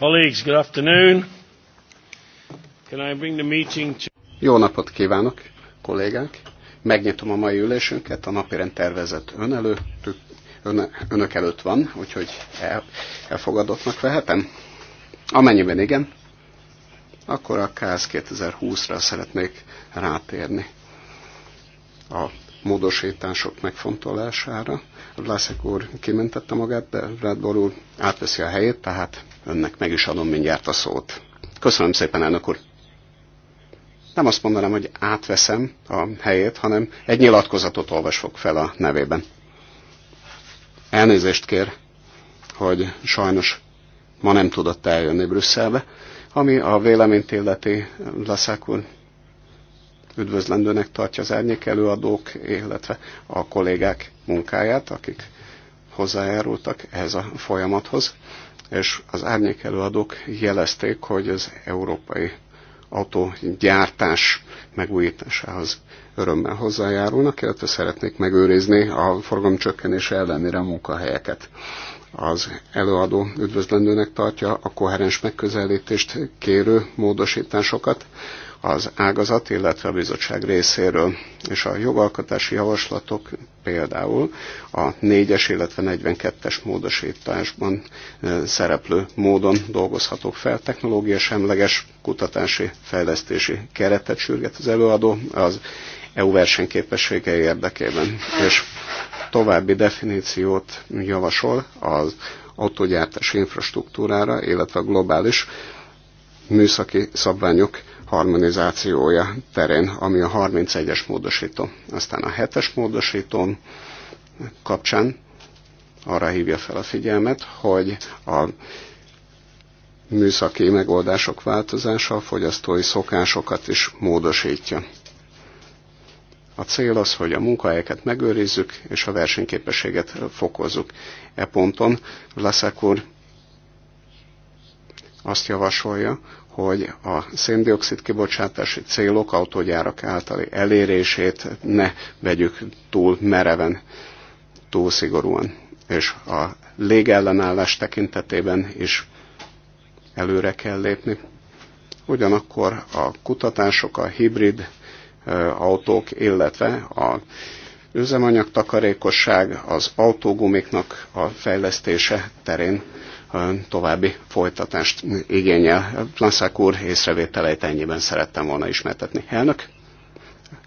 Colleagues, good afternoon. Can I bring the meeting to... Jó napot kívánok, kollégák! Megnyitom a mai ülésünket, a napirend tervezett ön előtt, ön, önök előtt van, úgyhogy el, elfogadottnak vehetem? Amennyiben igen, akkor a KSZ 2020-ra szeretnék rátérni. A módosítások megfontolására. Lászek úr kimentette magát, de Rádbor úr átveszi a helyét, tehát önnek meg is adom mindjárt a szót. Köszönöm szépen, elnök úr! Nem azt mondanám, hogy átveszem a helyét, hanem egy nyilatkozatot olvasok fel a nevében. Elnézést kér, hogy sajnos ma nem tudott eljönni Brüsszelbe, ami a véleményt illeti Lászák úr üdvözlendőnek tartja az árnyék előadók, illetve a kollégák munkáját, akik hozzájárultak ehhez a folyamathoz, és az árnyék előadók jelezték, hogy az európai autógyártás megújításához örömmel hozzájárulnak, illetve szeretnék megőrizni a forgalomcsökkenés ellenére a munkahelyeket. Az előadó üdvözlendőnek tartja a koherens megközelítést kérő módosításokat, az ágazat, illetve a bizottság részéről. És a jogalkotási javaslatok például a 4-es, illetve 42-es módosításban szereplő módon dolgozhatók fel. Technológia semleges kutatási fejlesztési keretet sürget az előadó az EU versenyképessége érdekében. És további definíciót javasol az autogyártási infrastruktúrára, illetve a globális műszaki szabványok harmonizációja terén, ami a 31-es módosító. Aztán a 7-es módosító kapcsán arra hívja fel a figyelmet, hogy a műszaki megoldások változása a fogyasztói szokásokat is módosítja. A cél az, hogy a munkahelyeket megőrizzük, és a versenyképességet fokozzuk. E ponton Leszek úr azt javasolja, hogy a széndiokszid kibocsátási célok autógyárak általi elérését ne vegyük túl mereven, túl szigorúan. És a légellenállás tekintetében is előre kell lépni. Ugyanakkor a kutatások, a hibrid autók, illetve a üzemanyag takarékosság, az autógumiknak a fejlesztése terén további folytatást igényel. Planszák úr észrevételeit ennyiben szerettem volna ismertetni. Elnök,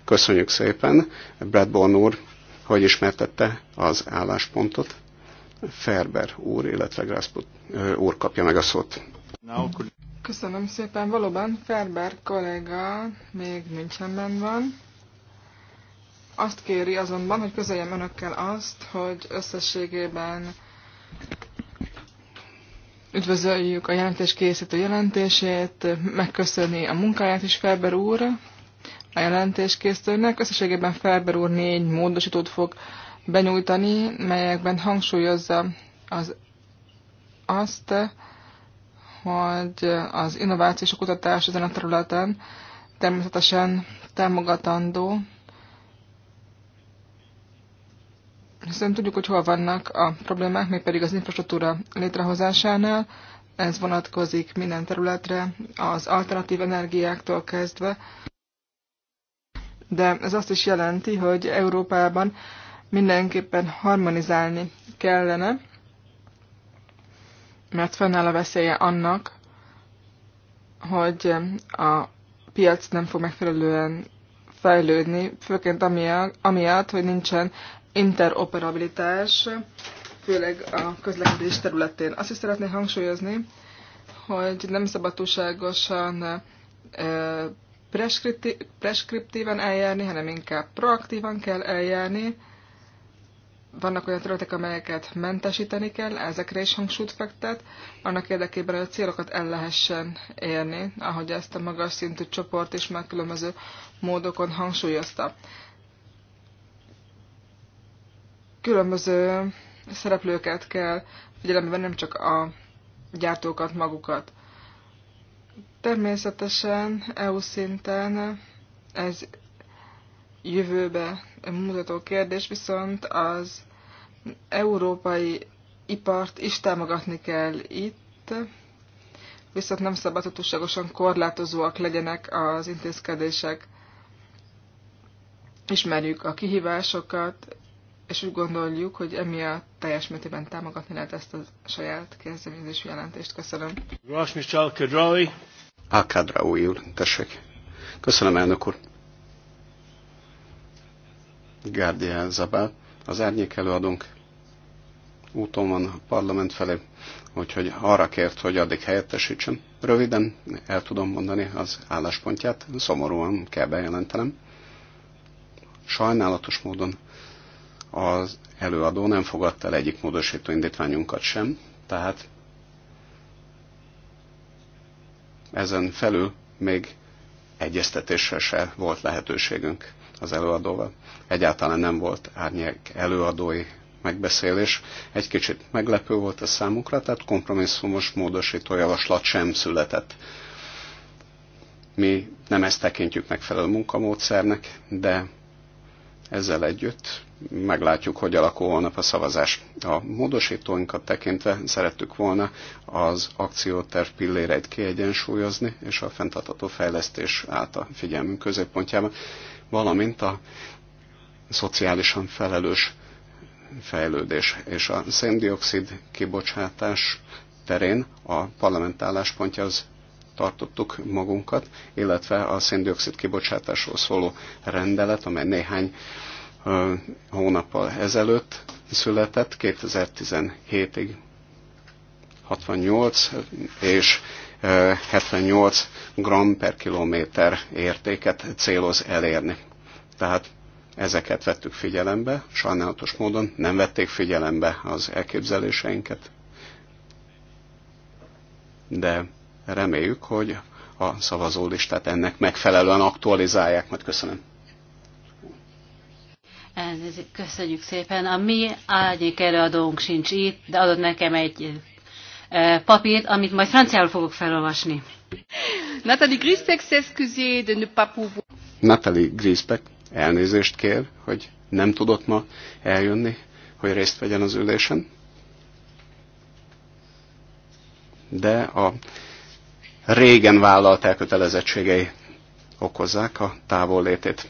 köszönjük szépen, Born úr, hogy ismertette az álláspontot. Ferber úr, illetve Grászput úr kapja meg a szót. Köszönöm szépen. Valóban Ferber kollega még Münchenben van. Azt kéri azonban, hogy közeljem önökkel azt, hogy összességében Üdvözöljük a jelentés készítő jelentését, megköszöni a munkáját is Felber úr, a jelentés készítőnek. Összességében Felber úr négy módosítót fog benyújtani, melyekben hangsúlyozza az, azt, hogy az innovációs kutatás ezen a területen természetesen támogatandó, Hiszen tudjuk, hogy hol vannak a problémák, pedig az infrastruktúra létrehozásánál. Ez vonatkozik minden területre, az alternatív energiáktól kezdve. De ez azt is jelenti, hogy Európában mindenképpen harmonizálni kellene, mert fennáll a veszélye annak, hogy a piac nem fog megfelelően fejlődni, főként amiatt hogy nincsen interoperabilitás, főleg a közlekedés területén. Azt is szeretné hangsúlyozni, hogy nem szabad túlságosan preskriptíven eljárni, hanem inkább proaktívan kell eljárni. Vannak olyan területek, amelyeket mentesíteni kell, ezekre is hangsúlyt fektet, annak érdekében, hogy a célokat el lehessen érni, ahogy ezt a magas szintű csoport is már különböző módokon hangsúlyozta különböző szereplőket kell figyelembe nem csak a gyártókat magukat. Természetesen EU szinten ez jövőbe mutató kérdés, viszont az európai ipart is támogatni kell itt, viszont nem szabad, hogy túlságosan korlátozóak legyenek az intézkedések. Ismerjük a kihívásokat, és úgy gondoljuk, hogy emiatt teljes mértékben támogatni lehet ezt a saját kezdeményezésű jelentést. Köszönöm. Rasmichal Kadraui. a kadraui úr, tessék. Köszönöm, elnök úr. Gárdián Zabál, az árnyék előadónk úton van a parlament felé, úgyhogy arra kért, hogy addig helyettesítsen. Röviden el tudom mondani az álláspontját, szomorúan kell bejelentenem. Sajnálatos módon az előadó nem fogadta el egyik módosító indítványunkat sem, tehát ezen felül még egyeztetésre se volt lehetőségünk az előadóval. Egyáltalán nem volt árnyék előadói megbeszélés. Egy kicsit meglepő volt a számukra, tehát kompromisszumos módosító javaslat sem született. Mi nem ezt tekintjük megfelelő munkamódszernek, de ezzel együtt meglátjuk, hogy alakul holnap a szavazás. A módosítóinkat tekintve szerettük volna az akcióterv pilléreit kiegyensúlyozni, és a fenntartható fejlesztés át a figyelmünk középpontjában, valamint a szociálisan felelős fejlődés és a széndiokszid kibocsátás terén a parlament álláspontja az tartottuk magunkat, illetve a széndiokszid kibocsátásról szóló rendelet, amely néhány hónappal ezelőtt született, 2017-ig 68 és 78 g per kilométer értéket céloz elérni. Tehát ezeket vettük figyelembe, sajnálatos módon nem vették figyelembe az elképzeléseinket, de Reméljük, hogy a szavazólistát ennek megfelelően aktualizálják. Majd köszönöm. köszönjük szépen. A mi árnyék előadónk sincs itt, de adott nekem egy e, papírt, amit majd franciául fogok felolvasni. Natalie Grisbeck s'excusé de ne pas pouvoir... Natalie Grisbeck elnézést kér, hogy nem tudott ma eljönni, hogy részt vegyen az ülésen. De a régen vállalt elkötelezettségei okozzák a távol létét.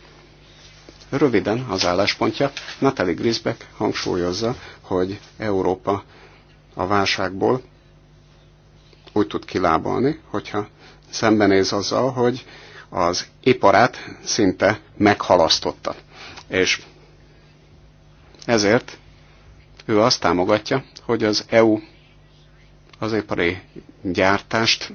Röviden az álláspontja, Natalie Grisbeck hangsúlyozza, hogy Európa a válságból úgy tud kilábalni, hogyha szembenéz azzal, hogy az iparát szinte meghalasztotta. És ezért ő azt támogatja, hogy az EU az ipari gyártást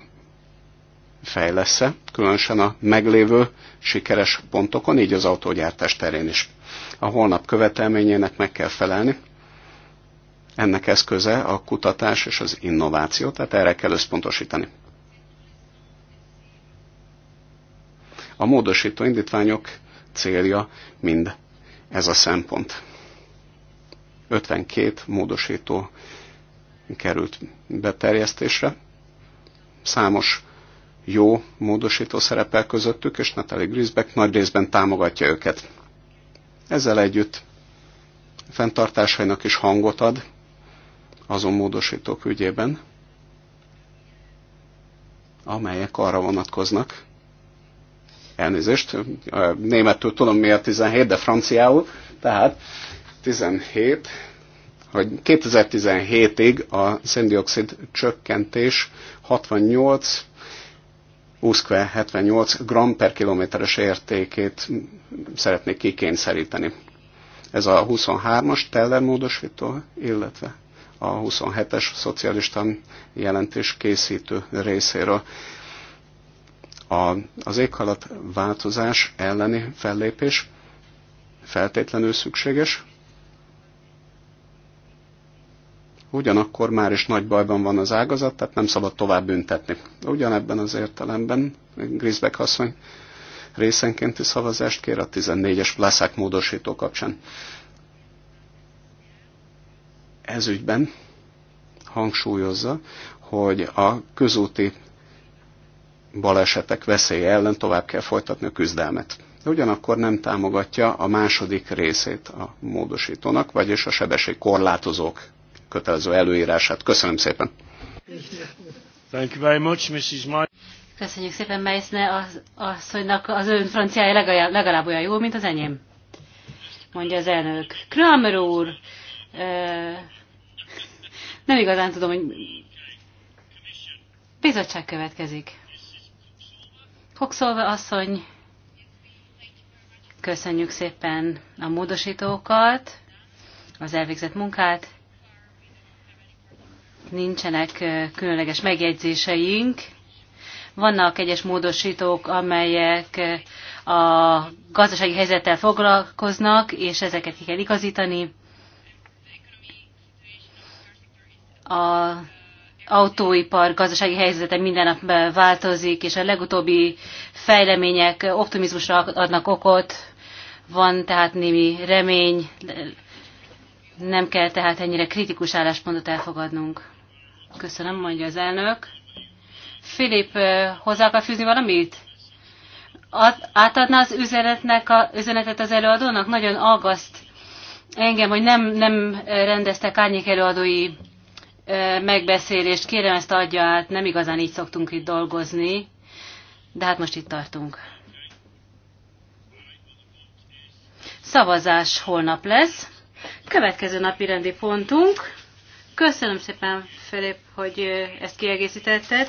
fejlesz-e, különösen a meglévő sikeres pontokon, így az autógyártás terén is. A holnap követelményének meg kell felelni. Ennek eszköze a kutatás és az innováció, tehát erre kell összpontosítani. A módosító indítványok célja mind ez a szempont. 52 módosító került beterjesztésre. Számos jó módosító szerepel közöttük, és Natalie Grisbeck nagy részben támogatja őket. Ezzel együtt fenntartásainak is hangot ad azon módosítók ügyében, amelyek arra vonatkoznak, elnézést, németül tudom miért 17, de franciául, tehát 17, hogy 2017-ig a széndiokszid csökkentés 68 Uszkve 78 g per kilométeres értékét szeretnék kikényszeríteni. Ez a 23-as Teller módosító, illetve a 27-es szocialista jelentés készítő részéről. A, az éghalat változás elleni fellépés feltétlenül szükséges, ugyanakkor már is nagy bajban van az ágazat, tehát nem szabad tovább büntetni. Ugyanebben az értelemben Grisbeck asszony részenkénti szavazást kér a 14-es Vlaszák módosító kapcsán. Ez ügyben hangsúlyozza, hogy a közúti balesetek veszélye ellen tovább kell folytatni a küzdelmet. De ugyanakkor nem támogatja a második részét a módosítónak, vagyis a korlátozók kötelező előírását. Köszönöm szépen. Thank you very much, Mrs. Köszönjük szépen Meissner az, asszonynak, az ön franciája legalább, legalább olyan jó, mint az enyém, mondja az elnök. Kramer úr, nem igazán tudom, hogy bizottság következik. Hoxolva asszony, köszönjük szépen a módosítókat, az elvégzett munkát nincsenek különleges megjegyzéseink. Vannak egyes módosítók, amelyek a gazdasági helyzettel foglalkoznak, és ezeket ki kell igazítani. A autóipar gazdasági helyzete minden nap változik, és a legutóbbi fejlemények optimizmusra adnak okot. Van tehát némi remény, nem kell tehát ennyire kritikus álláspontot elfogadnunk. Köszönöm, mondja az elnök. Filip, hozzá akar fűzni valamit? Ad, átadná az üzenetnek a, üzenetet az előadónak? Nagyon aggaszt engem, hogy nem, nem rendeztek árnyék előadói megbeszélést. Kérem, ezt adja át. Nem igazán így szoktunk itt dolgozni, de hát most itt tartunk. Szavazás holnap lesz. Következő napi rendi pontunk Köszönöm szépen, Felép, hogy ezt kiegészítetted.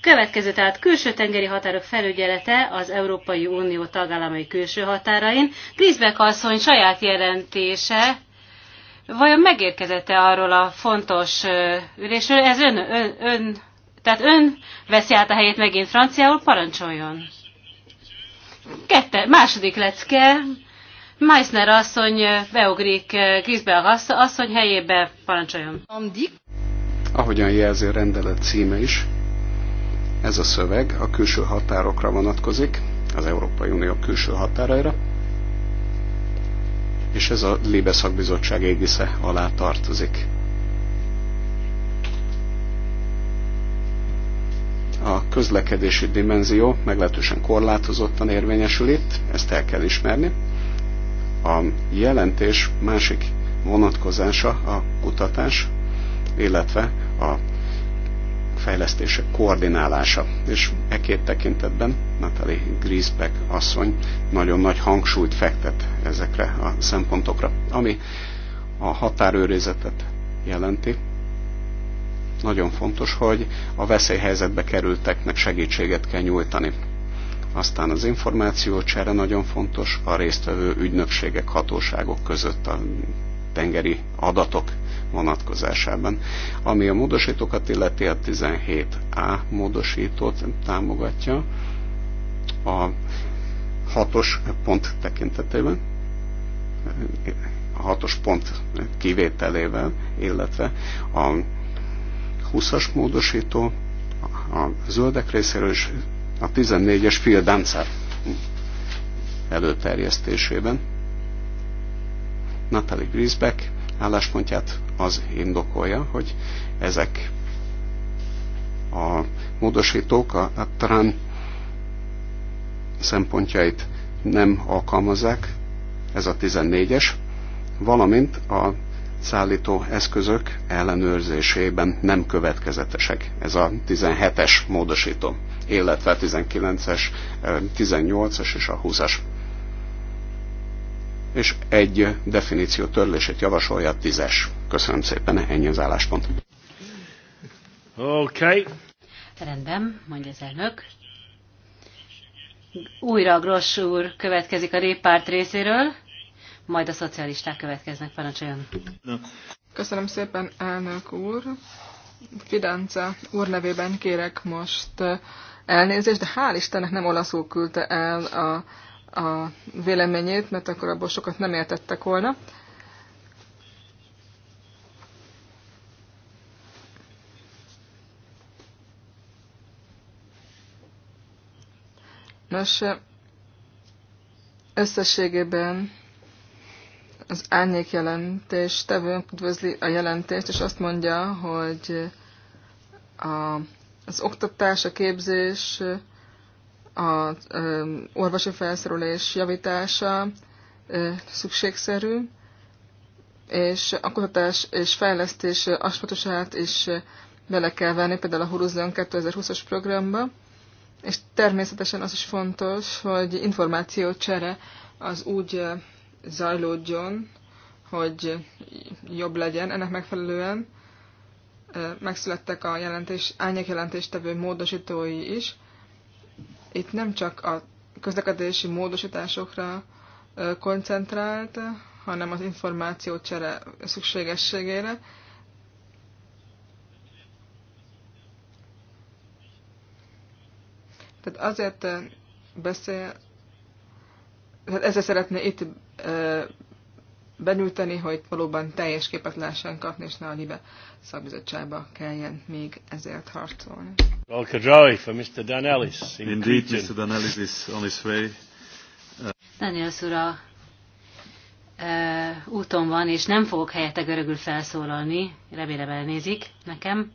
Következő tehát külső tengeri határok felügyelete az Európai Unió tagállamai külső határain. Griszbek asszony saját jelentése vajon megérkezette arról a fontos ülésről? Ez ön, ön, ön, tehát ön veszi át a helyét megint franciául, parancsoljon. Kette, második lecke, Meissner asszony beugrik Grisbel asszony helyébe, parancsoljon. Ahogyan jelzi a rendelet címe is, ez a szöveg a külső határokra vonatkozik, az Európai Unió külső határaira, és ez a Libe szakbizottság égisze alá tartozik. A közlekedési dimenzió meglehetősen korlátozottan érvényesül itt, ezt el kell ismerni, a jelentés másik vonatkozása a kutatás, illetve a fejlesztések koordinálása. És e két tekintetben Natalie Griesbeck asszony nagyon nagy hangsúlyt fektet ezekre a szempontokra, ami a határőrizetet jelenti. Nagyon fontos, hogy a veszélyhelyzetbe kerülteknek segítséget kell nyújtani aztán az információcsere nagyon fontos, a résztvevő ügynökségek, hatóságok között a tengeri adatok vonatkozásában. Ami a módosítókat illeti, a 17A módosítót támogatja a hatos pont tekintetében, a hatos pont kivételével, illetve a 20-as módosító a zöldek részéről is a 14-es Phil Dancer előterjesztésében. Natalie Griesbeck álláspontját az indokolja, hogy ezek a módosítók a, a szempontjait nem alkalmazzák, ez a 14-es, valamint a szállító eszközök ellenőrzésében nem következetesek, ez a 17-es módosító illetve 19-es, 18-as és a 20-as. És egy definíció törlését javasolja a 10-es. Köszönöm szépen, ennyi az álláspont. Oké. Okay. Rendben, mondja az elnök. Újra Gross úr következik a néppárt részéről, majd a szocialisták következnek, parancsoljon. Köszönöm szépen, elnök úr. Fidence úr nevében kérek most elnézést, de hál' Istennek nem olaszul küldte el a, a véleményét, mert akkor abból sokat nem értettek volna. Nos, összességében az árnyék jelentés tevőnk üdvözli a jelentést, és azt mondja, hogy a az oktatás, a képzés, az orvosi felszerelés javítása szükségszerű, és a kutatás és fejlesztés aspektusát is bele kell venni, például a Horizon 2020-as programba, és természetesen az is fontos, hogy információcsere az úgy zajlódjon, hogy jobb legyen ennek megfelelően, megszülettek a jelentés, jelentéstevő módosítói is. Itt nem csak a közlekedési módosításokra koncentrált, hanem az információcsere szükségességére. Tehát azért beszél, tehát ezzel szeretné itt benülteni, hogy valóban teljes képet lehessen kapni, és ne a Libe szakbizottságba kelljen még ezért harcolni. Al for Mr. Danelis. In Indeed, Mr. Danelis is on his way. Uh... Danielis ura uh, úton van, és nem fogok helyette görögül felszólalni. Remélem elnézik nekem.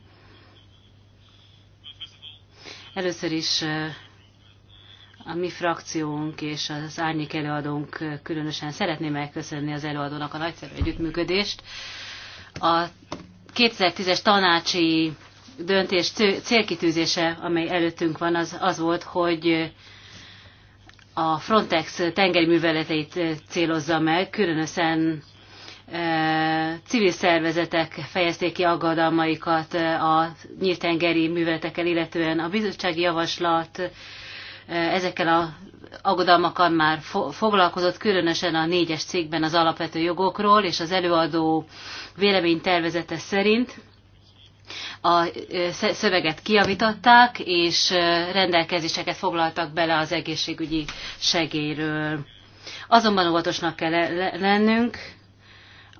Először is uh, a mi frakciónk és az árnyék előadónk különösen szeretném megköszönni az előadónak a nagyszerű együttműködést. A 2010-es tanácsi döntés célkitűzése, amely előttünk van, az, az volt, hogy a Frontex tengeri műveleteit célozza meg, különösen e, civil szervezetek fejezték ki aggodalmaikat e, a nyíltengeri műveletekkel, illetően a bizottsági javaslat ezekkel a aggodalmakkal már foglalkozott, különösen a négyes cikkben az alapvető jogokról, és az előadó véleménytervezete szerint a szöveget kiavították, és rendelkezéseket foglaltak bele az egészségügyi segélyről. Azonban óvatosnak kell lennünk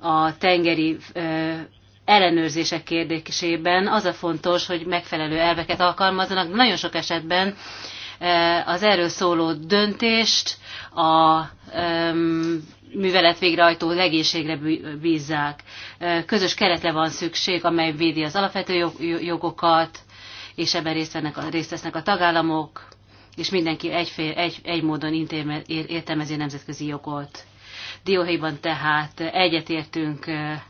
a tengeri ellenőrzések kérdésében. Az a fontos, hogy megfelelő elveket alkalmazzanak. Nagyon sok esetben Eh, az erről szóló döntést a művelet végrehajtó legénységre bízzák. Eh, közös keretre van szükség, amely védi az alapvető jogokat, és ebben részt, vennek, részt vesznek a tagállamok, és mindenki egyfél, egy, egy módon intéme, értelmezi a nemzetközi jogot. Dióhéjban tehát egyetértünk eh,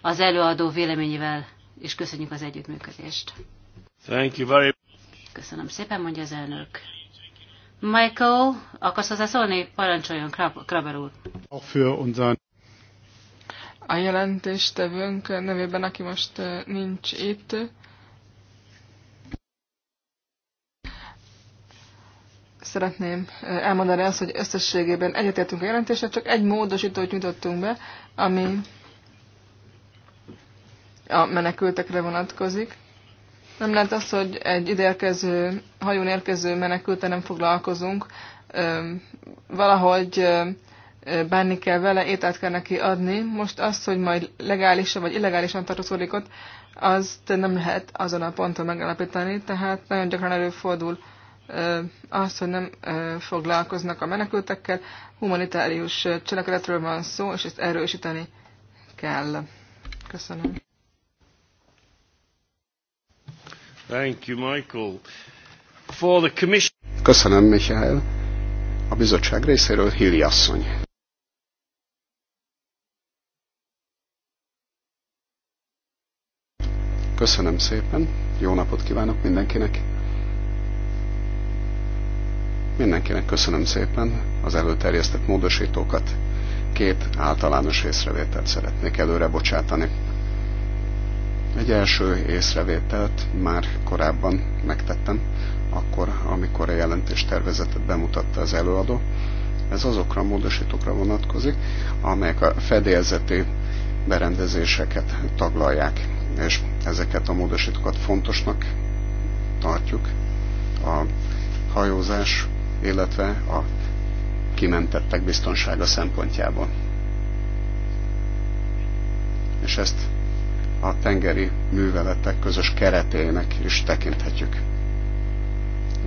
az előadó véleményével, és köszönjük az együttműködést. Thank you very Köszönöm szépen, mondja az elnök. Michael, akarsz hozzászólni? Parancsoljon, Kraber úr. A a jelentéstevőnk nevében, aki most nincs itt, szeretném elmondani azt, hogy összességében egyetértünk a jelentésre, csak egy módosítót nyújtottunk be, ami a menekültekre vonatkozik. Nem lehet az, hogy egy érkező, hajón érkező menekülte nem foglalkozunk. Valahogy bánni kell vele, ételt kell neki adni. Most az, hogy majd legálisan vagy illegálisan tartozkodik ott, azt nem lehet azon a ponton megállapítani, tehát nagyon gyakran előfordul az, hogy nem foglalkoznak a menekültekkel, humanitárius cselekedetről van szó, és ezt erősíteni kell. Köszönöm. Michael. Köszönöm, Michael. A bizottság részéről Hilli asszony. Köszönöm szépen, jó napot kívánok mindenkinek. Mindenkinek köszönöm szépen az előterjesztett módosítókat. Két általános észrevételt szeretnék előre bocsátani egy első észrevételt már korábban megtettem, akkor, amikor a jelentéstervezetet bemutatta az előadó. Ez azokra a módosítókra vonatkozik, amelyek a fedélzeti berendezéseket taglalják, és ezeket a módosítókat fontosnak tartjuk a hajózás, illetve a kimentettek biztonsága szempontjából. És ezt a tengeri műveletek közös keretének is tekinthetjük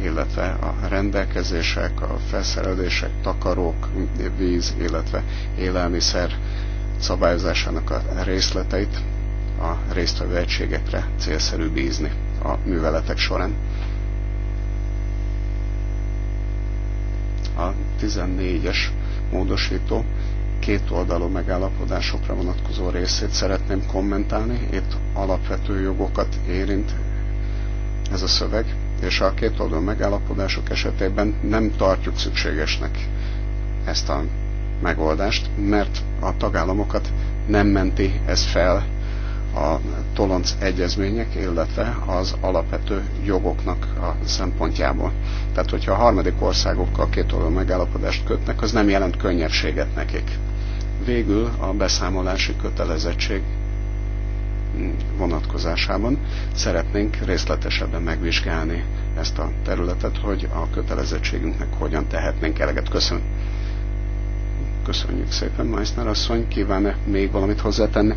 illetve a rendelkezések, a felszerelések, takarók, víz, illetve élelmiszer szabályozásának a részleteit a résztvevő egységekre célszerű bízni a műveletek során. A 14-es módosító két oldalú megállapodásokra vonatkozó részét szeretném kommentálni. Itt alapvető jogokat érint ez a szöveg, és a két oldalú megállapodások esetében nem tartjuk szükségesnek ezt a megoldást, mert a tagállamokat nem menti ez fel a Tolonc egyezmények, illetve az alapvető jogoknak a szempontjából. Tehát, hogyha a harmadik országokkal kétoldalú megállapodást kötnek, az nem jelent könnyebbséget nekik. Végül a beszámolási kötelezettség vonatkozásában szeretnénk részletesebben megvizsgálni ezt a területet, hogy a kötelezettségünknek hogyan tehetnénk eleget. Köszön. Köszönjük szépen, Meissner asszony. Kíván-e még valamit hozzátenni?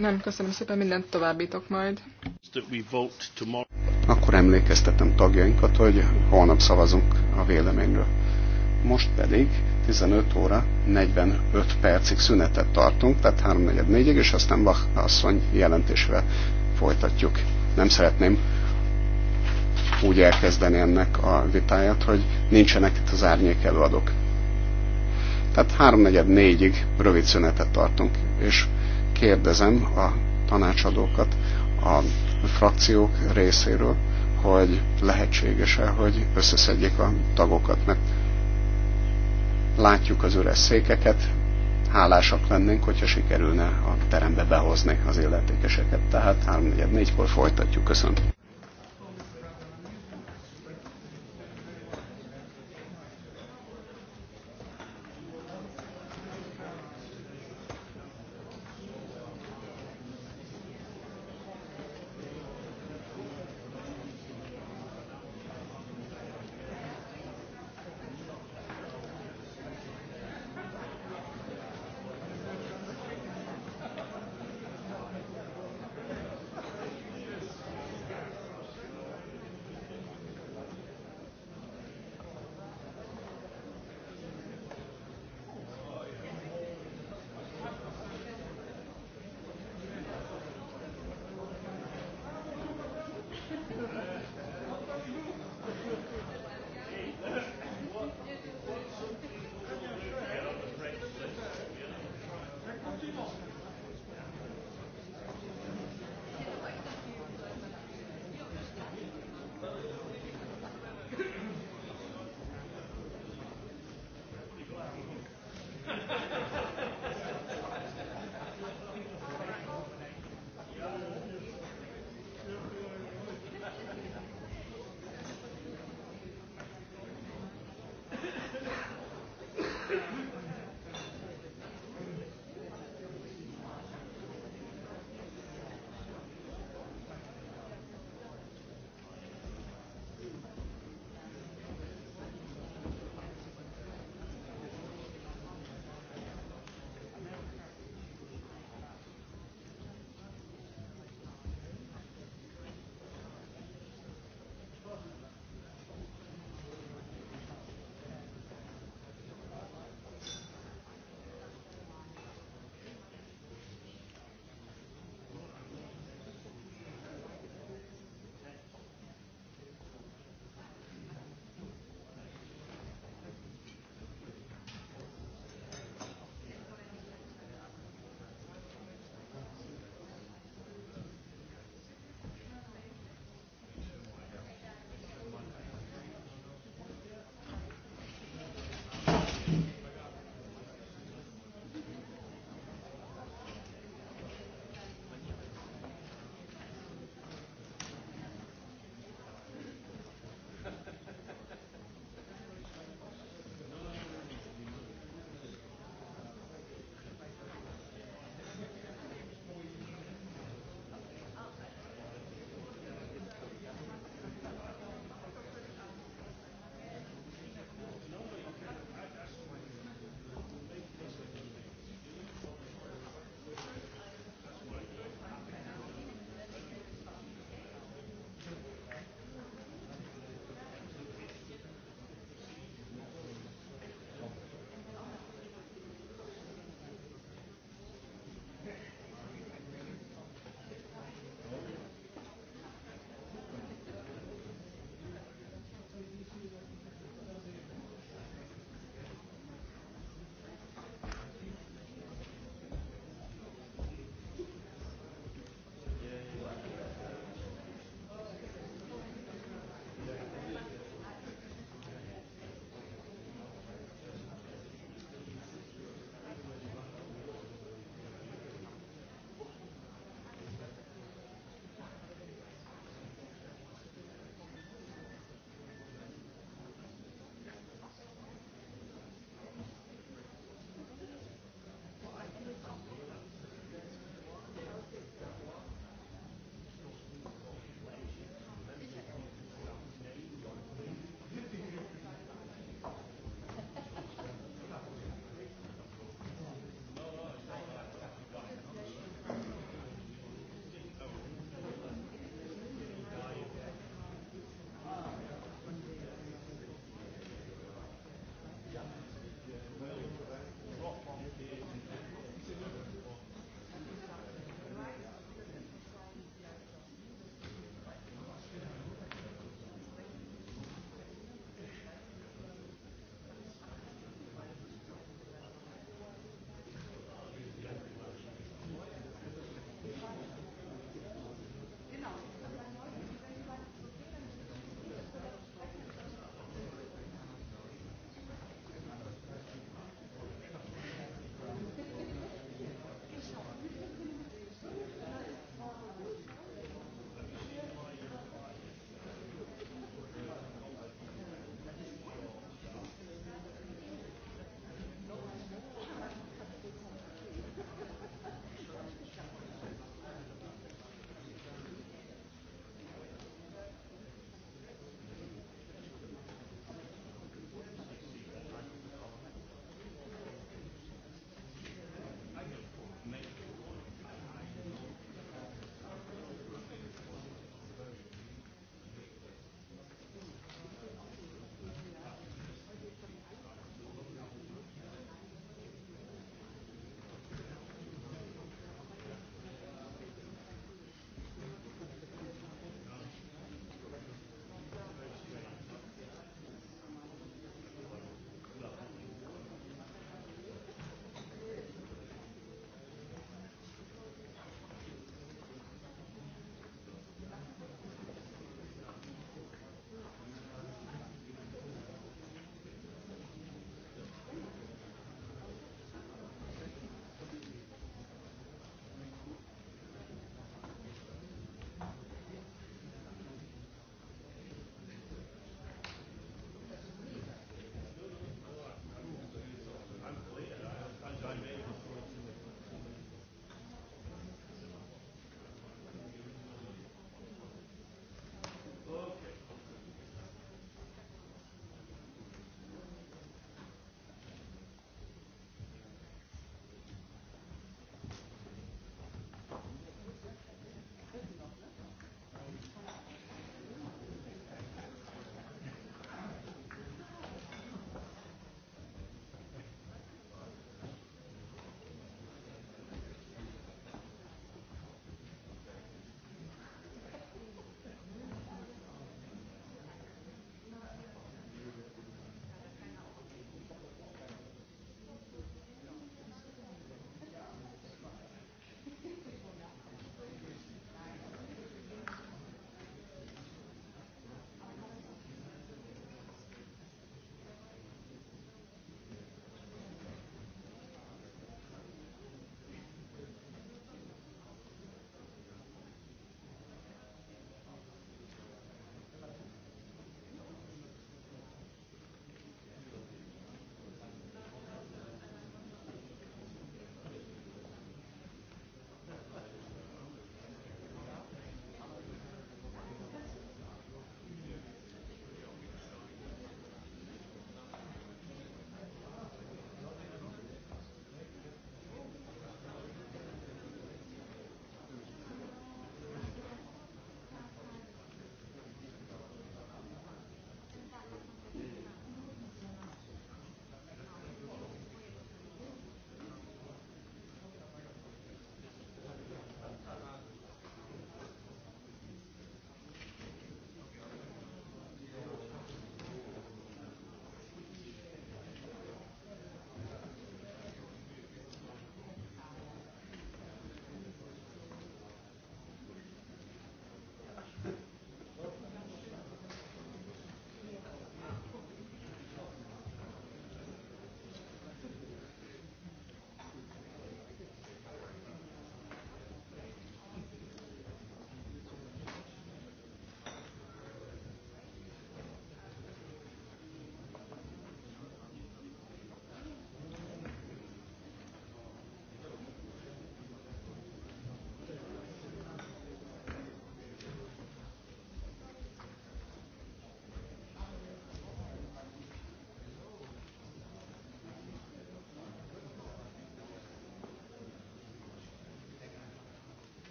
Nem, köszönöm szépen, mindent továbbítok majd. Akkor emlékeztetem tagjainkat, hogy holnap szavazunk a véleményről. Most pedig 15 óra 45 percig szünetet tartunk, tehát 3.44-ig, és aztán Bach asszony jelentésével folytatjuk. Nem szeretném úgy elkezdeni ennek a vitáját, hogy nincsenek itt az árnyék előadók. Tehát 3.44-ig rövid szünetet tartunk, és kérdezem a tanácsadókat a frakciók részéről, hogy lehetséges-e, hogy összeszedjék a tagokat, mert látjuk az üres székeket, hálásak lennénk, hogyha sikerülne a terembe behozni az illetékeseket. Tehát 3-4-kor folytatjuk. Köszönöm.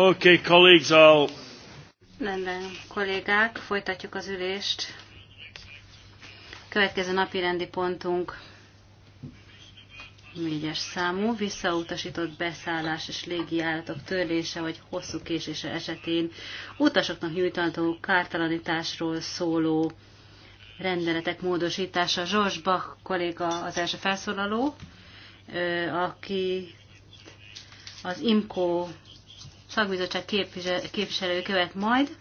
Okay, colleagues, I'll... Rendben, kollégák, folytatjuk az ülést. Következő napi rendi pontunk négyes számú, visszautasított beszállás és légijáratok törlése vagy hosszú késése esetén utasoknak nyújtandó kártalanításról szóló rendeletek módosítása. Zsors Bach kolléga az első felszólaló, aki az IMCO szakbizottság képviselő követ majd.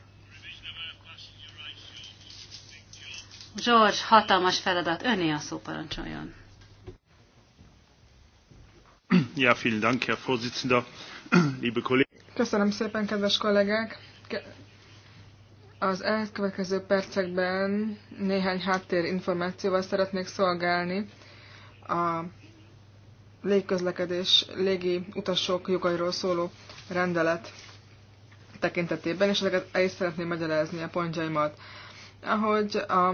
George, hatalmas feladat, öné a szó parancsoljon. Ja, vielen Dank, Herr Vorsitzender, liebe Kollegen. Köszönöm szépen, kedves kollégák! Az elkövetkező percekben néhány háttérinformációval szeretnék szolgálni a légközlekedés légi utasok jogairól szóló rendelet tekintetében, és ezeket el is szeretném magyarázni a pontjaimat. Ahogy a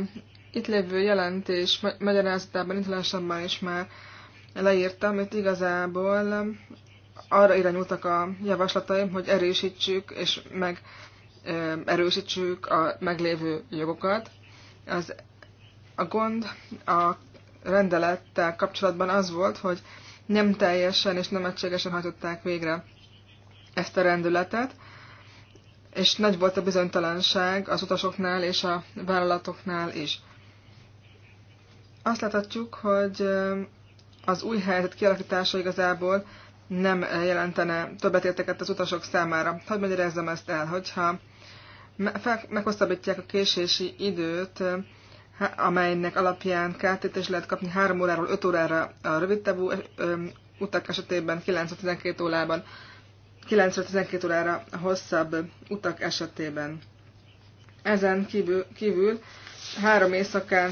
itt lévő jelentés magyarázatában, intolásabban is már leírtam, itt igazából arra irányultak a javaslataim, hogy erősítsük és meg erősítsük a meglévő jogokat. Az, a gond a rendelettel kapcsolatban az volt, hogy nem teljesen és nem egységesen hajtották végre ezt a rendületet, és nagy volt a bizonytalanság az utasoknál és a vállalatoknál is. Azt láthatjuk, hogy az új helyzet kialakítása igazából nem jelentene többet érteket az utasok számára. Hogy magyarázzam ezt el, hogyha meghosszabbítják a késési időt, amelynek alapján kártétés lehet kapni 3 óráról 5 órára a rövid utak esetében 9-12 órában 9-12 órára hosszabb utak esetében. Ezen kívül, kívül három, éjszakát,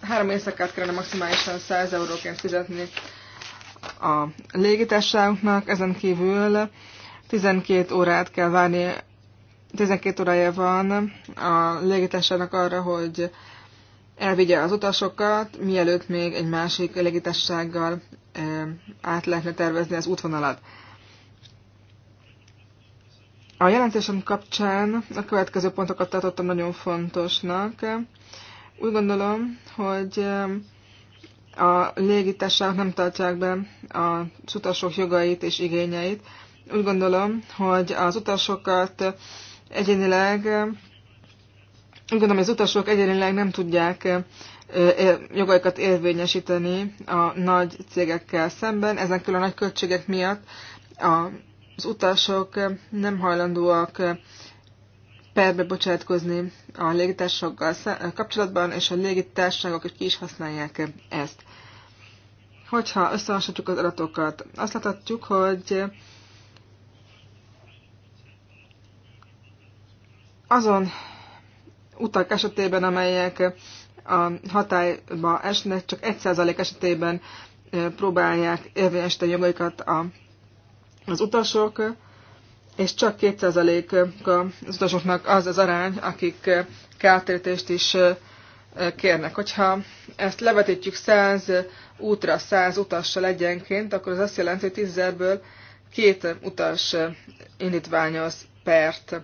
három éjszakát kellene maximálisan 100 euróként fizetni a légitársaságoknak, ezen kívül 12 órát kell várni, 12 órája van a légitársaságnak arra, hogy elvigye az utasokat, mielőtt még egy másik légitársasággal eh, át lehetne tervezni az útvonalat. A jelentésem kapcsán a következő pontokat tartottam nagyon fontosnak. Úgy gondolom, hogy a légitársaságok nem tartják be az utasok jogait és igényeit. Úgy gondolom, hogy az utasokat egyénileg, úgy gondolom, hogy az utasok egyénileg nem tudják jogaikat érvényesíteni a nagy cégekkel szemben. Ezen külön a nagy költségek miatt a az utasok nem hajlandóak perbe bocsátkozni a légitársakkal kapcsolatban, és a légitársaságok ki is használják ezt. Hogyha összehasonlítjuk az adatokat, azt láthatjuk, hogy azon utak esetében, amelyek a hatályba esnek, csak 1% esetében próbálják érvényesíteni jogaikat a az utasok, és csak 2% az utasoknak az az arány, akik kártérítést is kérnek. Hogyha ezt levetítjük 100 útra, 100 utassal egyenként, akkor az azt jelenti, hogy 10 ből két utas indítványoz pert.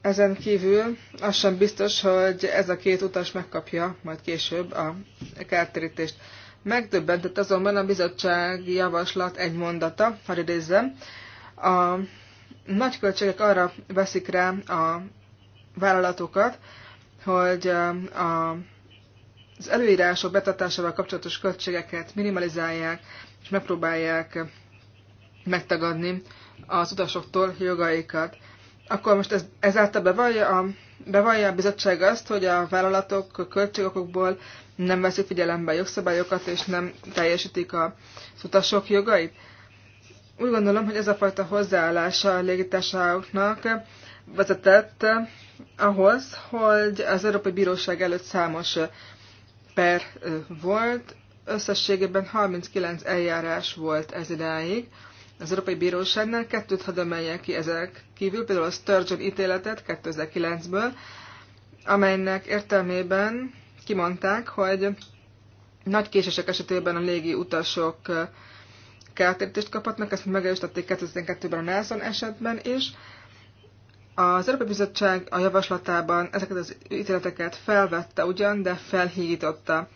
Ezen kívül az sem biztos, hogy ez a két utas megkapja majd később a kártérítést. Megdöbbentett azonban a bizottság javaslat egy mondata, ha idézzem. A nagy költségek arra veszik rá a vállalatokat, hogy a, az előírások betartásával kapcsolatos költségeket minimalizálják, és megpróbálják megtagadni az utasoktól jogaikat akkor most ez, ezáltal bevallja a, bevallja a bizottság azt, hogy a vállalatok a költségokból nem veszik figyelembe a jogszabályokat, és nem teljesítik az utasok jogait. Úgy gondolom, hogy ez a fajta hozzáállása a légitársaságoknak vezetett ahhoz, hogy az Európai Bíróság előtt számos per volt, összességében 39 eljárás volt ez idáig, az Európai Bíróságnál. Kettőt hadd emeljek ki ezek kívül, például a Sturgeon ítéletet 2009-ből, amelynek értelmében kimondták, hogy nagy késések esetében a légi utasok kártérítést kaphatnak, ezt megerősítették 2012-ben a Nelson esetben is. Az Európai Bizottság a javaslatában ezeket az ítéleteket felvette ugyan, de felhígította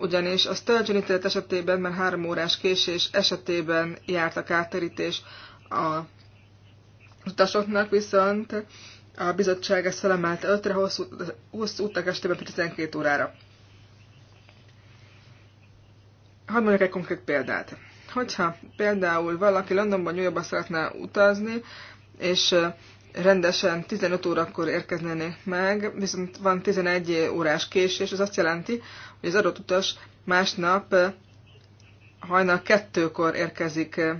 ugyanis a Sturgeon ítélet esetében mert három órás késés esetében járt a kártérítés a utasoknak, viszont a bizottság ezt felemelte ötre hosszú, hosszú utak esetében 12 órára. Hadd mondjak egy konkrét példát. Hogyha például valaki Londonban New Yorkba szeretne utazni, és rendesen 15 órakor érkeznének meg, viszont van 11 órás késés, ez azt jelenti, hogy az adott utas másnap eh, hajnal kettőkor érkezik eh,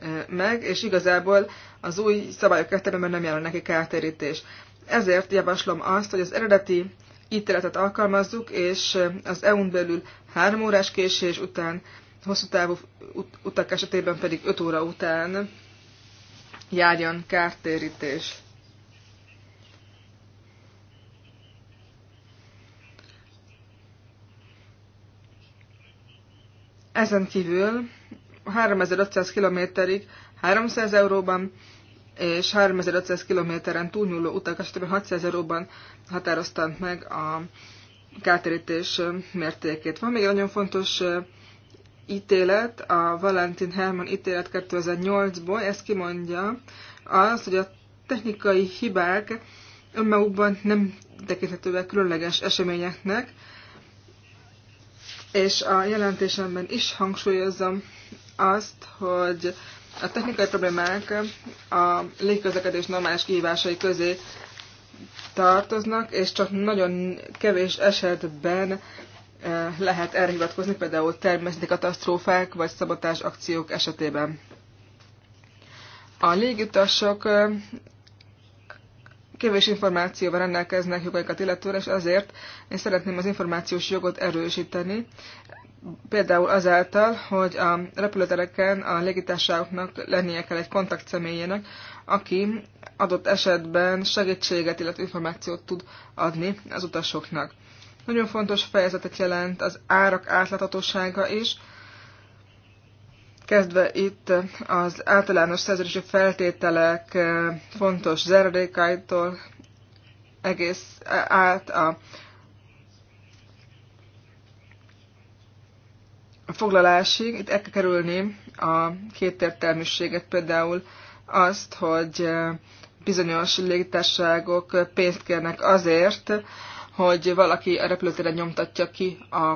eh, meg, és igazából az új szabályok értelemben nem jelen neki kártérítés. Ezért javaslom azt, hogy az eredeti ítéletet alkalmazzuk, és az EU-n belül három órás késés után, hosszú távú utak esetében pedig 5 óra után járjon kártérítés. Ezen kívül 3500 kilométerig 300 euróban és 3500 kilométeren túlnyúló utak esetében 600 euróban határoztam meg a kártérítés mértékét. Van még egy nagyon fontos ítélet, a Valentin Herman ítélet 2008-ból, ez kimondja az, hogy a technikai hibák önmagukban nem tekinthetőek különleges eseményeknek, és a jelentésemben is hangsúlyozom azt, hogy a technikai problémák a légközlekedés normális kihívásai közé tartoznak, és csak nagyon kevés esetben Eh, lehet erre hivatkozni, például természeti katasztrófák vagy szabotás akciók esetében. A légutasok eh, kevés információval rendelkeznek jogaikat illetően, és azért én szeretném az információs jogot erősíteni, például azáltal, hogy a repülőtereken a légitársaságoknak lennie kell egy kontaktszemélyének, aki adott esetben segítséget, illetve információt tud adni az utasoknak. Nagyon fontos fejezetet jelent az árak átláthatósága is, kezdve itt az általános szerződési feltételek eh, fontos záradékáitól egész át a foglalásig. Itt el kell kerülni a kétértelműséget, például azt, hogy eh, bizonyos légitárságok pénzt kérnek azért, hogy valaki a repülőtéren nyomtatja ki a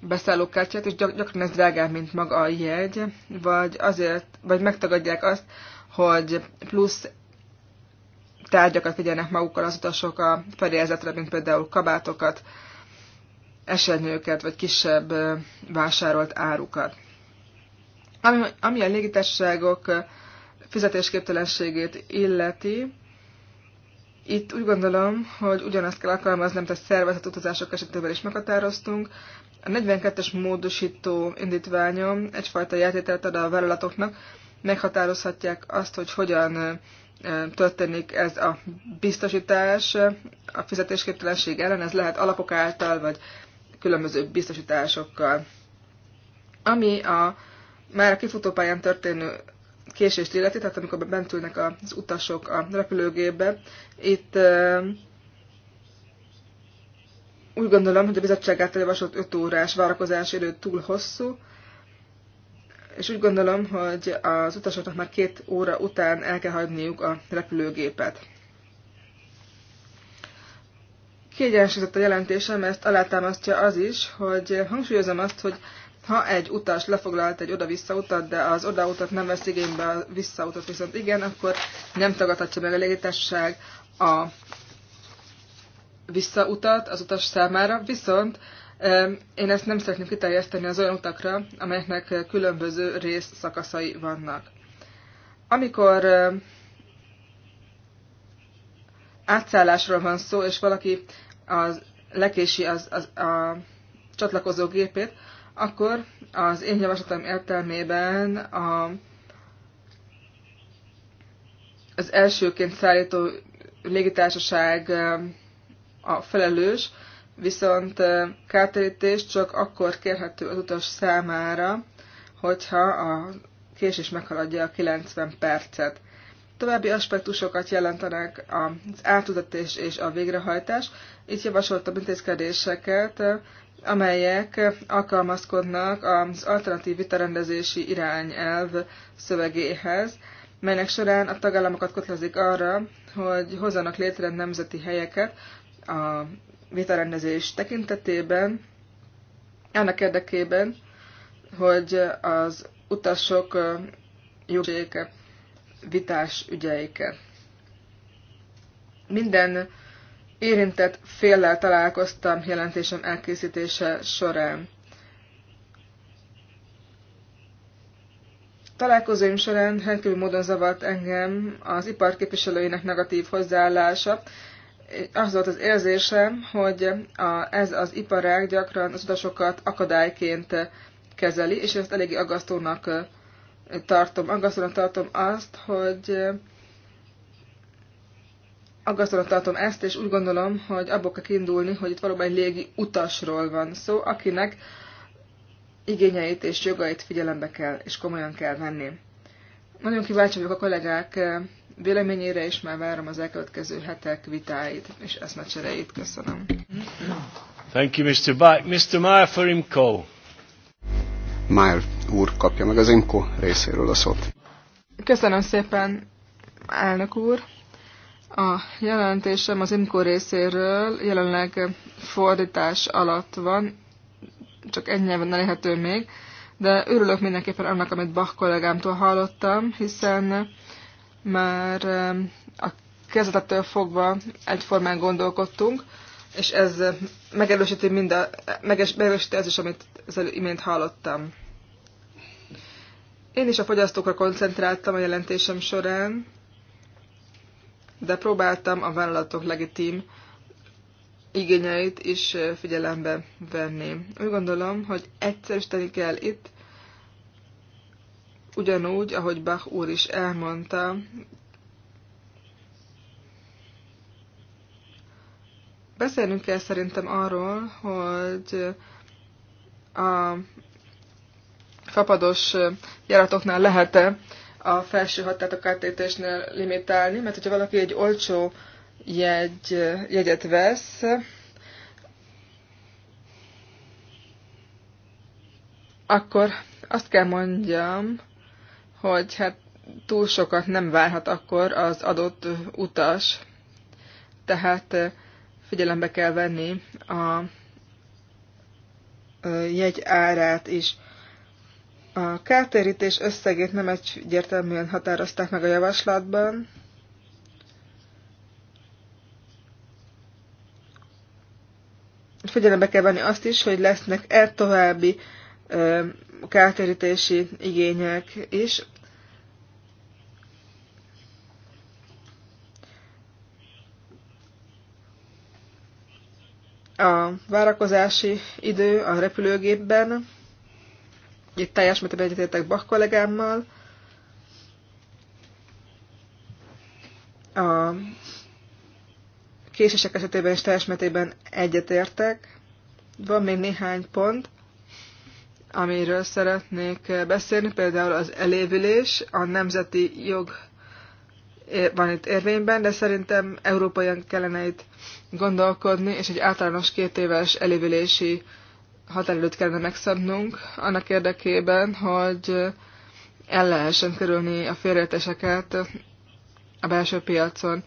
beszállókártyát, és gyak, gyakran ez drágább, mint maga a jegy, vagy azért, vagy megtagadják azt, hogy plusz tárgyakat vigyenek magukkal az utasok a fedélzetre, mint például kabátokat, esernyőket, vagy kisebb vásárolt árukat. Ami, ami a légitársaságok fizetésképtelenségét illeti, itt úgy gondolom, hogy ugyanazt kell alkalmaznom, tehát szervezett utazások esetében is meghatároztunk. A 42-es módosító indítványom egyfajta játételt ad a vállalatoknak, meghatározhatják azt, hogy hogyan történik ez a biztosítás a fizetésképtelenség ellen, ez lehet alapok által, vagy különböző biztosításokkal. Ami a már a kifutópályán történő késést illeti, tehát amikor bent ülnek az utasok a repülőgépbe. Itt úgy gondolom, hogy a bizottság által javasolt 5 órás várakozási idő túl hosszú, és úgy gondolom, hogy az utasoknak már két óra után el kell hagyniuk a repülőgépet. Kiegyensúlyozott a jelentésem, ezt alátámasztja az is, hogy hangsúlyozom azt, hogy ha egy utas lefoglalt egy oda-vissza utat, de az oda-utat nem vesz igénybe, a vissza utat viszont igen, akkor nem tagadhatja meg a légitársaság a visszautat az utas számára, viszont én ezt nem szeretném kiterjeszteni az olyan utakra, amelyeknek különböző szakaszai vannak. Amikor átszállásról van szó, és valaki az lekési az, az, a csatlakozó gépét, akkor az én javaslatom értelmében a, az elsőként szállító légitársaság eh, a felelős, viszont eh, kártérítés csak akkor kérhető az utas számára, hogyha a késés meghaladja a 90 percet. További aspektusokat jelentenek az átültetés és a végrehajtás. Itt javasoltam intézkedéseket amelyek alkalmazkodnak az alternatív vitarendezési irányelv szövegéhez, melynek során a tagállamokat kötelezik arra, hogy hozzanak létre nemzeti helyeket a vitarendezés tekintetében, annak érdekében, hogy az utasok jogsége vitás ügyeiket. Minden érintett féllel találkoztam jelentésem elkészítése során. Találkozóim során rendkívül módon zavart engem az iparképviselőinek negatív hozzáállása. Az volt az érzésem, hogy a, ez az iparág gyakran az utasokat akadályként kezeli, és ezt eléggé aggasztónak tartom. Aggasztónak tartom azt, hogy aggasztónak tartom ezt, és úgy gondolom, hogy abból kell indulni, hogy itt valóban egy légi utasról van szó, akinek igényeit és jogait figyelembe kell, és komolyan kell venni. Nagyon kíváncsi vagyok a kollégák eh, véleményére, és már várom az elkövetkező hetek vitáit és eszmecsereit. Köszönöm. Thank you, Mr. Bach. Mr. Meyer for IMCO. Meyer úr kapja meg az IMCO részéről a szót. Köszönöm szépen, elnök úr. A jelentésem az IMCO részéről jelenleg fordítás alatt van, csak ennyi nyelven elérhető még, de örülök mindenképpen annak, amit Bach kollégámtól hallottam, hiszen már a kezdetettől fogva egyformán gondolkodtunk, és ez megerősíti, mind a, megerősíti ez is, amit az imént hallottam. Én is a fogyasztókra koncentráltam a jelentésem során, de próbáltam a vállalatok legitim igényeit is figyelembe venni. Úgy gondolom, hogy egyszerűsíteni kell itt, ugyanúgy, ahogy Bach úr is elmondta, beszélnünk kell szerintem arról, hogy a fapados járatoknál lehet-e a felső határt a kártérítésnél limitálni, mert hogyha valaki egy olcsó jegy, jegyet vesz, akkor azt kell mondjam, hogy hát túl sokat nem várhat akkor az adott utas, tehát figyelembe kell venni a jegy árát is. A kártérítés összegét nem egyértelműen határozták meg a javaslatban. Figyelembe kell venni azt is, hogy lesznek-e további kártérítési igények is. A várakozási idő a repülőgépben itt teljes mértékben egyetértek Bach kollégámmal. A késések esetében is teljes mértékben egyetértek. Van még néhány pont, amiről szeretnék beszélni, például az elévülés, a nemzeti jog van itt érvényben, de szerintem európaian kellene itt gondolkodni, és egy általános két éves elévülési határidőt kellene megszabnunk annak érdekében, hogy el lehessen kerülni a félreérteseket a belső piacon.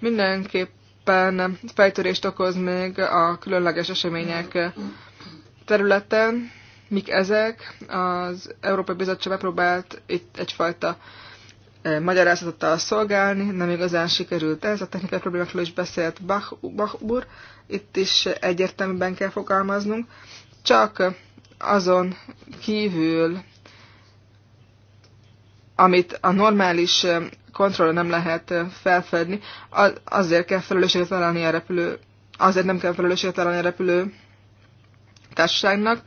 Mindenképpen fejtörést okoz még a különleges események területen. Mik ezek? Az Európai Bizottság megpróbált itt egyfajta eh, magyarázatottal szolgálni, nem igazán sikerült ez, a technikai problémákról is beszélt Bach, Bach úr, itt is egyértelműben kell fogalmaznunk, csak azon kívül, amit a normális kontroll nem lehet felfedni, azért kell felelősséget találni a repülő, azért nem kell felelősséget találni a repülő társaságnak,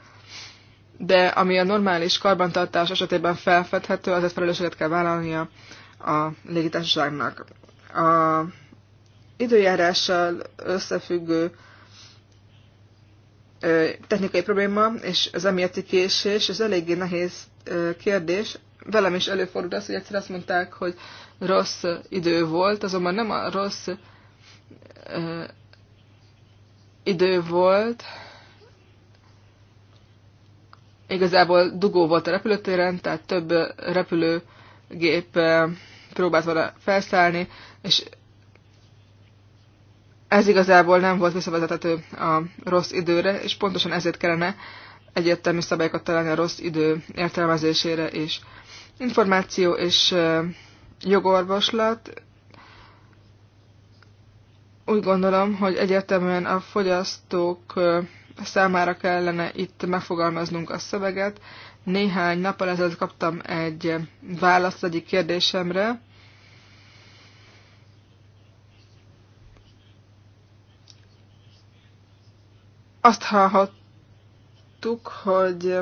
de ami a normális karbantartás esetében felfedhető, azért felelősséget kell vállalnia a légitársaságnak. A időjárással összefüggő technikai probléma, és az emiatti késés, ez eléggé nehéz kérdés. Velem is előfordult az, hogy egyszer azt mondták, hogy rossz idő volt, azonban nem a rossz idő volt, igazából dugó volt a repülőtéren, tehát több repülőgép próbált volna felszállni, és ez igazából nem volt visszavezethető a rossz időre, és pontosan ezért kellene egyértelmű szabályokat találni a rossz idő értelmezésére is. Információ és jogorvoslat. Úgy gondolom, hogy egyértelműen a fogyasztók számára kellene itt megfogalmaznunk a szöveget. Néhány nappal ezelőtt kaptam egy választ egyik kérdésemre, azt hallhattuk, hogy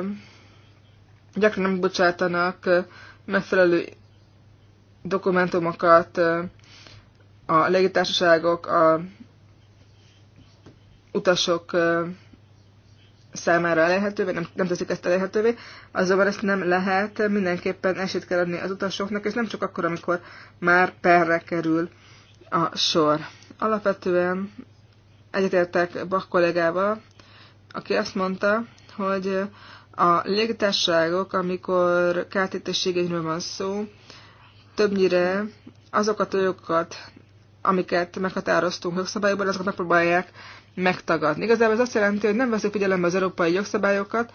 gyakran nem bocsátanak megfelelő dokumentumokat a légitársaságok, a utasok számára elérhetővé, nem, nem teszik ezt elérhetővé, azonban ezt nem lehet, mindenképpen esélyt kell adni az utasoknak, és nem csak akkor, amikor már perre kerül a sor. Alapvetően egyetértek Bach kollégával, aki azt mondta, hogy a légitárságok, amikor kártétességéről van szó, többnyire azokat a jogokat, amiket meghatároztunk jogszabályokban, azokat megpróbálják megtagadni. Igazából ez azt jelenti, hogy nem veszik figyelembe az európai jogszabályokat,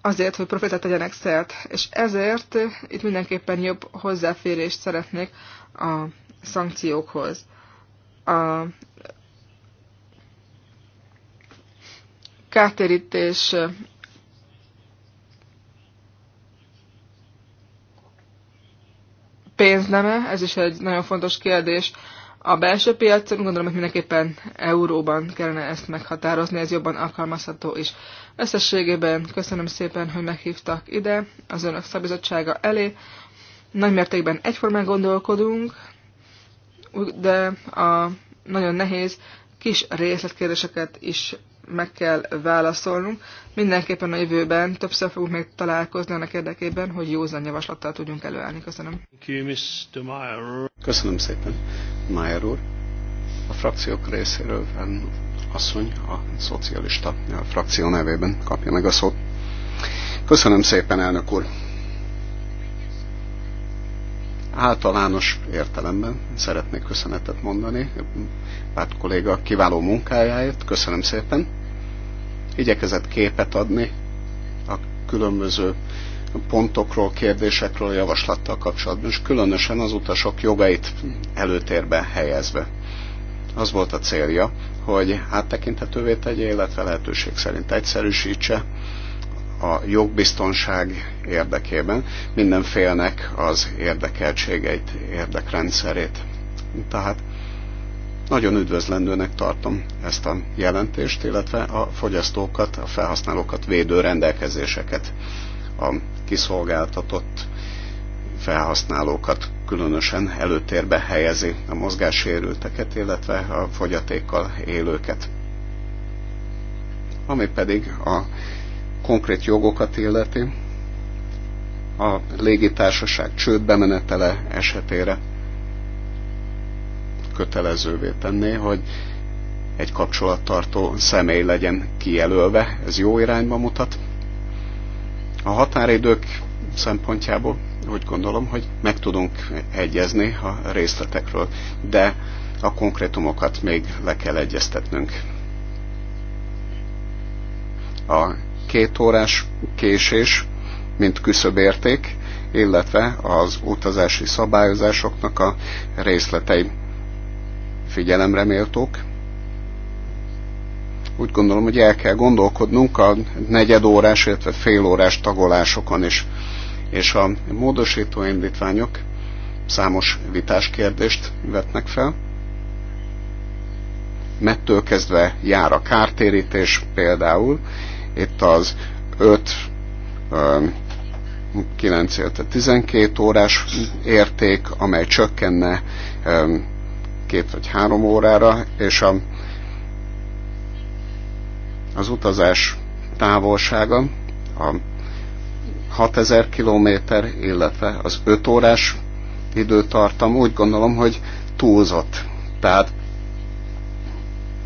azért, hogy profitot tegyenek szert. És ezért itt mindenképpen jobb hozzáférést szeretnék a szankciókhoz. A kártérítés pénzneme, ez is egy nagyon fontos kérdés. A belső piacon gondolom, hogy mindenképpen euróban kellene ezt meghatározni, ez jobban alkalmazható is. Összességében köszönöm szépen, hogy meghívtak ide az önök szabizottsága elé. Nagy mértékben egyformán gondolkodunk, de a nagyon nehéz kis részletkérdéseket is meg kell válaszolnunk. Mindenképpen a jövőben többször fogunk még találkozni annak érdekében, hogy józan javaslattal tudjunk előállni. Köszönöm. Köszönöm szépen, Mayer úr. A frakciók részéről van asszony a szocialista a frakció nevében kapja meg a szót. Köszönöm szépen, elnök úr általános értelemben szeretnék köszönetet mondani Párt kolléga kiváló munkájáért, köszönöm szépen. Igyekezett képet adni a különböző pontokról, kérdésekről, javaslattal kapcsolatban, és különösen az utasok jogait előtérbe helyezve. Az volt a célja, hogy áttekinthetővé tegye, illetve lehetőség szerint egyszerűsítse a jogbiztonság érdekében minden félnek az érdekeltségeit, érdekrendszerét. Tehát nagyon üdvözlendőnek tartom ezt a jelentést, illetve a fogyasztókat, a felhasználókat védő rendelkezéseket, a kiszolgáltatott felhasználókat különösen előtérbe helyezi a mozgássérülteket, illetve a fogyatékkal élőket. Ami pedig a konkrét jogokat illeti, a légitársaság csődbe menetele esetére kötelezővé tenné, hogy egy kapcsolattartó személy legyen kijelölve, ez jó irányba mutat. A határidők szempontjából úgy gondolom, hogy meg tudunk egyezni a részletekről, de a konkrétumokat még le kell egyeztetnünk. A két órás késés, mint küszöbérték, illetve az utazási szabályozásoknak a részletei figyelemre méltók. Úgy gondolom, hogy el kell gondolkodnunk a negyedórás, illetve félórás tagolásokon is. És a módosító indítványok számos vitás kérdést vetnek fel. Mettől kezdve jár a kártérítés például, itt az 5 9 12 órás érték, amely csökkenne két vagy három órára, és a, az utazás távolsága a 6000 km, illetve az 5 órás időtartam úgy gondolom, hogy túlzott. Tehát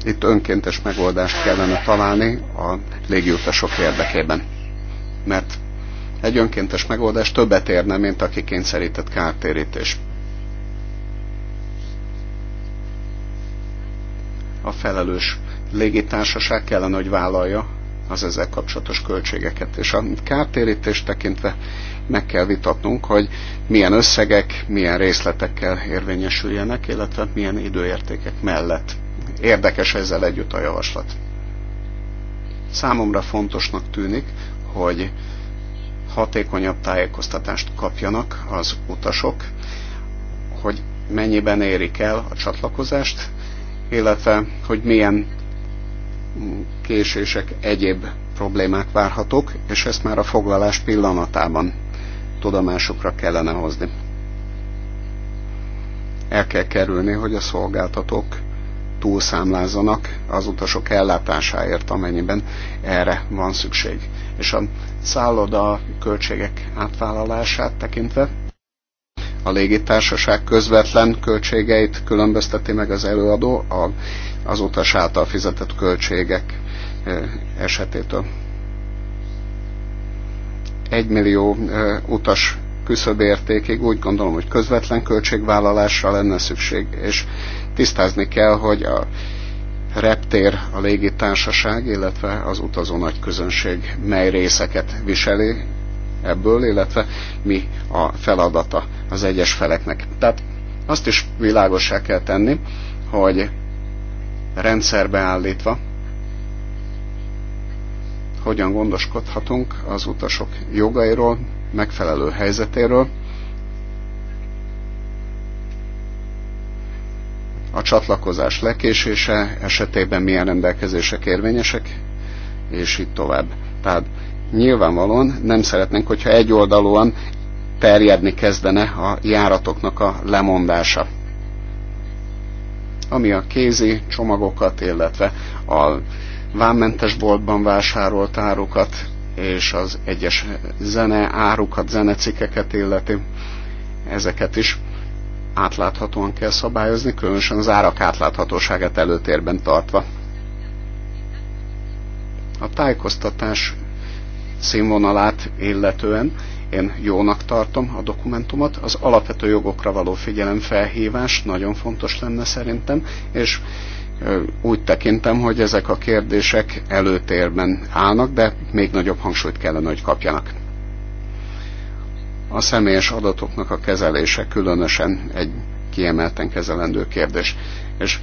itt önkéntes megoldást kellene találni a légiutasok érdekében. Mert egy önkéntes megoldás többet érne, mint aki kényszerített kártérítés. A felelős légitársaság kellene, hogy vállalja az ezzel kapcsolatos költségeket. És a kártérítést tekintve meg kell vitatnunk, hogy milyen összegek, milyen részletekkel érvényesüljenek, illetve milyen időértékek mellett Érdekes ezzel együtt a javaslat. Számomra fontosnak tűnik, hogy hatékonyabb tájékoztatást kapjanak az utasok, hogy mennyiben érik el a csatlakozást, illetve hogy milyen késések, egyéb problémák várhatók, és ezt már a foglalás pillanatában tudomásukra kellene hozni. El kell kerülni, hogy a szolgáltatók túlszámlázzanak az utasok ellátásáért, amennyiben erre van szükség. És a szálloda költségek átvállalását tekintve a légitársaság közvetlen költségeit különbözteti meg az előadó az utas által fizetett költségek e, esetétől. egy millió e, utas küszöbértékig úgy gondolom, hogy közvetlen költségvállalásra lenne szükség, és tisztázni kell, hogy a reptér, a légitársaság, illetve az utazó nagy közönség mely részeket viseli ebből, illetve mi a feladata az egyes feleknek. Tehát azt is világosá kell tenni, hogy rendszerbe állítva hogyan gondoskodhatunk az utasok jogairól, megfelelő helyzetéről, a csatlakozás lekésése esetében milyen rendelkezések érvényesek, és így tovább. Tehát nyilvánvalóan nem szeretnénk, hogyha egyoldalúan terjedni kezdene a járatoknak a lemondása. Ami a kézi csomagokat, illetve a vámmentes boltban vásárolt árukat, és az egyes zene árukat, zenecikeket illeti, ezeket is átláthatóan kell szabályozni, különösen az árak átláthatóságát előtérben tartva. A tájékoztatás színvonalát illetően én jónak tartom a dokumentumot, az alapvető jogokra való figyelemfelhívás nagyon fontos lenne szerintem, és úgy tekintem, hogy ezek a kérdések előtérben állnak, de még nagyobb hangsúlyt kellene, hogy kapjanak a személyes adatoknak a kezelése különösen egy kiemelten kezelendő kérdés. És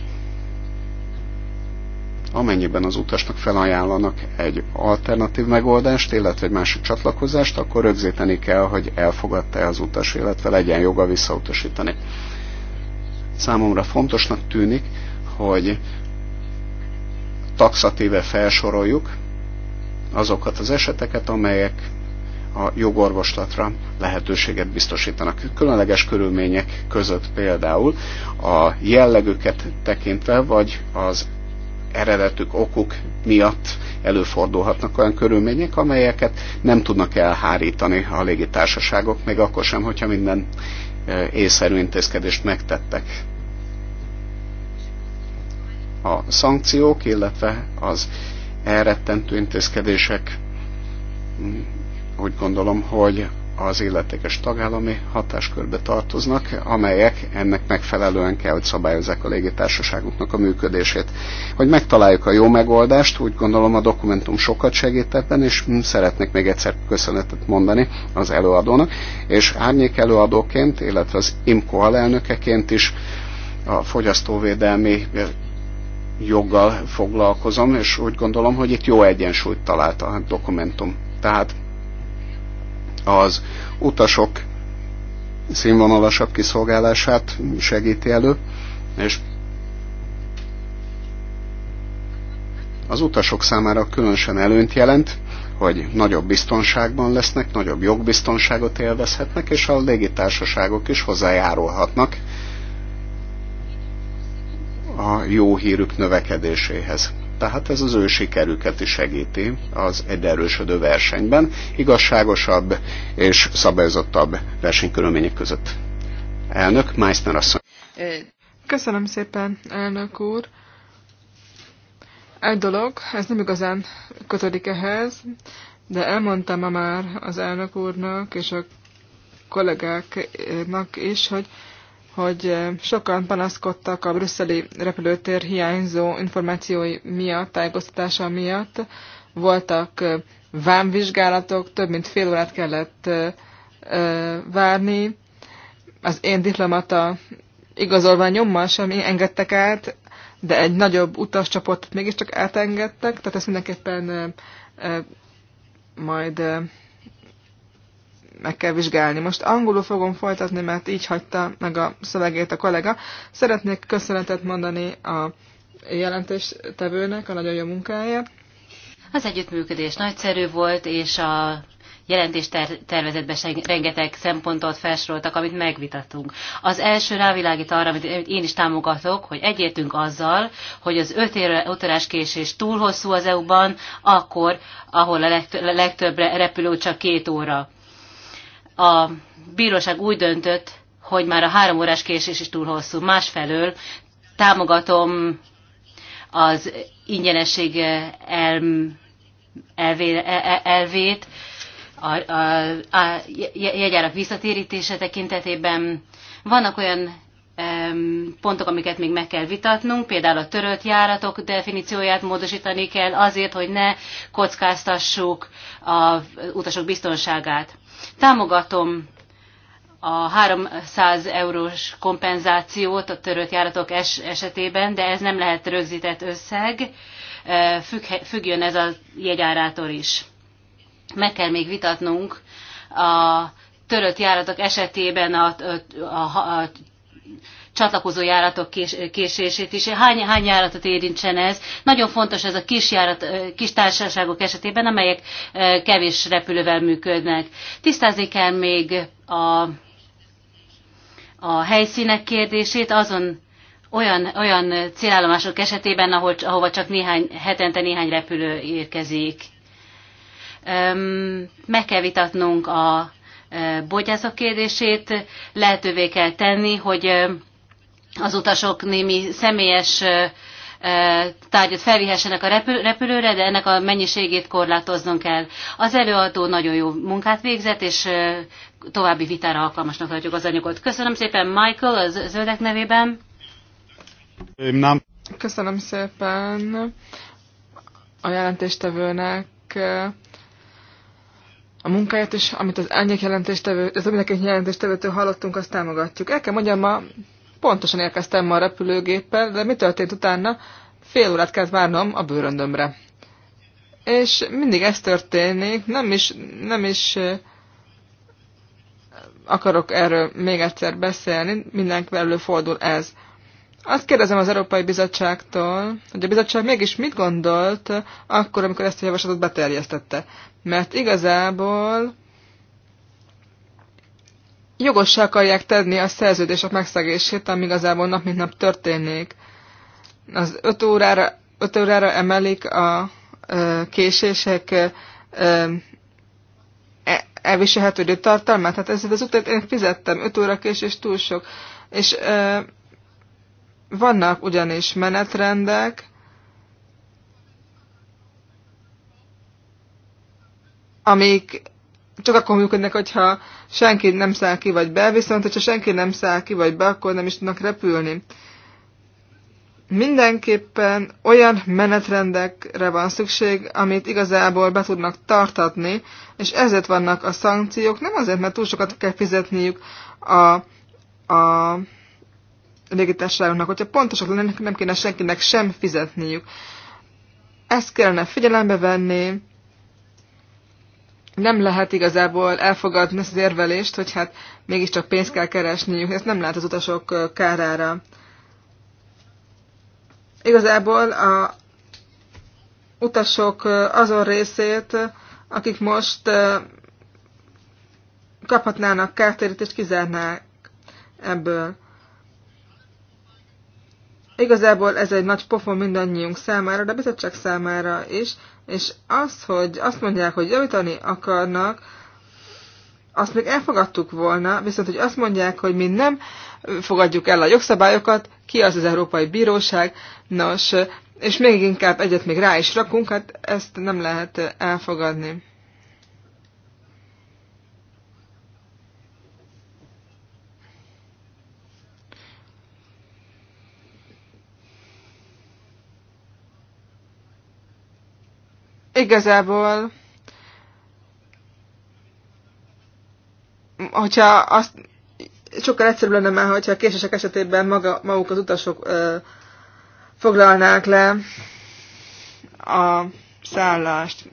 amennyiben az utasnak felajánlanak egy alternatív megoldást, illetve egy másik csatlakozást, akkor rögzíteni kell, hogy elfogadta-e az utas, illetve legyen joga visszautasítani. Számomra fontosnak tűnik, hogy taxatíve felsoroljuk azokat az eseteket, amelyek a jogorvoslatra lehetőséget biztosítanak. Különleges körülmények között például a jellegüket tekintve, vagy az eredetük, okuk miatt előfordulhatnak olyan körülmények, amelyeket nem tudnak elhárítani a légitársaságok, még akkor sem, hogyha minden e, észszerű intézkedést megtettek. A szankciók, illetve az elrettentő intézkedések úgy gondolom, hogy az illetékes tagállami hatáskörbe tartoznak, amelyek ennek megfelelően kell, hogy szabályozzák a légitársaságoknak a működését. Hogy megtaláljuk a jó megoldást, úgy gondolom a dokumentum sokat segít ebben, és szeretnék még egyszer köszönetet mondani az előadónak, és árnyék előadóként, illetve az IMCO alelnökeként is a fogyasztóvédelmi joggal foglalkozom, és úgy gondolom, hogy itt jó egyensúlyt talált a dokumentum. Tehát az utasok színvonalasabb kiszolgálását segíti elő, és az utasok számára különösen előnyt jelent, hogy nagyobb biztonságban lesznek, nagyobb jogbiztonságot élvezhetnek, és a légitársaságok is hozzájárulhatnak a jó hírük növekedéséhez. Tehát ez az ő sikerüket is segíti az egyerősödő versenyben, igazságosabb és szabályozottabb versenykörülmények között. Elnök Meissner asszony. Köszönöm szépen, elnök úr. Egy dolog, ez nem igazán kötődik ehhez, de elmondtam -e már az elnök úrnak és a kollégáknak is, hogy hogy eh, sokan panaszkodtak a brüsszeli repülőtér hiányzó információi miatt, tájékoztatása miatt. Voltak eh, vámvizsgálatok, több mint fél órát kellett eh, várni. Az én diplomata igazolványommal sem engedtek át, de egy nagyobb utascsapatot mégiscsak átengedtek, tehát ezt mindenképpen majd meg kell vizsgálni. Most angolul fogom folytatni, mert így hagyta meg a szövegét a kollega. Szeretnék köszönetet mondani a jelentéstevőnek a nagyon jó munkáját. Az együttműködés nagyszerű volt, és a jelentés ter- tervezetben rengeteg szempontot felsoroltak, amit megvitatunk. Az első rávilágít arra, amit én is támogatok, hogy egyértünk azzal, hogy az öt utalás késés túl hosszú az EU-ban, akkor, ahol a legtöbb repülő csak két óra a bíróság úgy döntött, hogy már a három órás késés is túl hosszú. Másfelől támogatom az ingyenesség el, elvé, e-, e-, elvét, a, a, a jegyárak visszatérítése tekintetében. Vannak olyan pontok, amiket még meg kell vitatnunk, például a törölt járatok definícióját módosítani kell azért, hogy ne kockáztassuk a utasok biztonságát. Támogatom a 300 eurós kompenzációt a törött járatok es- esetében, de ez nem lehet rögzített összeg, Függ, függjön ez a jegyárától is. Meg kell még vitatnunk a törött járatok esetében a, a, a, a csatlakozó járatok kés, késését is. Hány, hány járatot érintsen ez? Nagyon fontos ez a kis, járat, kis társaságok esetében, amelyek kevés repülővel működnek. Tisztázni kell még a, a helyszínek kérdését, azon olyan, olyan célállomások esetében, ahol, ahova csak néhány, hetente néhány repülő érkezik. Meg kell vitatnunk a bogyászok kérdését, lehetővé kell tenni, hogy az utasok némi személyes tárgyat felvihessenek a repülőre, de ennek a mennyiségét korlátoznunk kell. Az előadó nagyon jó munkát végzett, és további vitára alkalmasnak tartjuk az anyagot. Köszönöm szépen Michael, az zöldek nevében. Én Nem. Köszönöm szépen a jelentéstevőnek a munkáját, és amit az elnyék jelentéstevő, az jelentéstevőtől hallottunk, azt támogatjuk. El kell mondjam, ma pontosan érkeztem ma a repülőgéppel, de mi történt utána? Fél órát kellett várnom a bőröndömre. És mindig ez történik, nem is, nem is akarok erről még egyszer beszélni, mindenkivel előfordul ez. Azt kérdezem az Európai Bizottságtól, hogy a bizottság mégis mit gondolt akkor, amikor ezt a javaslatot beterjesztette. Mert igazából jogossá akarják tenni a szerződések megszegését, ami igazából nap mint nap történik. Az 5 órára, 5 órára emelik a ö, késések ö, e, elviselhető időtartalmát. Hát ezért az utat én fizettem, 5 óra késés túl sok. És ö, vannak ugyanis menetrendek, amik csak akkor működnek, hogyha senki nem száll ki vagy be, viszont hogyha senki nem száll ki vagy be, akkor nem is tudnak repülni. Mindenképpen olyan menetrendekre van szükség, amit igazából be tudnak tartatni, és ezért vannak a szankciók, nem azért, mert túl sokat kell fizetniük a, a légitársaságoknak, hogyha pontosak lennének, nem kéne senkinek sem fizetniük. Ezt kellene figyelembe venni, nem lehet igazából elfogadni ezt az érvelést, hogy hát mégiscsak pénzt kell keresniük, ezt nem lehet az utasok kárára. Igazából a utasok azon részét, akik most kaphatnának kártérítést, kizárnák ebből. Igazából ez egy nagy pofon mindannyiunk számára, de biztos bizottság számára is, és az, hogy azt mondják, hogy javítani akarnak, azt még elfogadtuk volna, viszont hogy azt mondják, hogy mi nem fogadjuk el a jogszabályokat, ki az az Európai Bíróság, nos, és még inkább egyet még rá is rakunk, hát ezt nem lehet elfogadni. Igazából, hogyha azt sokkal egyszerűbb lenne már, hogyha a késések esetében maga, maguk az utasok ö, foglalnák le a szállást.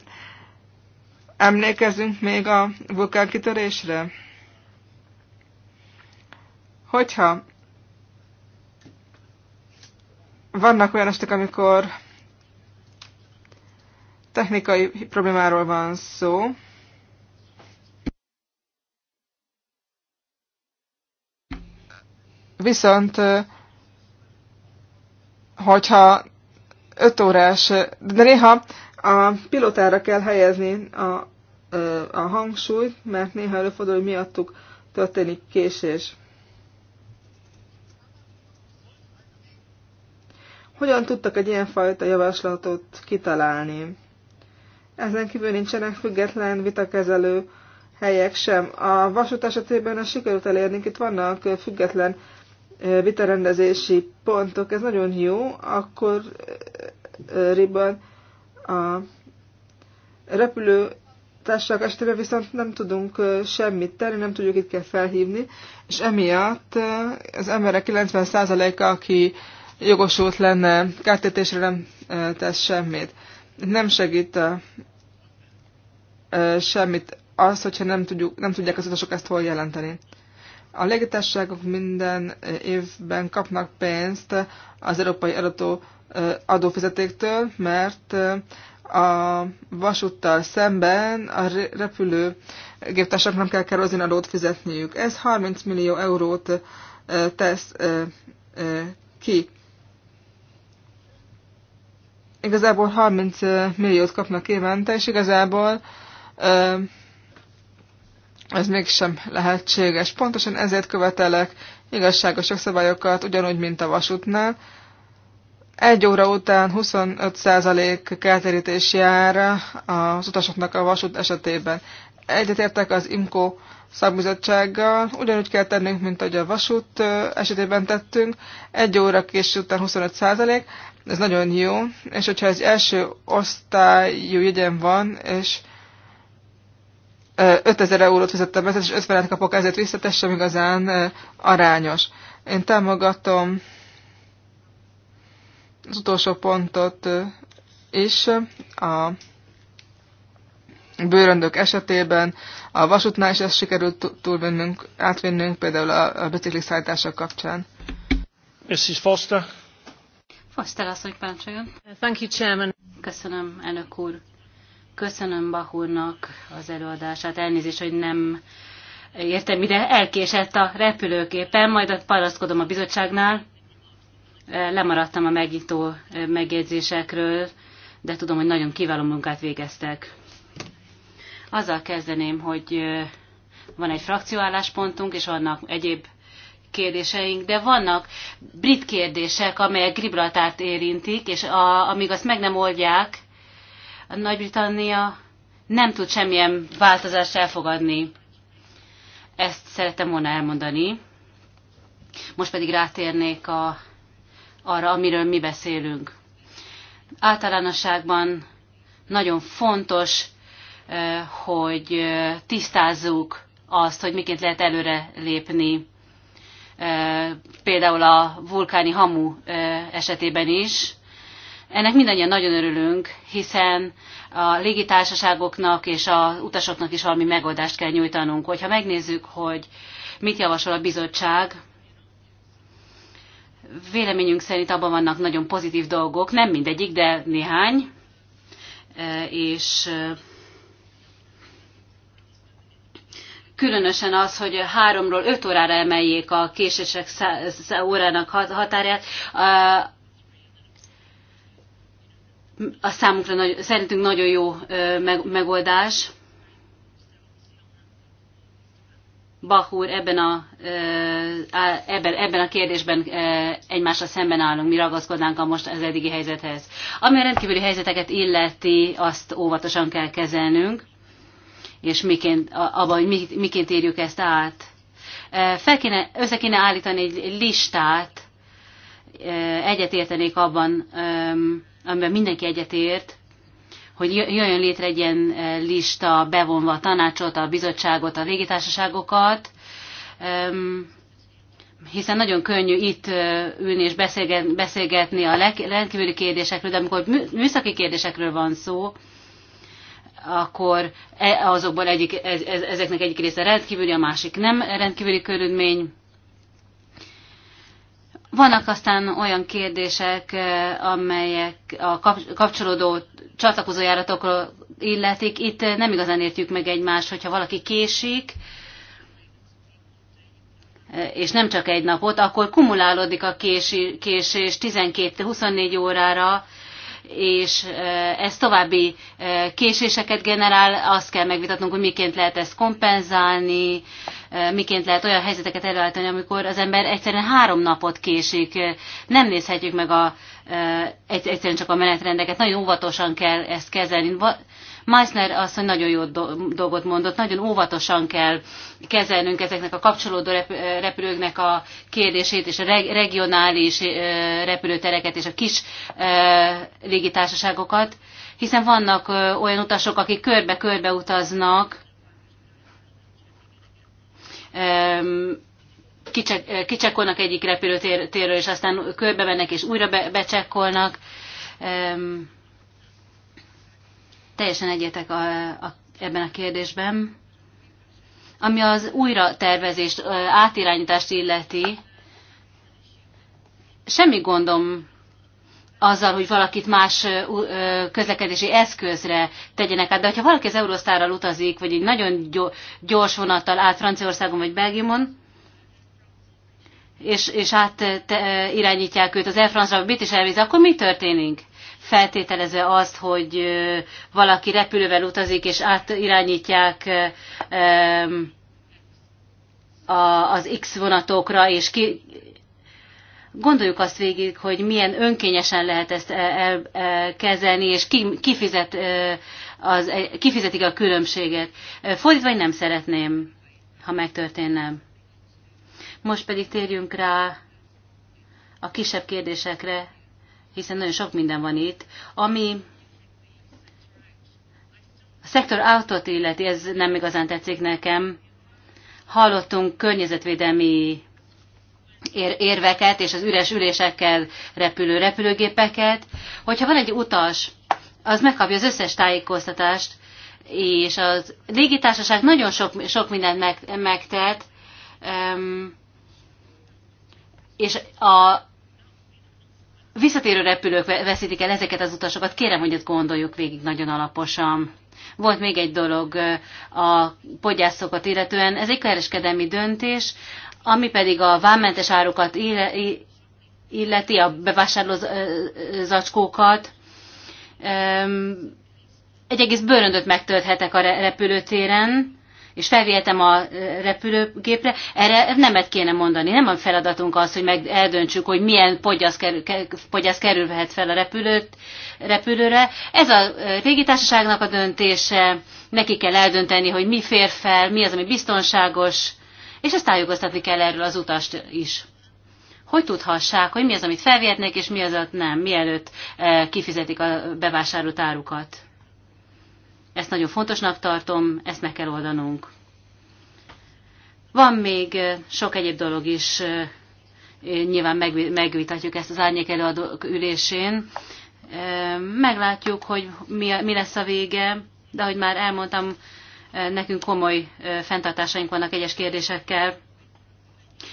Emlékezzünk még a vulkánkitörésre? Hogyha vannak olyan estek, amikor technikai problémáról van szó. Viszont, hogyha 5 órás, de néha a pilotára kell helyezni a, a hangsúlyt, mert néha előfordul, hogy miattuk történik késés. Hogyan tudtak egy ilyenfajta javaslatot kitalálni? Ezen kívül nincsenek független vitakezelő helyek sem. A vasút esetében a sikerült elérni, itt vannak független vitarendezési pontok, ez nagyon jó, akkor ribban a repülő társak esetében viszont nem tudunk semmit tenni, nem tudjuk, itt kell felhívni, és emiatt az emberek 90%-a, aki jogosult lenne kártétésre nem tesz semmit nem segít semmit az, hogyha nem, tudjuk, nem tudják az utasok ezt hol jelenteni. A légitársaságok minden évben kapnak pénzt az európai adató, adófizetéktől, mert a vasúttal szemben a repülő nem kell kerozin adót fizetniük. Ez 30 millió eurót tesz ki igazából 30 milliót kapnak évente, és igazából ez mégsem lehetséges. Pontosan ezért követelek igazságos jogszabályokat, ugyanúgy, mint a vasútnál. Egy óra után 25% kártérítés jár az utasoknak a vasút esetében. Egyetértek az IMCO szakbizottsággal, ugyanúgy kell tennünk, mint ahogy a vasút esetében tettünk. Egy óra késő után 25%, ez nagyon jó, és hogyha az első osztályú jegyem van, és 5000 eurót fizettem ezért, és 50 kapok ezért vissza, sem igazán arányos. Én támogatom az utolsó pontot is a bőröndök esetében, a vasútnál is ezt sikerült túlvinnünk, átvinnünk például a, a bicikliszállítások kapcsán. Mrs. Foster. Foster asszony Thank you, Chairman. Köszönöm, elnök úr. Köszönöm Bahurnak az előadását. Elnézést, hogy nem értem mire elkésett a repülőképen, majd paraszkodom a bizottságnál. Lemaradtam a megnyitó megjegyzésekről, de tudom, hogy nagyon kiváló munkát végeztek. Azzal kezdeném, hogy van egy frakcióálláspontunk, és vannak egyéb kérdéseink, de vannak brit kérdések, amelyek Gibraltárt érintik, és a, amíg azt meg nem oldják, a Nagy-Britannia nem tud semmilyen változást elfogadni. Ezt szerettem volna elmondani. Most pedig rátérnék a, arra, amiről mi beszélünk. Általánosságban nagyon fontos, eh, hogy eh, tisztázzuk azt, hogy miként lehet előre lépni Eh, például a vulkáni hamu eh, esetében is. Ennek mindannyian nagyon örülünk, hiszen a légitársaságoknak és a utasoknak is valami megoldást kell nyújtanunk. Hogyha megnézzük, hogy mit javasol a bizottság, véleményünk szerint abban vannak nagyon pozitív dolgok, nem mindegyik, de néhány, eh, és különösen az, hogy háromról öt órára emeljék a késések órának határát, a számunkra nagy, szerintünk nagyon jó megoldás. Bahúr, ebben a, ebben, ebben a kérdésben egymásra szemben állunk, mi ragaszkodnánk a most az eddigi helyzethez. Ami a rendkívüli helyzeteket illeti, azt óvatosan kell kezelnünk és miként, abban, hogy miként érjük ezt át. Fel kéne, össze kéne állítani egy listát, egyetértenék abban, amiben mindenki egyetért, hogy jöjjön létre egy ilyen lista, bevonva a tanácsot, a bizottságot, a légitársaságokat, hiszen nagyon könnyű itt ülni és beszélgetni a rendkívüli kérdésekről, de amikor műszaki kérdésekről van szó, akkor e, azokból egyik, ezeknek egyik része rendkívüli, a másik nem rendkívüli körülmény. Vannak aztán olyan kérdések, e, amelyek a kapcsolódó csatlakozójáratokról illetik. Itt nem igazán értjük meg egymást, hogyha valaki késik, e, és nem csak egy napot, akkor kumulálódik a késés 12-24 órára, és ez további késéseket generál, azt kell megvitatnunk, hogy miként lehet ezt kompenzálni, miként lehet olyan helyzeteket előállítani, amikor az ember egyszerűen három napot késik, nem nézhetjük meg a, egyszerűen csak a menetrendeket, nagyon óvatosan kell ezt kezelni. Meissner asszony nagyon jó dolgot mondott, nagyon óvatosan kell kezelnünk ezeknek a kapcsolódó repülőknek a kérdését, és a regionális repülőtereket és a kis légitársaságokat, hiszen vannak olyan utasok, akik körbe-körbe utaznak, kicsekkolnak egyik repülőtérről, és aztán körbe mennek, és újra becsekkolnak. Um, Teljesen egyetek a, a, ebben a kérdésben. Ami az újra tervezést, átirányítást illeti, semmi gondom azzal, hogy valakit más közlekedési eszközre tegyenek át. De ha valaki az Eurostárral utazik, vagy egy nagyon gyors vonattal át Franciaországon vagy Belgiumon, és, és át te, irányítják őt az Air France-ra, vagy British Airways, akkor mi történik? feltételezve azt, hogy valaki repülővel utazik, és átirányítják az X vonatokra, és ki, gondoljuk azt végig, hogy milyen önkényesen lehet ezt elkezelni, e, e, és kifizet, az, kifizetik a különbséget. Fordítva én nem szeretném, ha megtörténne. Most pedig térjünk rá a kisebb kérdésekre, hiszen nagyon sok minden van itt, ami a szektor autót illeti, ez nem igazán tetszik nekem. Hallottunk környezetvédelmi ér- érveket és az üres ülésekkel repülő repülőgépeket. Hogyha van egy utas, az megkapja az összes tájékoztatást, és az légitársaság nagyon sok, sok mindent meg, megtett, um, és a visszatérő repülők veszítik el ezeket az utasokat. Kérem, hogy ezt gondoljuk végig nagyon alaposan. Volt még egy dolog a podgyászokat illetően. Ez egy kereskedelmi döntés, ami pedig a vámmentes árukat illeti, a bevásárló zacskókat. Egy egész bőröndöt megtölthetek a repülőtéren, és felvihetem a repülőgépre, erre nemet kéne mondani. Nem a feladatunk az, hogy meg eldöntsük, hogy milyen podgyász, kerül, podgyász kerülhet fel a repülőt, repülőre. Ez a légitársaságnak a döntése, neki kell eldönteni, hogy mi fér fel, mi az, ami biztonságos, és ezt tájékoztatni kell erről az utast is. Hogy tudhassák, hogy mi az, amit felvihetnek, és mi az, amit nem, mielőtt kifizetik a bevásárolt árukat? Ezt nagyon fontosnak tartom, ezt meg kell oldanunk. Van még sok egyéb dolog is, nyilván megvitatjuk ezt az árnyék előadók ülésén. Meglátjuk, hogy mi lesz a vége, de ahogy már elmondtam, nekünk komoly fenntartásaink vannak egyes kérdésekkel,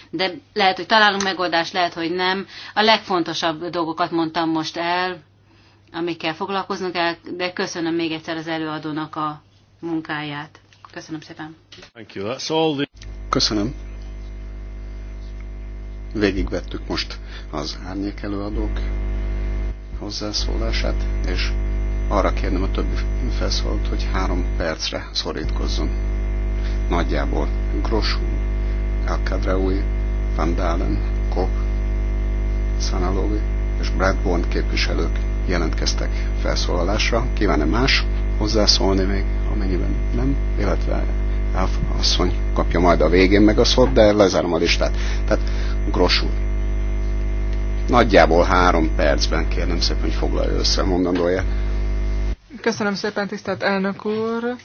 de lehet, hogy találunk megoldást, lehet, hogy nem. A legfontosabb dolgokat mondtam most el, amikkel foglalkoznunk kell, de köszönöm még egyszer az előadónak a munkáját. Köszönöm szépen. Thank you. That's all the... Köszönöm. Végigvettük most az árnyék előadók hozzászólását, és arra kérném a többi felszólalt, hogy három percre szorítkozzon. Nagyjából Grosú, Alkadraui, Van Dalen, Koch, Sanalovi és Bradborn képviselők jelentkeztek felszólalásra. Kíván-e más hozzászólni még, amennyiben nem, illetve Elf asszony kapja majd a végén meg a szót, de lezárom a listát. Tehát grosul. Nagyjából három percben kérem szépen, hogy foglalja össze a mondandóját. Köszönöm szépen, tisztelt elnök úr!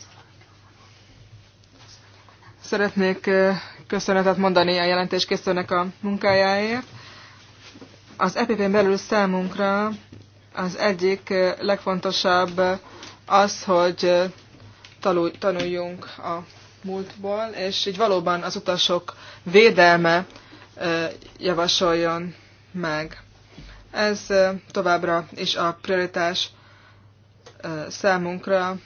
Szeretnék eh, köszönetet mondani a jelentéskészőnek a munkájáért. Az EPP-n belül számunkra az egyik legfontosabb az, hogy tanuljunk a múltból, és így valóban az utasok védelme javasoljon meg. Ez továbbra is a prioritás számunkra.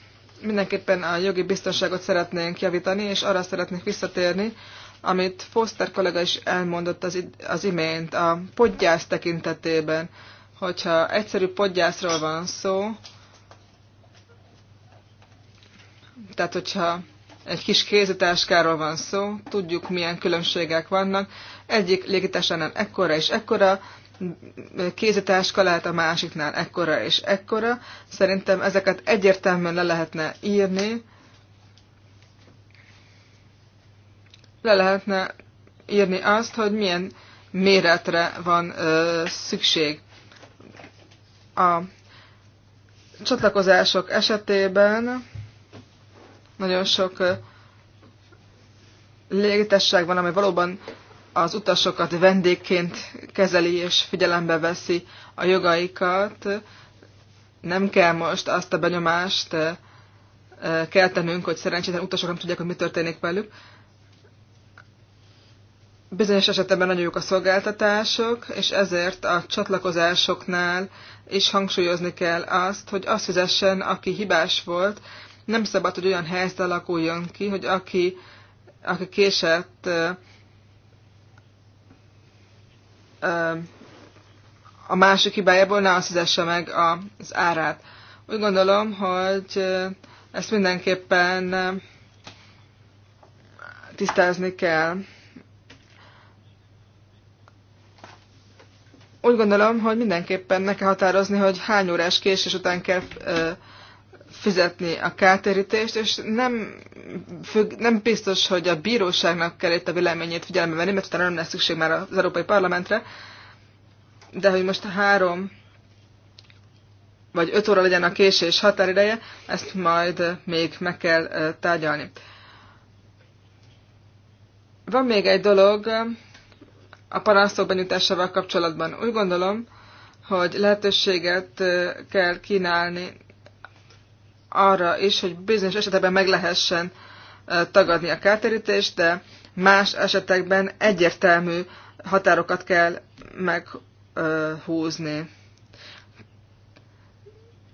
Mindenképpen a jogi biztonságot szeretnénk javítani, és arra szeretnénk visszatérni, amit Foster kollega is elmondott az, az imént, a podgyász tekintetében. Hogyha egyszerű podgyászról van szó, tehát hogyha egy kis kézitáskáról van szó, tudjuk milyen különbségek vannak. Egyik légitásánál ekkora és ekkora, kézitáska lehet a másiknál ekkora és ekkora. Szerintem ezeket egyértelműen le lehetne írni, le lehetne írni azt, hogy milyen méretre van ö, szükség. A csatlakozások esetében nagyon sok légitesság van, ami valóban az utasokat vendégként kezeli és figyelembe veszi a jogaikat. Nem kell most azt a benyomást keltenünk, hogy szerencsétlen utasok nem tudják, hogy mi történik velük bizonyos esetekben nagyon jók a szolgáltatások, és ezért a csatlakozásoknál is hangsúlyozni kell azt, hogy azt fizessen, aki hibás volt. Nem szabad, hogy olyan helyzet alakuljon ki, hogy aki, aki késett a másik hibájából ne azt fizesse meg az árát. Úgy gondolom, hogy ezt mindenképpen tisztázni kell. úgy gondolom, hogy mindenképpen ne kell határozni, hogy hány órás késés után kell fizetni a kártérítést, és nem, függ, nem biztos, hogy a bíróságnak kell itt a véleményét figyelembe venni, mert utána nem lesz szükség már az Európai Parlamentre, de hogy most három vagy öt óra legyen a késés határideje, ezt majd még meg kell tárgyalni. Van még egy dolog, a panaszok benyújtásával kapcsolatban. Úgy gondolom, hogy lehetőséget kell kínálni arra is, hogy bizonyos esetekben meg lehessen tagadni a kártérítést, de más esetekben egyértelmű határokat kell meghúzni.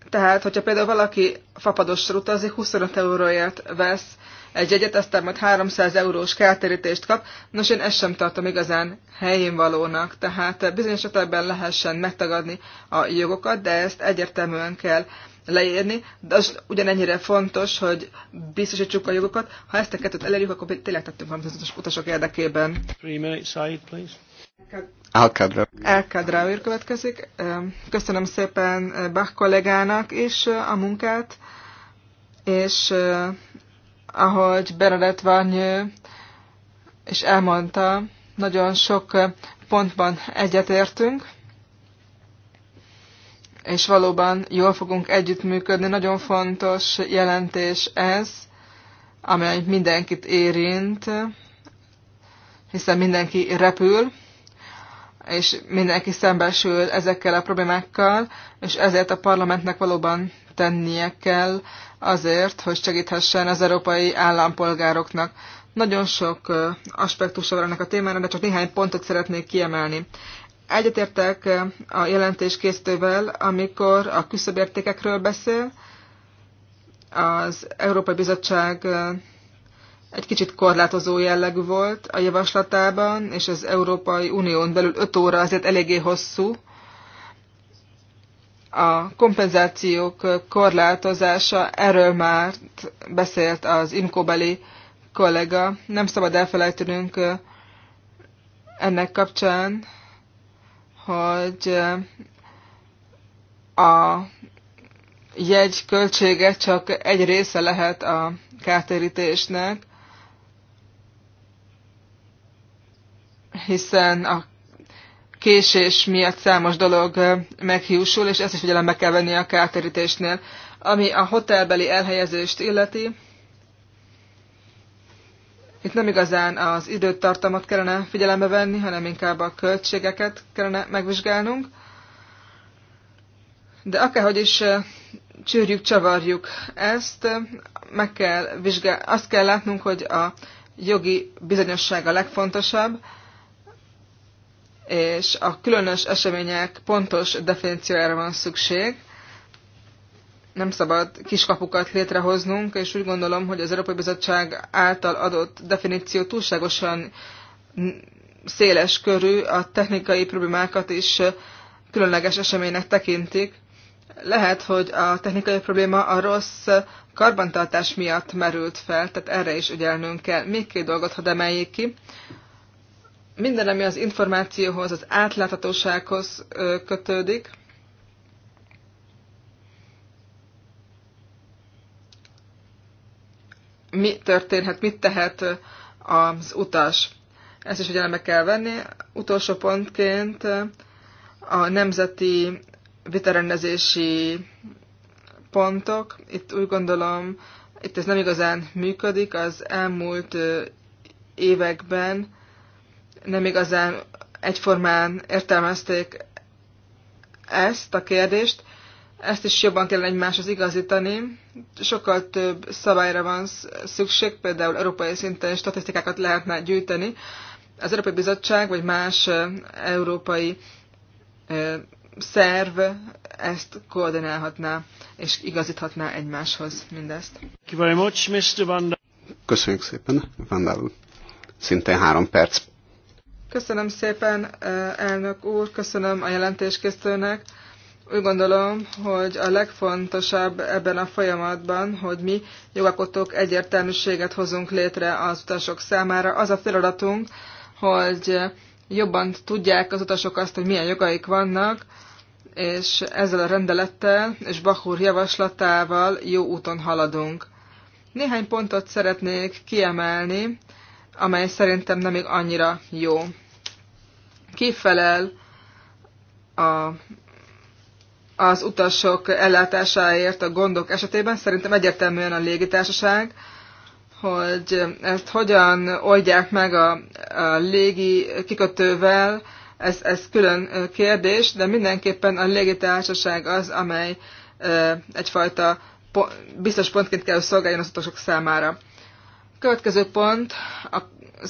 Tehát, hogyha például valaki fapadosra utazik, 25 euróért vesz egy jegyet, aztán majd 300 eurós kártérítést kap. Nos, én ezt sem tartom igazán helyén valónak, tehát bizonyos esetben lehessen megtagadni a jogokat, de ezt egyértelműen kell leírni, de az ugyanennyire fontos, hogy biztosítsuk a jogokat. Ha ezt a kettőt elérjük, akkor tényleg tettünk valamit az utasok érdekében. Alkadra. Alkadra úr következik. Köszönöm szépen Bach kollégának is a munkát, és ahogy Bernadett Varnyő és elmondta, nagyon sok pontban egyetértünk, és valóban jól fogunk együttműködni. Nagyon fontos jelentés ez, amely mindenkit érint, hiszen mindenki repül, és mindenki szembesül ezekkel a problémákkal, és ezért a parlamentnek valóban tennie kell azért, hogy segíthessen az európai állampolgároknak. Nagyon sok aspektusa van ennek a témának, de csak néhány pontot szeretnék kiemelni. Egyetértek a jelentés készítővel, amikor a küszöbértékekről beszél. Az Európai Bizottság egy kicsit korlátozó jellegű volt a javaslatában, és az Európai Unión belül 5 óra azért eléggé hosszú, a kompenzációk korlátozása, erről már beszélt az Imkóbeli kollega. Nem szabad elfelejtenünk ennek kapcsán, hogy a jegy költsége csak egy része lehet a kártérítésnek, hiszen a késés miatt számos dolog meghiúsul, és ezt is figyelembe kell venni a kárterítésnél. Ami a hotelbeli elhelyezést illeti, itt nem igazán az időtartamot kellene figyelembe venni, hanem inkább a költségeket kellene megvizsgálnunk. De akárhogy is csűrjük, csavarjuk ezt, meg kell vizsgál... azt kell látnunk, hogy a jogi bizonyosság a legfontosabb, és a különös események pontos definíciójára van szükség. Nem szabad kiskapukat létrehoznunk, és úgy gondolom, hogy az Európai Bizottság által adott definíció túlságosan széles körű, a technikai problémákat is különleges eseménynek tekintik. Lehet, hogy a technikai probléma a rossz karbantartás miatt merült fel, tehát erre is ügyelnünk kell. Még két dolgot hadd emeljék ki minden, ami az információhoz, az átláthatósághoz kötődik, mi történhet, mit tehet az utas. Ezt is figyelembe kell venni. Utolsó pontként a nemzeti vitarendezési pontok. Itt úgy gondolom, itt ez nem igazán működik. Az elmúlt években nem igazán egyformán értelmezték ezt a kérdést. Ezt is jobban kell egymáshoz igazítani. Sokkal több szabályra van szükség, például európai szinten statisztikákat lehetne gyűjteni. Az Európai Bizottság vagy más európai szerv ezt koordinálhatná és igazíthatná egymáshoz mindezt. Köszönjük szépen, Vandal. Szintén három perc. Köszönöm szépen, elnök úr, köszönöm a jelentéskészítőnek. Úgy gondolom, hogy a legfontosabb ebben a folyamatban, hogy mi jogakotok egyértelműséget hozunk létre az utasok számára. Az a feladatunk, hogy jobban tudják az utasok azt, hogy milyen jogaik vannak, és ezzel a rendelettel és Bachur javaslatával jó úton haladunk. Néhány pontot szeretnék kiemelni, amely szerintem nem még annyira jó. Kifelel a, az utasok ellátásáért a gondok esetében, szerintem egyértelműen a légitársaság, hogy ezt hogyan oldják meg a, a légi kikötővel, ez, ez külön kérdés, de mindenképpen a légitársaság az, amely egyfajta biztos pontként kell, szolgáljon az utasok számára. Következő pont a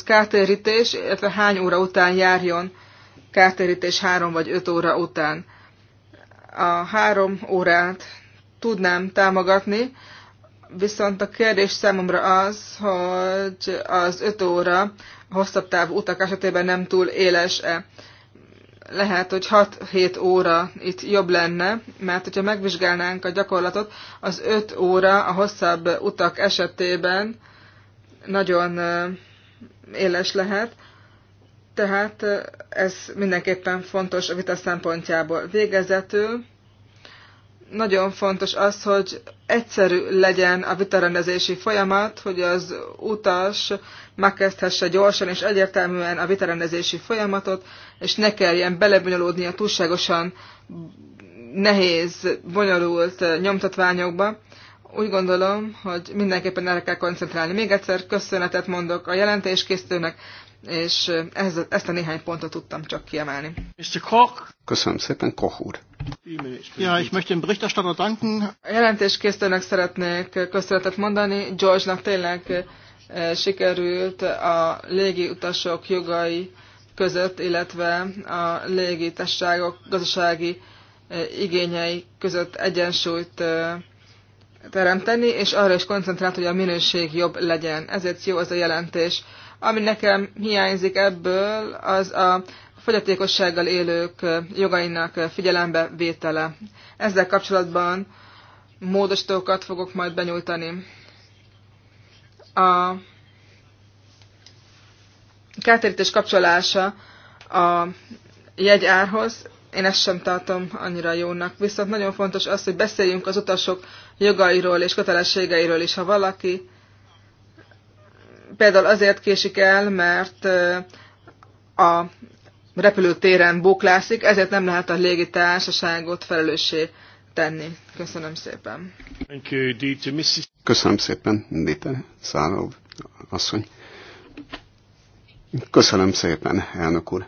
kártérítés, illetve hány óra után járjon kártérítés három vagy öt óra után. A három órát tudnám támogatni, viszont a kérdés számomra az, hogy az öt óra hosszabb távú utak esetében nem túl éles-e. Lehet, hogy 6-7 óra itt jobb lenne, mert hogyha megvizsgálnánk a gyakorlatot, az 5 óra a hosszabb utak esetében nagyon éles lehet, tehát ez mindenképpen fontos a vita szempontjából. Végezetül nagyon fontos az, hogy egyszerű legyen a vitarendezési folyamat, hogy az utas megkezdhesse gyorsan és egyértelműen a vitarendezési folyamatot, és ne kelljen belebonyolódnia túlságosan nehéz, bonyolult nyomtatványokba úgy gondolom, hogy mindenképpen erre kell koncentrálni. Még egyszer köszönetet mondok a jelentéskészítőnek, és ez, ezt a néhány pontot tudtam csak kiemelni. Mr. Koch. Köszönöm szépen, Koch úr. Ja, ich möchte dem Berichterstatter danken. A jelentéskészítőnek szeretnék köszönetet mondani. George-nak tényleg eh, sikerült a légi utasok jogai között, illetve a légitársaságok gazdasági eh, igényei között egyensúlyt eh, teremteni, és arra is koncentrált, hogy a minőség jobb legyen. Ezért jó az a jelentés. Ami nekem hiányzik ebből, az a fogyatékossággal élők jogainak figyelembe vétele. Ezzel kapcsolatban módosítókat fogok majd benyújtani. A kártérítés kapcsolása a jegyárhoz én ezt sem tartom annyira jónak. Viszont nagyon fontos az, hogy beszéljünk az utasok jogairól és kötelességeiről is. Ha valaki például azért késik el, mert a repülőtéren bóklászik, ezért nem lehet a légitársaságot felelőssé tenni. Köszönöm szépen. Köszönöm szépen, Dita Szálov asszony. Köszönöm szépen, elnök úr.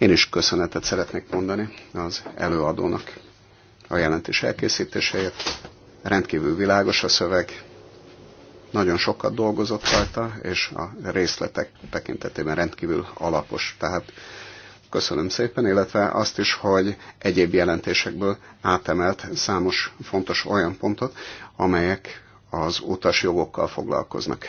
Én is köszönetet szeretnék mondani az előadónak a jelentés elkészítéséért. Rendkívül világos a szöveg, nagyon sokat dolgozott rajta, és a részletek tekintetében rendkívül alapos. Tehát köszönöm szépen, illetve azt is, hogy egyéb jelentésekből átemelt számos fontos olyan pontot, amelyek az utas jogokkal foglalkoznak.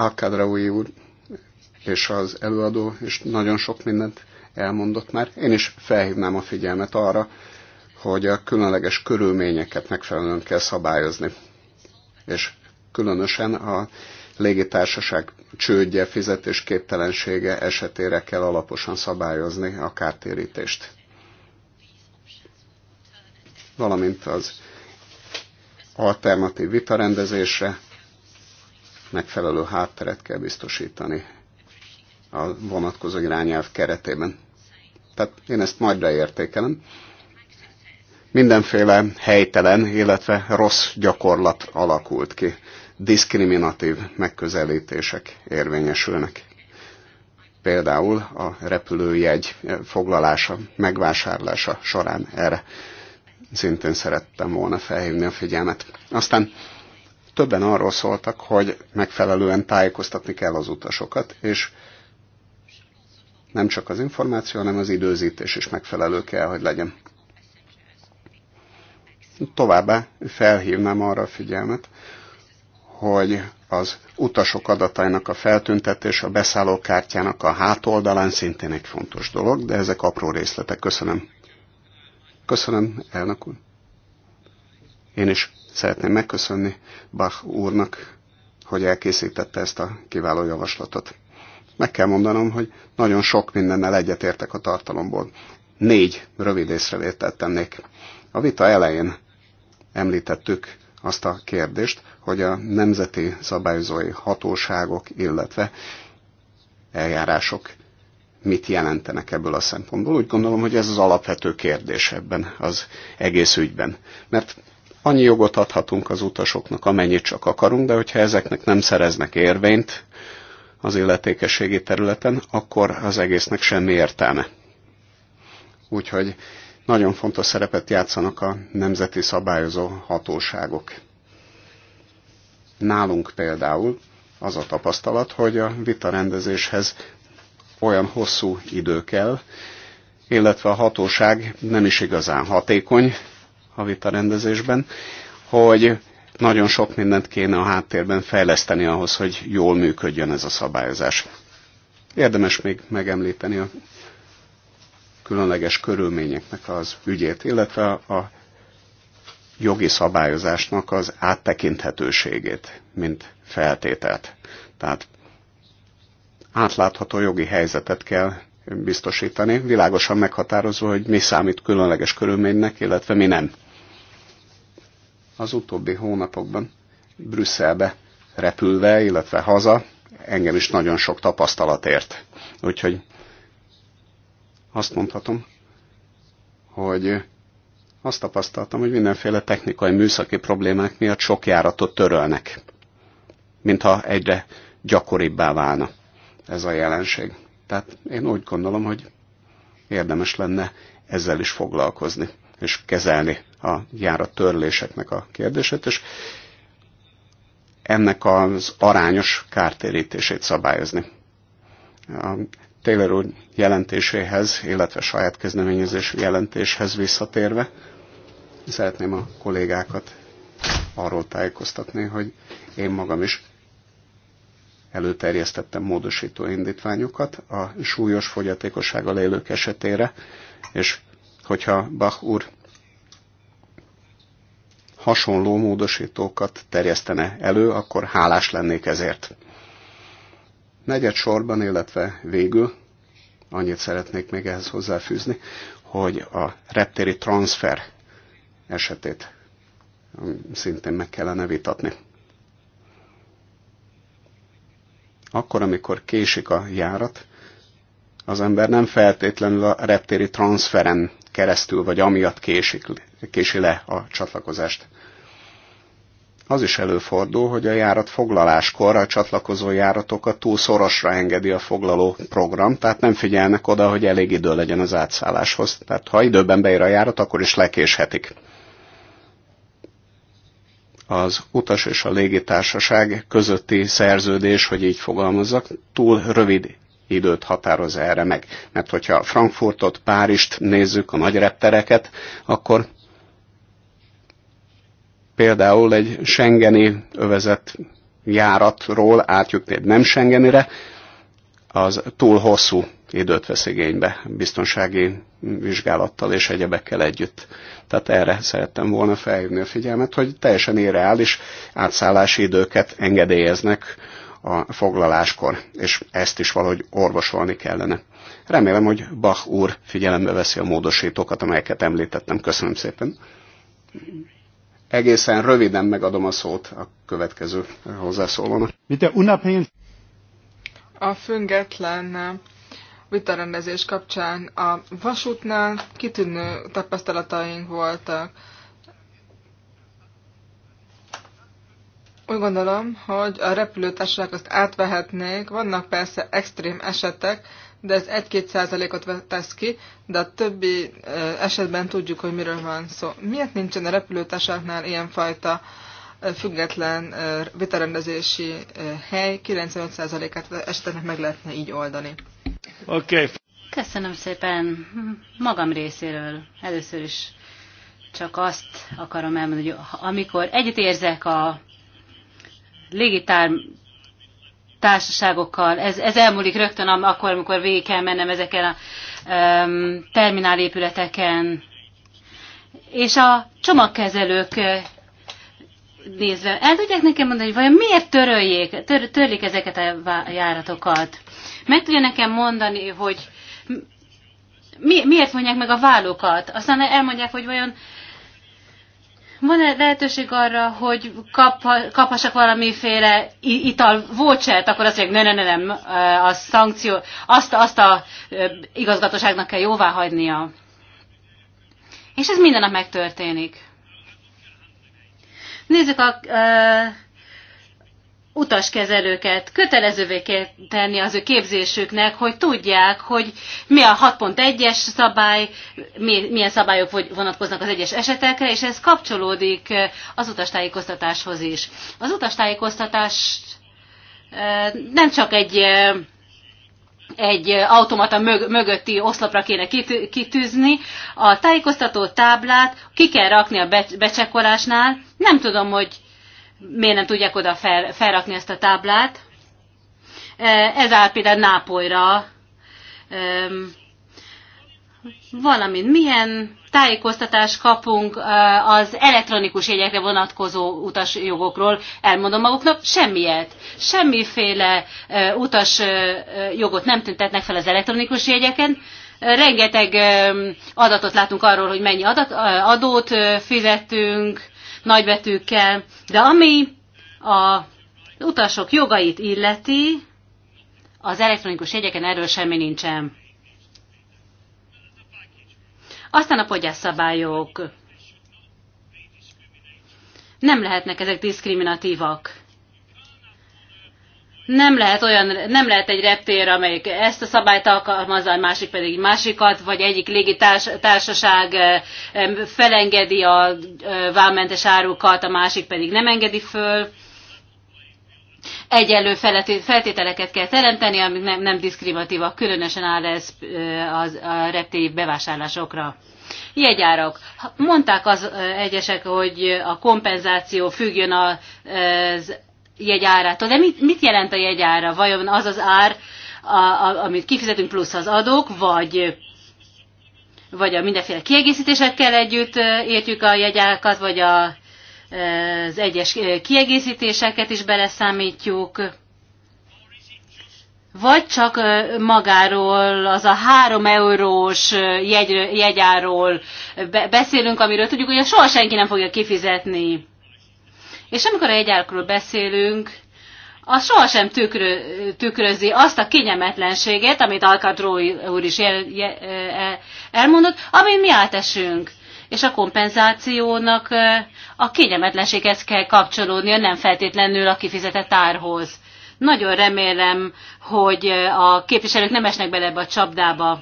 Alkadraui úr és az előadó is nagyon sok mindent elmondott már. Én is felhívnám a figyelmet arra, hogy a különleges körülményeket megfelelően kell szabályozni. És különösen a légitársaság csődje, fizetés képtelensége esetére kell alaposan szabályozni a kártérítést. Valamint az alternatív vitarendezésre megfelelő hátteret kell biztosítani a vonatkozó irányelv keretében. Tehát én ezt majd leértékelem. Mindenféle helytelen, illetve rossz gyakorlat alakult ki. Diszkriminatív megközelítések érvényesülnek. Például a repülőjegy foglalása, megvásárlása során erre szintén szerettem volna felhívni a figyelmet. Aztán többen arról szóltak, hogy megfelelően tájékoztatni kell az utasokat, és nem csak az információ, hanem az időzítés is megfelelő kell, hogy legyen. Továbbá felhívnám arra a figyelmet, hogy az utasok adatainak a feltüntetés, a beszállókártyának a hátoldalán szintén egy fontos dolog, de ezek apró részletek. Köszönöm. Köszönöm, elnök úr. Én is Szeretném megköszönni Bach úrnak, hogy elkészítette ezt a kiváló javaslatot. Meg kell mondanom, hogy nagyon sok mindennel egyetértek a tartalomból. Négy rövid észrevételt tennék. A vita elején említettük azt a kérdést, hogy a nemzeti szabályozói hatóságok, illetve eljárások mit jelentenek ebből a szempontból. Úgy gondolom, hogy ez az alapvető kérdés ebben az egész ügyben. Mert annyi jogot adhatunk az utasoknak, amennyit csak akarunk, de hogyha ezeknek nem szereznek érvényt az illetékességi területen, akkor az egésznek semmi értelme. Úgyhogy nagyon fontos szerepet játszanak a nemzeti szabályozó hatóságok. Nálunk például az a tapasztalat, hogy a vitarendezéshez olyan hosszú idő kell, illetve a hatóság nem is igazán hatékony, a vitarendezésben, hogy nagyon sok mindent kéne a háttérben fejleszteni ahhoz, hogy jól működjön ez a szabályozás. Érdemes még megemlíteni a különleges körülményeknek az ügyét, illetve a jogi szabályozásnak az áttekinthetőségét, mint feltételt. Tehát átlátható jogi helyzetet kell biztosítani, világosan meghatározva, hogy mi számít különleges körülménynek, illetve mi nem az utóbbi hónapokban Brüsszelbe repülve, illetve haza, engem is nagyon sok tapasztalat ért. Úgyhogy azt mondhatom, hogy azt tapasztaltam, hogy mindenféle technikai, műszaki problémák miatt sok járatot törölnek, mintha egyre gyakoribbá válna ez a jelenség. Tehát én úgy gondolom, hogy érdemes lenne ezzel is foglalkozni és kezelni a járat törléseknek a kérdését, és ennek az arányos kártérítését szabályozni. A Taylor úr jelentéséhez, illetve saját kezdeményezésű jelentéshez visszatérve, szeretném a kollégákat arról tájékoztatni, hogy én magam is előterjesztettem módosító indítványokat a súlyos fogyatékossággal élők esetére, és hogyha Bach úr hasonló módosítókat terjesztene elő, akkor hálás lennék ezért. Negyed sorban, illetve végül annyit szeretnék még ehhez hozzáfűzni, hogy a reptéri transfer esetét um, szintén meg kellene vitatni. Akkor, amikor késik a járat, az ember nem feltétlenül a reptéri transferen keresztül, vagy amiatt késik, kési le a csatlakozást. Az is előfordul, hogy a járat foglaláskor a csatlakozó járatokat túl szorosra engedi a foglaló program, tehát nem figyelnek oda, hogy elég idő legyen az átszálláshoz. Tehát ha időben beír a járat, akkor is lekéshetik. Az utas és a légitársaság közötti szerződés, hogy így fogalmazzak, túl rövid időt határoz erre meg. Mert hogyha Frankfurtot, Párizst nézzük, a nagy reptereket, akkor például egy Schengeni övezet járatról átjutni egy nem Schengenire, az túl hosszú időt vesz igénybe biztonsági vizsgálattal és egyebekkel együtt. Tehát erre szerettem volna felhívni a figyelmet, hogy teljesen irreális átszállási időket engedélyeznek a foglaláskor, és ezt is valahogy orvosolni kellene. Remélem, hogy Bach úr figyelembe veszi a módosítókat, amelyeket említettem. Köszönöm szépen. Egészen röviden megadom a szót a következő hozzászólónak. A független vitarendezés kapcsán a vasútnál kitűnő tapasztalataink voltak Úgy gondolom, hogy a repülőtársaság azt átvehetnék. Vannak persze extrém esetek, de ez 1-2 százalékot tesz ki, de a többi esetben tudjuk, hogy miről van szó. Miért nincsen a repülőtársaságnál ilyenfajta független vitarendezési hely? 95 százalékát eseteknek meg lehetne így oldani. Oké. Okay. Köszönöm szépen magam részéről. Először is csak azt akarom elmondani, hogy amikor egyet érzek a légitár társaságokkal. Ez, ez elmúlik rögtön akkor, amikor végig kell mennem ezeken a um, terminálépületeken. És a csomagkezelők eh, nézve, el tudják nekem mondani, hogy vajon miért töröljék, tör, törlik ezeket a járatokat? Meg tudja nekem mondani, hogy mi, miért mondják meg a vállukat? Aztán elmondják, hogy vajon van-e lehetőség arra, hogy kap, kaphassak valamiféle ital vouchert, akkor azt mondják, ne, ne, ne, nem, a szankció, azt, azt a igazgatóságnak kell jóvá hagynia. És ez minden nap megtörténik. Nézzük a utaskezelőket kötelezővé kell tenni az ő képzésüknek, hogy tudják, hogy mi a 6.1-es szabály, milyen szabályok vonatkoznak az egyes esetekre, és ez kapcsolódik eh, az utastájékoztatáshoz is. Az utastájékoztatás eh, nem csak egy eh, egy automata mögötti oszlopra kéne kitűzni. A tájékoztató táblát ki kell rakni a becsekolásnál. Nem tudom, hogy miért nem tudják oda fel, felrakni ezt a táblát. E, ez áll például Nápolyra. E, valamint milyen tájékoztatást kapunk e, az elektronikus jegyekre vonatkozó utasjogokról, elmondom maguknak, semmiet. Semmiféle utasjogot nem tüntetnek fel az elektronikus jegyeken, rengeteg adatot látunk arról, hogy mennyi adat, adót fizettünk, nagybetűkkel, de ami a utasok jogait illeti, az elektronikus jegyeken erről semmi nincsen. Aztán a fogyásszabályok. Nem lehetnek ezek diszkriminatívak nem lehet, olyan, nem lehet egy reptér, amelyik ezt a szabályt alkalmazza, a másik pedig másikat, vagy egyik légitársaság felengedi a válmentes árukat, a másik pedig nem engedi föl. Egyelő feltételeket kell teremteni, amik nem, nem diszkriminatívak, különösen áll ez a reptéri bevásárlásokra. Jegyárak. Mondták az egyesek, hogy a kompenzáció függjön az jegyárától. De mit, mit jelent a jegyára? Vajon az az ár, a, a, amit kifizetünk plusz az adók, vagy vagy a mindenféle kiegészítésekkel együtt értjük a jegyárakat, vagy a, az egyes kiegészítéseket is beleszámítjuk, vagy csak magáról, az a három eurós jegy, jegyáról beszélünk, amiről tudjuk, hogy soha senki nem fogja kifizetni. És amikor a árkról beszélünk, az sohasem tükrö, tükrözi azt a kényelmetlenséget, amit Alcatró úr is jel, jel, e, elmondott, ami mi átesünk. És a kompenzációnak a kényelmetlenséghez kell kapcsolódnia, nem feltétlenül a kifizetett árhoz. Nagyon remélem, hogy a képviselők nem esnek bele ebbe a csapdába,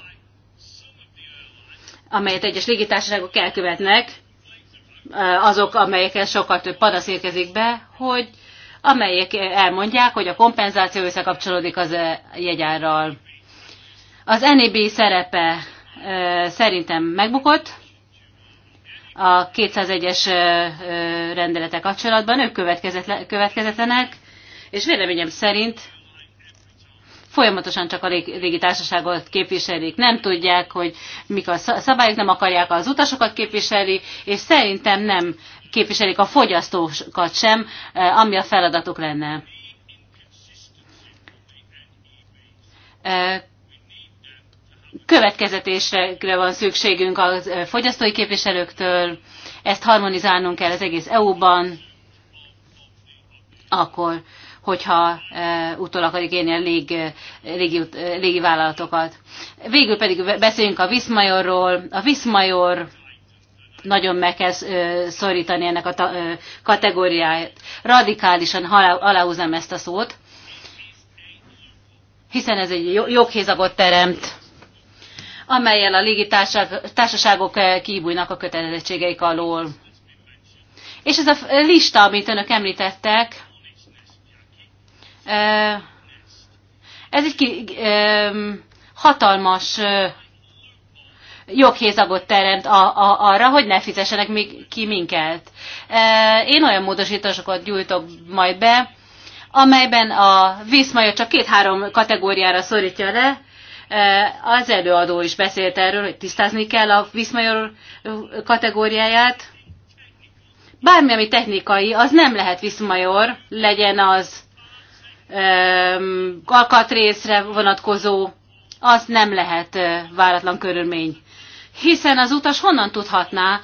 amelyet egyes légitársaságok elkövetnek, azok, amelyekkel sokkal több panasz érkezik be, hogy amelyek elmondják, hogy a kompenzáció összekapcsolódik az e jegyárral. Az NEB szerepe e, szerintem megbukott a 201-es e, rendelete kapcsolatban, ők következetlenek, és véleményem szerint folyamatosan csak a régi társaságot képviselik, nem tudják, hogy mik a szabályok, nem akarják az utasokat képviselni, és szerintem nem képviselik a fogyasztókat sem, e, ami a feladatuk lenne. E, következetésre van szükségünk a e, fogyasztói képviselőktől, ezt harmonizálnunk kell az egész EU-ban, akkor hogyha utol e, akarjuk érni a lég, légi, e, légi e, vállalatokat. Végül pedig beszéljünk a Viszmajorról. A Viszmajor nagyon meg kell szorítani ennek a kategóriáját. Radikálisan aláhúzom ezt a szót, hiszen ez egy joghézagot teremt, amelyel a légitársaságok kibújnak a kötelezettségeik alól. És ez a lista, amit önök említettek, ez egy hatalmas joghézagot teremt a, a, arra, hogy ne fizessenek még ki minket. Én olyan módosításokat gyújtok majd be, amelyben a vízmaja csak két-három kategóriára szorítja le. Az előadó is beszélt erről, hogy tisztázni kell a vízmajor kategóriáját. Bármi, ami technikai, az nem lehet viszmajor, legyen az alkatrészre vonatkozó, az nem lehet váratlan körülmény. Hiszen az utas honnan tudhatná,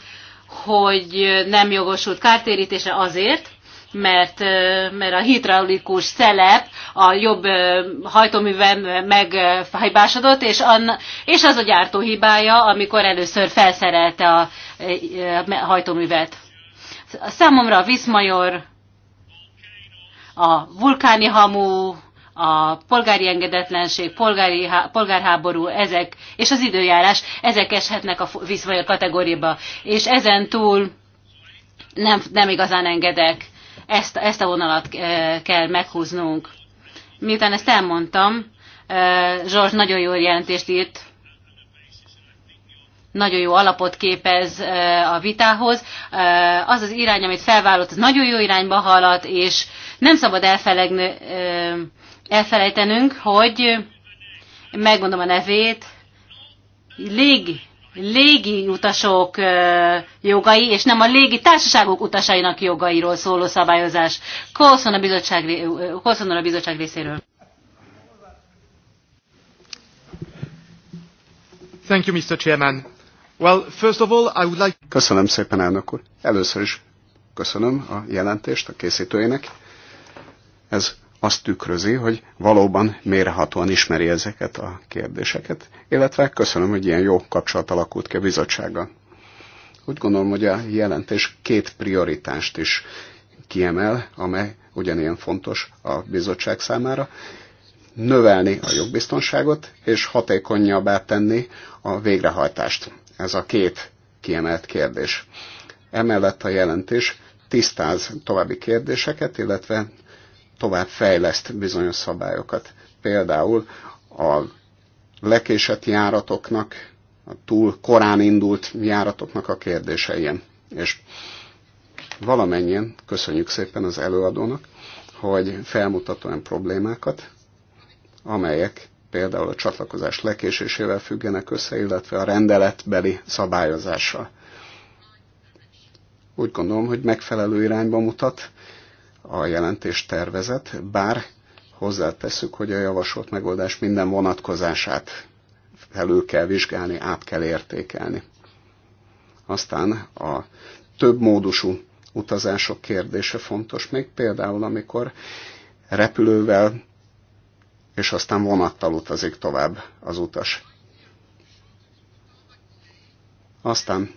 hogy nem jogosult kártérítése azért, mert, mert a hidraulikus szelep a jobb hajtóműven megfájbásodott, és, an, és az a gyártó hibája, amikor először felszerelte a hajtóművet. Számomra a Viszmajor a vulkáni hamu, a polgári engedetlenség, polgári, polgárháború, ezek, és az időjárás, ezek eshetnek a vízfolyó kategóriába, és ezen túl nem, nem igazán engedek. Ezt, ezt a vonalat e, kell meghúznunk. Miután ezt elmondtam, e, Zsors nagyon jó jelentést írt, nagyon jó alapot képez a vitához. Az az irány, amit felvállott, az nagyon jó irányba halad, és nem szabad elfelejtenünk, hogy megmondom a nevét, légi, légi utasok jogai, és nem a légi társaságok utasainak jogairól szóló szabályozás. Köszönöm a bizottság, a bizottság részéről. Thank you, Mr. Chairman. Köszönöm szépen, elnök úr. Először is köszönöm a jelentést a készítőjének. Ez azt tükrözi, hogy valóban mérhatóan ismeri ezeket a kérdéseket, illetve köszönöm, hogy ilyen jó kapcsolat alakult ki a bizottsággal. Úgy gondolom, hogy a jelentés két prioritást is kiemel, amely ugyanilyen fontos a bizottság számára, növelni a jogbiztonságot és hatékonyabbá tenni a végrehajtást. Ez a két kiemelt kérdés. Emellett a jelentés tisztáz további kérdéseket, illetve tovább fejleszt bizonyos szabályokat. Például a lekésett járatoknak, a túl korán indult járatoknak a kérdése ilyen. És valamennyien köszönjük szépen az előadónak, hogy felmutat olyan problémákat, amelyek például a csatlakozás lekésésével függenek össze, illetve a rendeletbeli szabályozással. Úgy gondolom, hogy megfelelő irányba mutat a jelentés tervezet, bár hozzátesszük, hogy a javasolt megoldás minden vonatkozását felül kell vizsgálni, át kell értékelni. Aztán a több módusú utazások kérdése fontos még, például amikor repülővel és aztán vonattal utazik tovább az utas. Aztán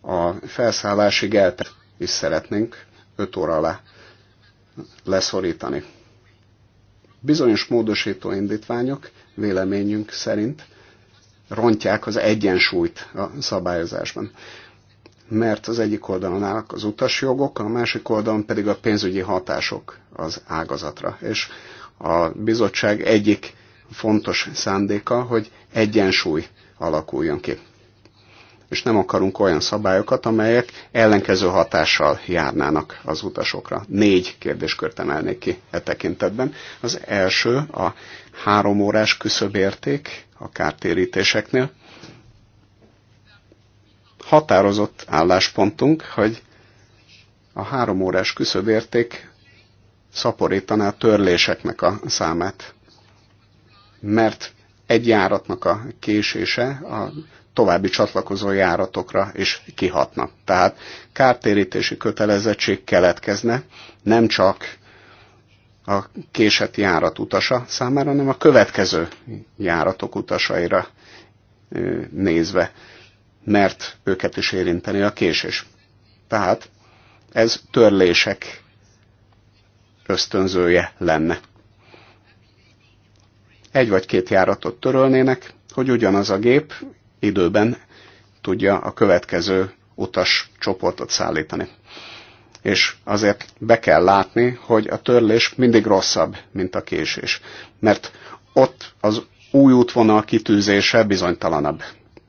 a felszállásig eltelt is szeretnénk 5 óra alá leszorítani. Bizonyos módosító indítványok véleményünk szerint rontják az egyensúlyt a szabályozásban mert az egyik oldalon állnak az utasjogok, a másik oldalon pedig a pénzügyi hatások az ágazatra. És a bizottság egyik fontos szándéka, hogy egyensúly alakuljon ki. És nem akarunk olyan szabályokat, amelyek ellenkező hatással járnának az utasokra. Négy kérdéskört emelnék ki e tekintetben. Az első a három órás küszöbérték a kártérítéseknél határozott álláspontunk, hogy a három órás küszöbérték szaporítaná a törléseknek a számát. Mert egy járatnak a késése a további csatlakozó járatokra is kihatna. Tehát kártérítési kötelezettség keletkezne nem csak a késett járat utasa számára, hanem a következő járatok utasaira nézve mert őket is érinteni a késés. Tehát ez törlések ösztönzője lenne. Egy vagy két járatot törölnének, hogy ugyanaz a gép időben tudja a következő utas csoportot szállítani. És azért be kell látni, hogy a törlés mindig rosszabb, mint a késés. Mert ott az új útvonal kitűzése bizonytalanabb.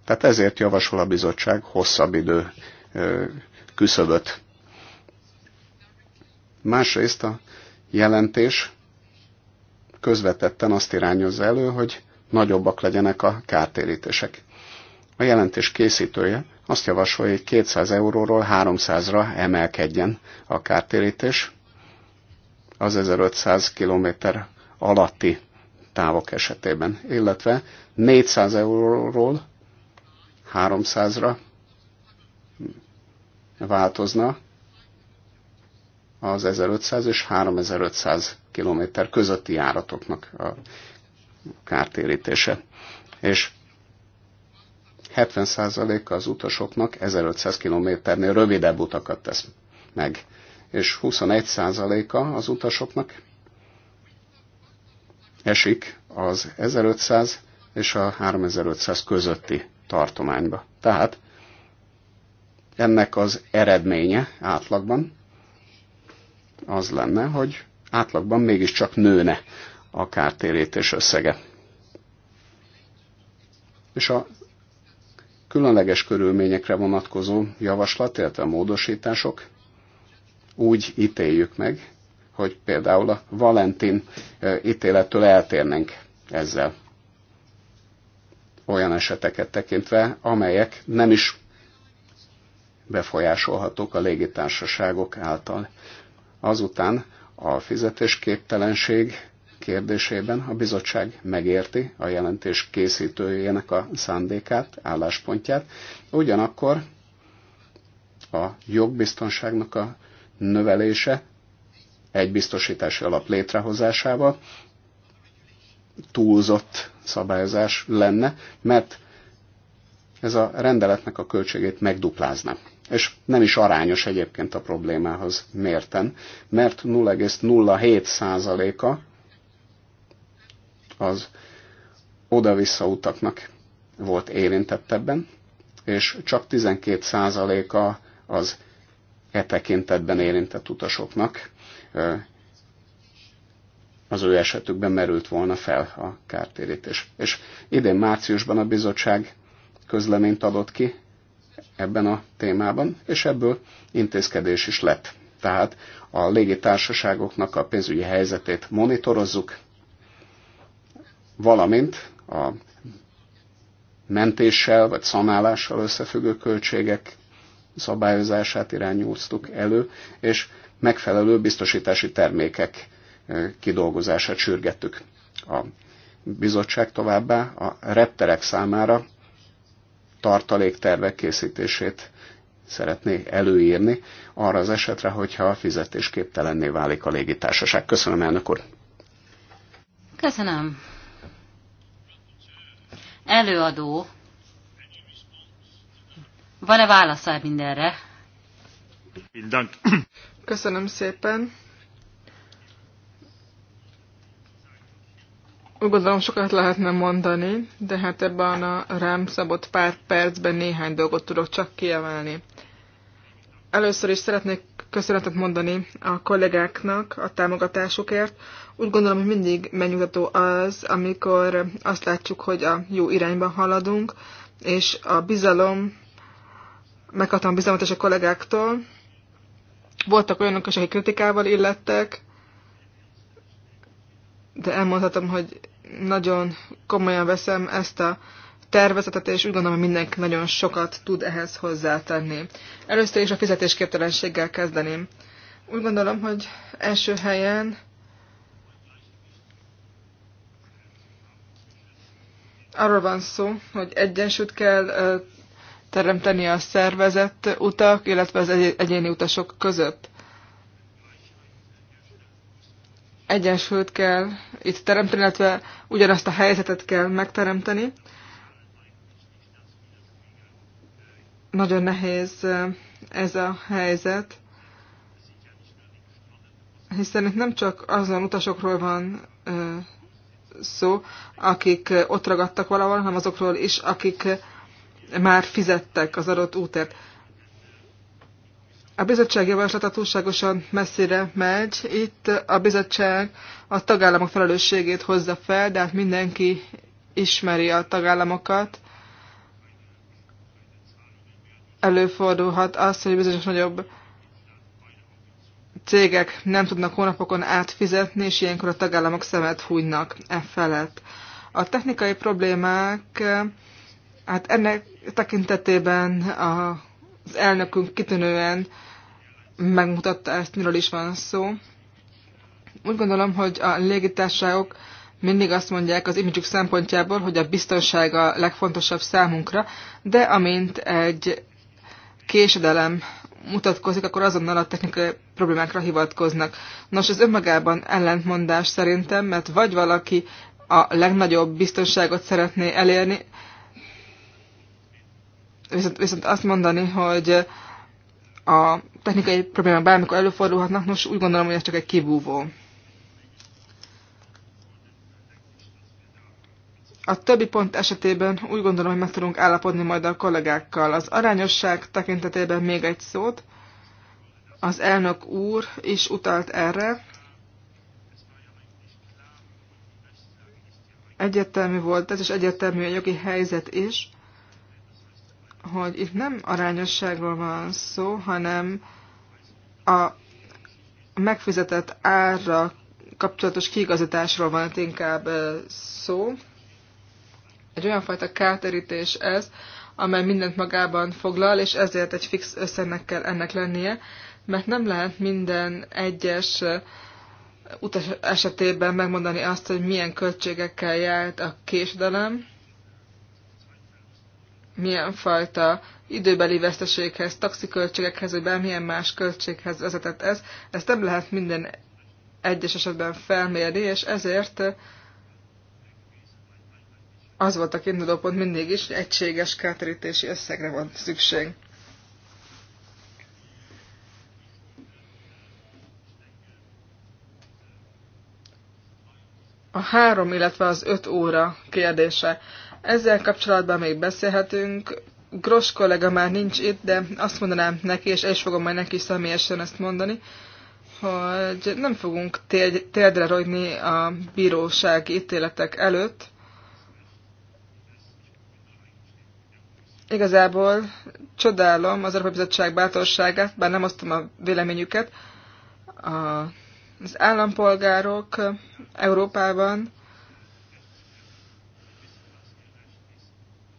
Tehát ezért javasol a bizottság hosszabb idő küszöböt. Másrészt a jelentés közvetetten azt irányozza elő, hogy nagyobbak legyenek a kártérítések. A jelentés készítője azt javasolja, hogy 200 euróról 300-ra emelkedjen a kártérítés az 1500 km alatti távok esetében, illetve 400 euróról 300-ra változna az 1500 és 3500 km közötti járatoknak a kártérítése. És 70%-a az utasoknak 1500 kilométernél rövidebb utakat tesz meg, és 21%-a az utasoknak esik az 1500 és a 3500 közötti tartományba. Tehát ennek az eredménye átlagban az lenne, hogy átlagban mégiscsak nőne a kártérítés összege. És a különleges körülményekre vonatkozó javaslat, illetve a módosítások úgy ítéljük meg, hogy például a Valentin eh, ítélettől eltérnénk ezzel olyan eseteket tekintve, amelyek nem is befolyásolhatók a légitársaságok által. Azután a fizetésképtelenség kérdésében a bizottság megérti a jelentés készítőjének a szándékát, álláspontját, ugyanakkor a jogbiztonságnak a növelése egy biztosítási alap létrehozásával túlzott szabályozás lenne, mert ez a rendeletnek a költségét megduplázna. És nem is arányos egyébként a problémához mérten, mert 0,07%-a az oda-vissza utaknak volt érintett ebben, és csak 12%-a az e tekintetben érintett utasoknak az ő esetükben merült volna fel a kártérítés. És idén márciusban a bizottság közleményt adott ki ebben a témában, és ebből intézkedés is lett. Tehát a légitársaságoknak a pénzügyi helyzetét monitorozzuk, valamint a mentéssel vagy szanálással összefüggő költségek szabályozását irányúztuk elő, és megfelelő biztosítási termékek Eh, kidolgozását sürgettük. A bizottság továbbá a repterek számára tartaléktervek készítését szeretné előírni arra az esetre, hogyha fizetésképtelenné válik a légitársaság. Köszönöm, elnök úr! Köszönöm! Előadó, van-e válasza mindenre? Köszönöm szépen! Gondolom sokat lehetne mondani, de hát ebben a rám szabott pár percben néhány dolgot tudok csak kiemelni. Először is szeretnék köszönetet mondani a kollégáknak a támogatásukért. Úgy gondolom, hogy mindig megnyugtató az, amikor azt látjuk, hogy a jó irányban haladunk, és a bizalom, megkaptam a bizalmat és a kollégáktól. Voltak olyanok is, akik kritikával illettek, de elmondhatom, hogy nagyon komolyan veszem ezt a tervezetet, és úgy gondolom, hogy mindenki nagyon sokat tud ehhez hozzátenni. Először is a fizetésképtelenséggel kezdeném. Úgy gondolom, hogy első helyen arról van szó, hogy egyensúlyt kell teremteni a szervezett utak, illetve az egyéni utasok között. egyensúlyt kell itt teremteni, illetve ugyanazt a helyzetet kell megteremteni. Nagyon nehéz eh, ez a helyzet, hiszen itt nem csak azon utasokról van eh, szó, akik eh, ott ragadtak valahol, hanem azokról is, akik már fizettek az adott útért. A bizottság javaslata túlságosan messzire megy. Itt a bizottság a tagállamok felelősségét hozza fel, de hát mindenki ismeri a tagállamokat. Előfordulhat az, hogy bizonyos nagyobb cégek nem tudnak hónapokon átfizetni, és ilyenkor a tagállamok szemet hújnak e felett. A technikai problémák, hát ennek tekintetében a az elnökünk kitűnően megmutatta ezt, miről is van szó. Úgy gondolom, hogy a légitársaságok mindig azt mondják az imidzsük szempontjából, hogy a biztonság a legfontosabb számunkra, de amint egy késedelem mutatkozik, akkor azonnal a technikai problémákra hivatkoznak. Nos, ez önmagában ellentmondás szerintem, mert vagy valaki a legnagyobb biztonságot szeretné elérni, viszont, viszont azt mondani, hogy a technikai problémák bármikor előfordulhatnak, nos úgy gondolom, hogy ez csak egy kibúvó. A többi pont esetében úgy gondolom, hogy meg tudunk állapodni majd a kollégákkal. Az arányosság tekintetében még egy szót. Az elnök úr is utalt erre. Egyértelmű volt ez, és egyértelmű a jogi helyzet is hogy itt nem arányosságról van szó, hanem a megfizetett árra kapcsolatos kiigazításról van itt inkább szó. Egy olyan fajta kárterítés ez, amely mindent magában foglal, és ezért egy fix összegnek kell ennek lennie, mert nem lehet minden egyes utas esetében megmondani azt, hogy milyen költségekkel járt a késdelem, milyen fajta időbeli veszteséghez, taxiköltségekhez, vagy bármilyen más költséghez vezetett ez, ezt nem lehet minden egyes esetben felmérni, és ezért az volt a kiinduló pont mindig is, hogy egységes kárterítési összegre van szükség. A három, illetve az öt óra kérdése. Ezzel kapcsolatban még beszélhetünk. Gros kollega már nincs itt, de azt mondanám neki, és el is fogom majd neki személyesen ezt mondani, hogy nem fogunk térdre rogyni a bíróság ítéletek előtt. Igazából csodálom az Európai Bizottság bátorságát, bár nem osztom a véleményüket. A, az állampolgárok Európában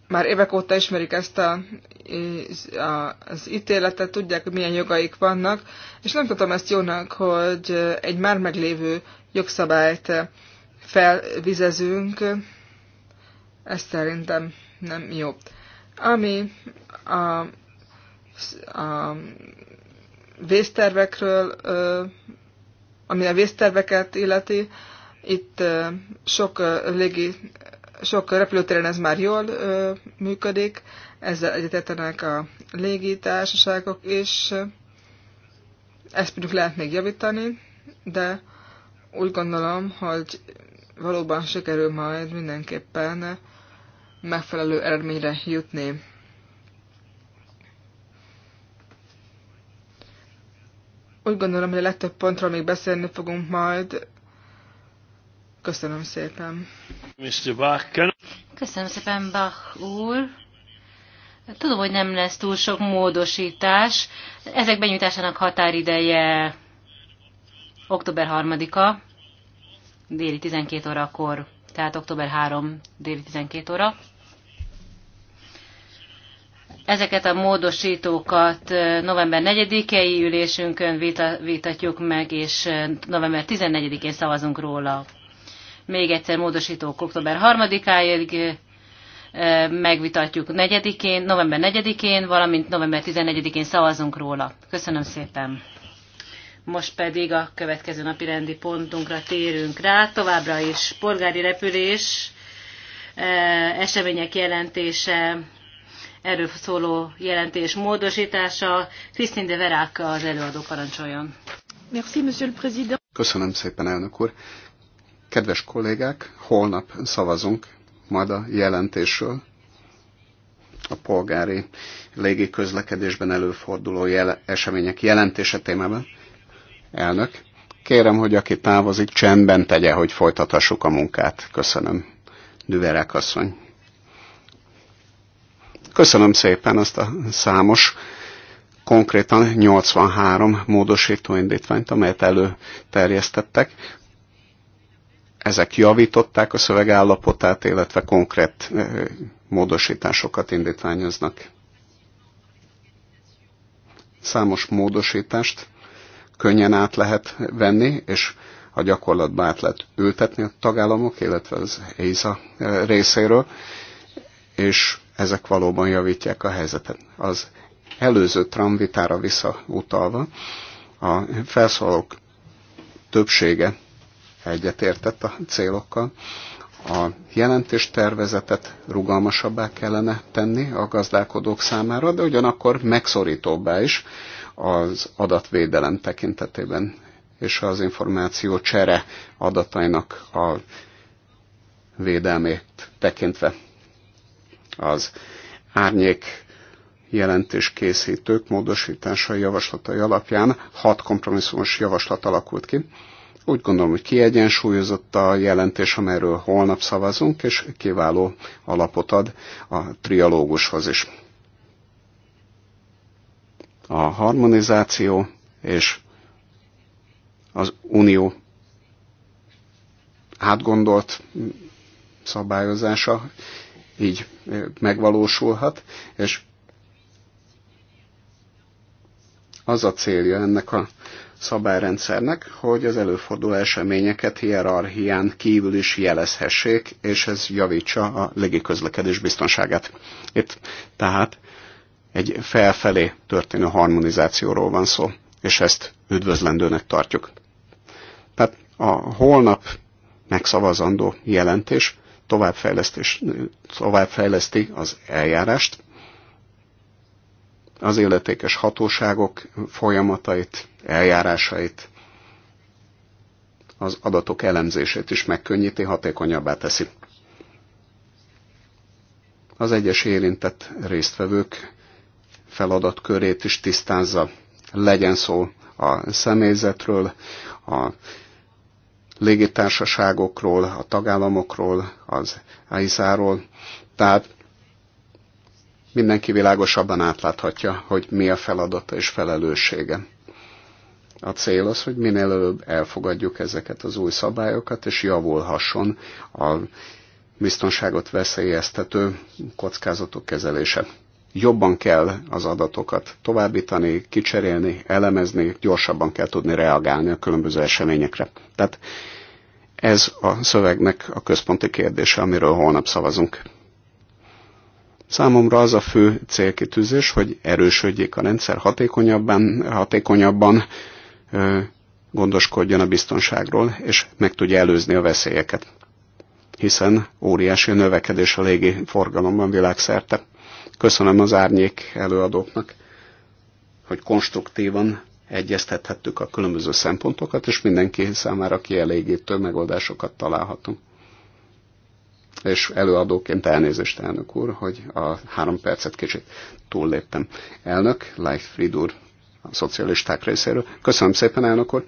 már évek óta ismerik ezt a, az ítéletet, tudják, hogy milyen jogaik vannak, és nem tudom ezt jónak, hogy egy már meglévő jogszabályt felvizezünk, ez szerintem nem jó. Ami a, a vésztervekről, ami a vészterveket illeti, itt sok légi sok repülőtéren ez már jól ö, működik, ezzel egyetetenek a légitársaságok ö, Ezt mondjuk lehet még javítani, de úgy gondolom, hogy valóban sikerül majd mindenképpen megfelelő eredményre jutni. Úgy gondolom, hogy a legtöbb pontról még beszélni fogunk majd, Köszönöm szépen. Mr. Bach, can... Köszönöm szépen, Bach úr. Tudom, hogy nem lesz túl sok módosítás. Ezek benyújtásának határideje október 3-a, déli 12 órakor, tehát október 3, déli 12 óra. Ezeket a módosítókat november 4-i ülésünkön vitatjuk meg, és november 14-én szavazunk róla még egyszer módosítók október 3-áig, megvitatjuk 4-én, november 4-én, valamint november 14-én szavazunk róla. Köszönöm szépen! Most pedig a következő napi rendi pontunkra térünk rá. Továbbra is polgári repülés, események jelentése, erről szóló jelentés módosítása. Krisztin de Verák az előadó parancsoljon. Köszönöm szépen, elnök úr. Kedves kollégák, holnap szavazunk majd a jelentésről, a polgári légiközlekedésben előforduló jel események jelentése témában. Elnök, kérem, hogy aki távozik, csendben tegye, hogy folytathassuk a munkát. Köszönöm, Düverek asszony. Köszönöm szépen azt a számos konkrétan 83 módosító indítványt, amelyet előterjesztettek ezek javították a szövegállapotát, illetve konkrét eh, módosításokat indítványoznak. Számos módosítást könnyen át lehet venni, és a gyakorlatba át lehet ültetni a tagállamok, illetve az EISA eh, részéről, és ezek valóban javítják a helyzetet. Az előző tramvitára visszautalva, a felszólalók többsége egyetértett a célokkal. A jelentéstervezetet rugalmasabbá kellene tenni a gazdálkodók számára, de ugyanakkor megszorítóbbá is az adatvédelem tekintetében és az információ csere adatainak a védelmét tekintve. Az árnyék készítők módosításai javaslatai alapján hat kompromisszumos javaslat alakult ki, úgy gondolom, hogy kiegyensúlyozott a jelentés, amelyről holnap szavazunk, és kiváló alapot ad a trialógushoz is. A harmonizáció és az unió átgondolt szabályozása így megvalósulhat, és az a célja ennek a szabályrendszernek, hogy az előforduló eseményeket hierarchián kívül is jelezhessék, és ez javítsa a légiközlekedés biztonságát. Itt tehát egy felfelé történő harmonizációról van szó, és ezt üdvözlendőnek tartjuk. Tehát a holnap megszavazandó jelentés továbbfejleszti az eljárást, az illetékes hatóságok folyamatait, eljárásait, az adatok elemzését is megkönnyíti, hatékonyabbá teszi. Az egyes érintett résztvevők feladatkörét is tisztázza, legyen szó a személyzetről, a légitársaságokról, a tagállamokról, az AISA-ról, tehát mindenki világosabban átláthatja, hogy mi a feladata és felelőssége. A cél az, hogy minél előbb elfogadjuk ezeket az új szabályokat, és javulhasson a biztonságot veszélyeztető kockázatok kezelése. Jobban kell az adatokat továbbítani, kicserélni, elemezni, gyorsabban kell tudni reagálni a különböző eseményekre. Tehát ez a szövegnek a központi kérdése, amiről holnap szavazunk. Számomra az a fő célkitűzés, hogy erősödjék a rendszer hatékonyabban, hatékonyabban gondoskodjon a biztonságról, és meg tudja előzni a veszélyeket. Hiszen óriási növekedés a légi forgalomban világszerte. Köszönöm az árnyék előadóknak, hogy konstruktívan egyeztethettük a különböző szempontokat, és mindenki számára kielégítő megoldásokat találhatunk és előadóként elnézést, elnök úr, hogy a három percet kicsit túlléptem. Elnök, Life Fried úr, a szocialisták részéről. Köszönöm szépen, elnök úr.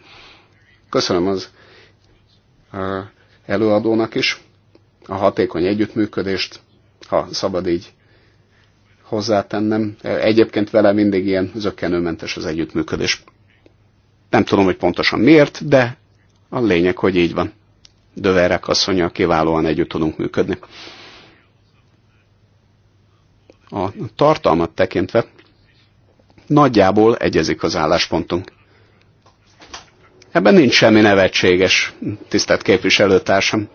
Köszönöm az előadónak is a hatékony együttműködést, ha szabad így hozzátennem. Egyébként vele mindig ilyen zöggenőmentes az együttműködés. Nem tudom, hogy pontosan miért, de a lényeg, hogy így van. Döverek asszonya kiválóan együtt tudunk működni. A tartalmat tekintve nagyjából egyezik az álláspontunk. Ebben nincs semmi nevetséges, tisztelt képviselőtársam.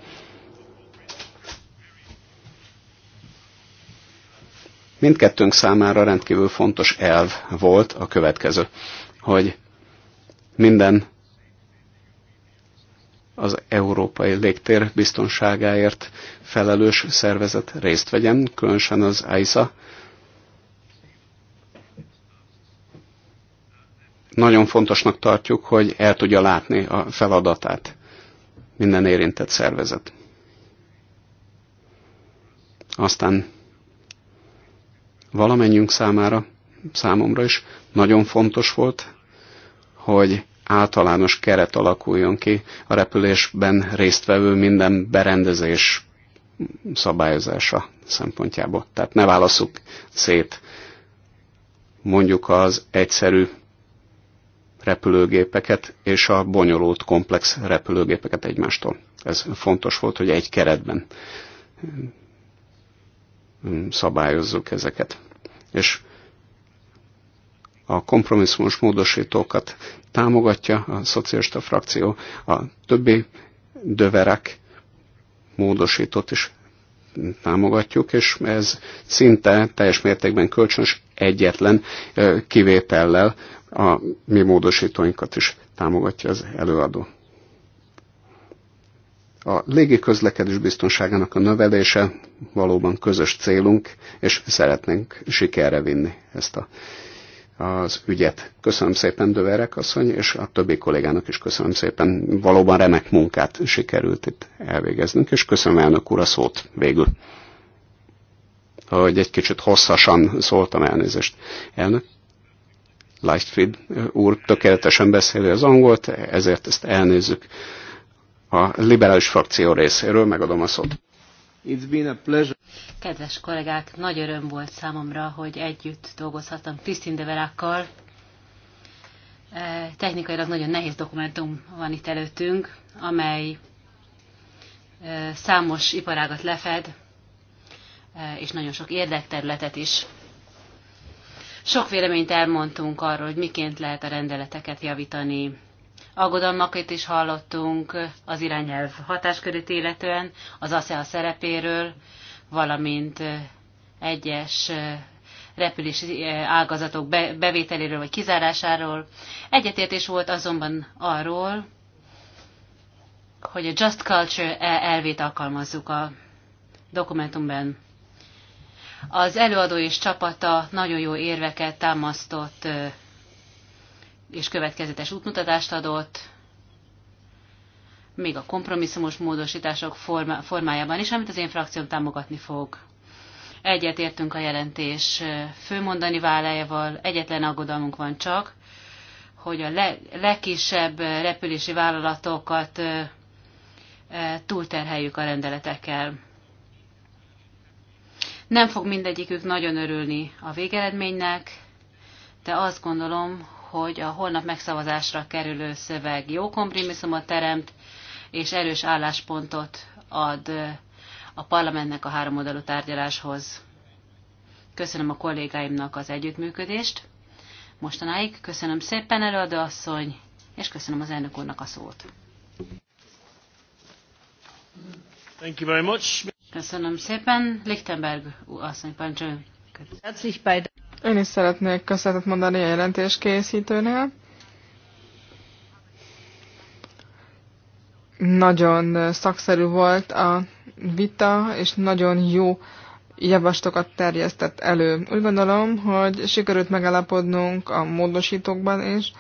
Mindkettőnk számára rendkívül fontos elv volt a következő, hogy minden az európai légtér biztonságáért felelős szervezet részt vegyen, különösen az AISA. Nagyon fontosnak tartjuk, hogy el tudja látni a feladatát minden érintett szervezet. Aztán valamennyünk számára, számomra is nagyon fontos volt, hogy általános keret alakuljon ki a repülésben résztvevő minden berendezés szabályozása szempontjából. Tehát ne válaszuk szét mondjuk az egyszerű repülőgépeket és a bonyolult, komplex repülőgépeket egymástól. Ez fontos volt, hogy egy keretben szabályozzuk ezeket. És a kompromisszumos módosítókat támogatja a szocialista frakció, a többi döverek módosítót is támogatjuk, és ez szinte teljes mértékben kölcsönös egyetlen kivétellel a mi módosítóinkat is támogatja az előadó. A légi közlekedés biztonságának a növelése valóban közös célunk, és szeretnénk sikerre vinni ezt a az ügyet. Köszönöm szépen Döverek asszony, és a többi kollégának is köszönöm szépen. Valóban remek munkát sikerült itt elvégeznünk, és köszönöm elnök úr a szót végül. Hogy egy kicsit hosszasan szóltam elnézést. Elnök, Lightfield úr tökéletesen beszéli az angolt, ezért ezt elnézzük. A liberális frakció részéről megadom a szót. It's been a pleasure. Kedves kollégák, nagy öröm volt számomra, hogy együtt dolgozhattam Krisztin Deverákkal. E, technikailag nagyon nehéz dokumentum van itt előttünk, amely e, számos iparágat lefed, e, és nagyon sok érdekterületet is. Sok véleményt elmondtunk arról, hogy miként lehet a rendeleteket javítani. Aggodalmakat is hallottunk az irányelv hatáskörét illetően, az ASEA szerepéről, valamint egyes repülési ágazatok bevételéről vagy kizárásáról. Egyetértés volt azonban arról, hogy a Just Culture e elvét alkalmazzuk a dokumentumban. Az előadó és csapata nagyon jó érveket támasztott és következetes útmutatást adott, még a kompromisszumos módosítások formájában is, amit az én frakcióm támogatni fog. Egyetértünk a jelentés főmondani vállájával, egyetlen aggodalmunk van csak, hogy a le, legkisebb repülési vállalatokat e, e, túlterheljük a rendeletekkel. Nem fog mindegyikük nagyon örülni a végeredménynek, de azt gondolom, hogy a holnap megszavazásra kerülő szöveg jó kompromisszumot teremt, és erős álláspontot ad a parlamentnek a háromoldalú tárgyaláshoz. Köszönöm a kollégáimnak az együttműködést. Mostanáig köszönöm szépen előadó asszony, és köszönöm az elnök úrnak a szót. Thank you very much. Köszönöm szépen. Lichtenberg asszony, parancsoljon. Én is szeretnék köszönetet mondani a jelentéskészítőnél. nagyon szakszerű volt a vita, és nagyon jó javaslatokat terjesztett elő. Úgy gondolom, hogy sikerült megállapodnunk a módosítókban is,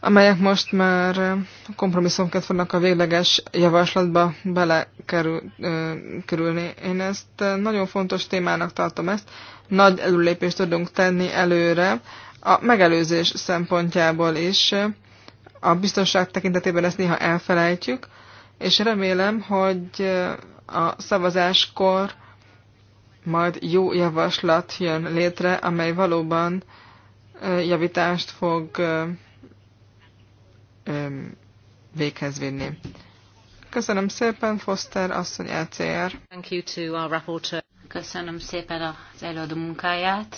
amelyek most már kompromisszumként fognak a végleges javaslatba belekerülni. Én ezt nagyon fontos témának tartom ezt. Nagy előlépést tudunk tenni előre a megelőzés szempontjából is a biztonság tekintetében ezt néha elfelejtjük, és remélem, hogy eh, a szavazáskor majd jó javaslat jön létre, amely valóban eh, javítást fog eh, véghez vinni. Köszönöm szépen, Foster asszony LCR. E Köszönöm szépen az előadó munkáját.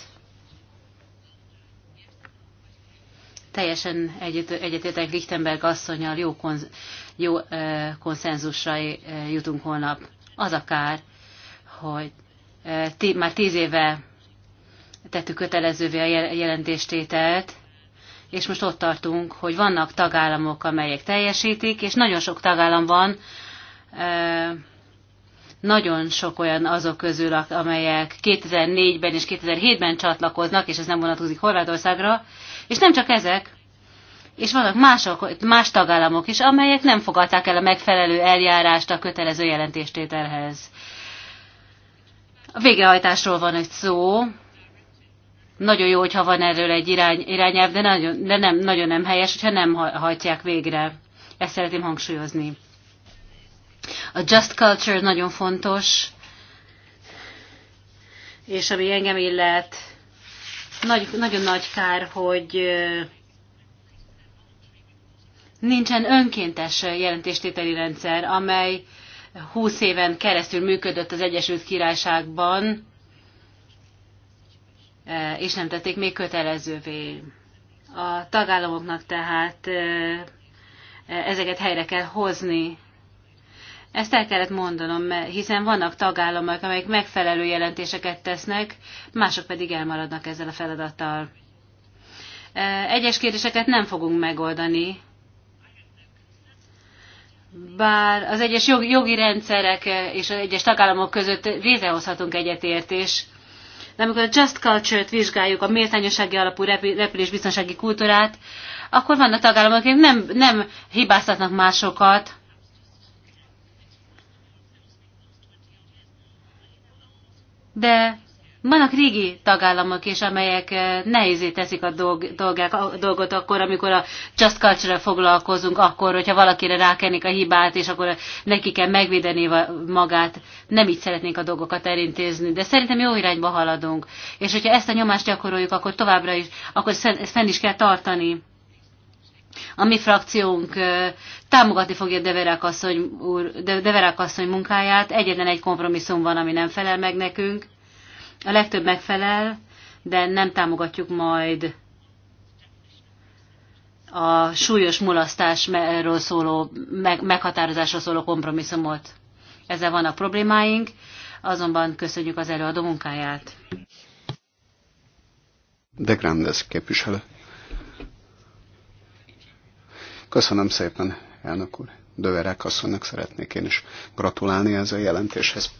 teljesen egyet, egyetértek Lichtenberg asszonyal, jó, konz, jó ö, konszenzusra jutunk holnap. Az a kár, hogy ö, tí, már tíz éve tettük kötelezővé a jelentéstételt, és most ott tartunk, hogy vannak tagállamok, amelyek teljesítik, és nagyon sok tagállam van, nagyon sok olyan azok közül, amelyek 2004-ben és 2007-ben csatlakoznak, és ez nem vonatkozik Horvátországra, és nem csak ezek, és vannak mások, más tagállamok is, amelyek nem fogadták el a megfelelő eljárást a kötelező jelentéstételhez. A végrehajtásról van egy szó. Nagyon jó, hogyha van erről egy irány, irányelv, de, nagyon, de nem, nagyon nem helyes, hogyha nem hajtják végre. Ezt szeretném hangsúlyozni. A just culture nagyon fontos, és ami engem illet, nagy, nagyon nagy kár, hogy nincsen önkéntes jelentéstételi rendszer, amely 20 éven keresztül működött az Egyesült Királyságban, és nem tették még kötelezővé. A tagállamoknak tehát ezeket helyre kell hozni. Ezt el kellett mondanom, hiszen vannak tagállamok, amelyek megfelelő jelentéseket tesznek, mások pedig elmaradnak ezzel a feladattal. Egyes kérdéseket nem fogunk megoldani, bár az egyes jogi, rendszerek és az egyes tagállamok között létrehozhatunk egyetértés. De amikor a Just Culture-t vizsgáljuk, a méltányossági alapú repülésbiztonsági kultúrát, akkor vannak tagállamok, akik nem, nem hibáztatnak másokat, de vannak régi tagállamok is, amelyek eh, nehézé teszik a, dolg, dolgák, a dolgot akkor, amikor a Just culture foglalkozunk, akkor, hogyha valakire rákenik a hibát, és akkor neki kell megvédeni magát. Nem így szeretnénk a dolgokat elintézni, de szerintem jó irányba haladunk. És hogyha ezt a nyomást gyakoroljuk, akkor továbbra is, akkor fenn is kell tartani. A mi frakciónk támogatni fogja Deverák asszony, úr, Deverák asszony munkáját. Egyetlen egy kompromisszum van, ami nem felel meg nekünk. A legtöbb megfelel, de nem támogatjuk majd a súlyos mulasztásról szóló, meg, meghatározásról szóló kompromisszumot. Ezzel van a problémáink, azonban köszönjük az előadó munkáját. De Grandes képviselő. Köszönöm szépen, elnök úr. Döverek asszonynak szeretnék én is gratulálni ez a jelentéshez.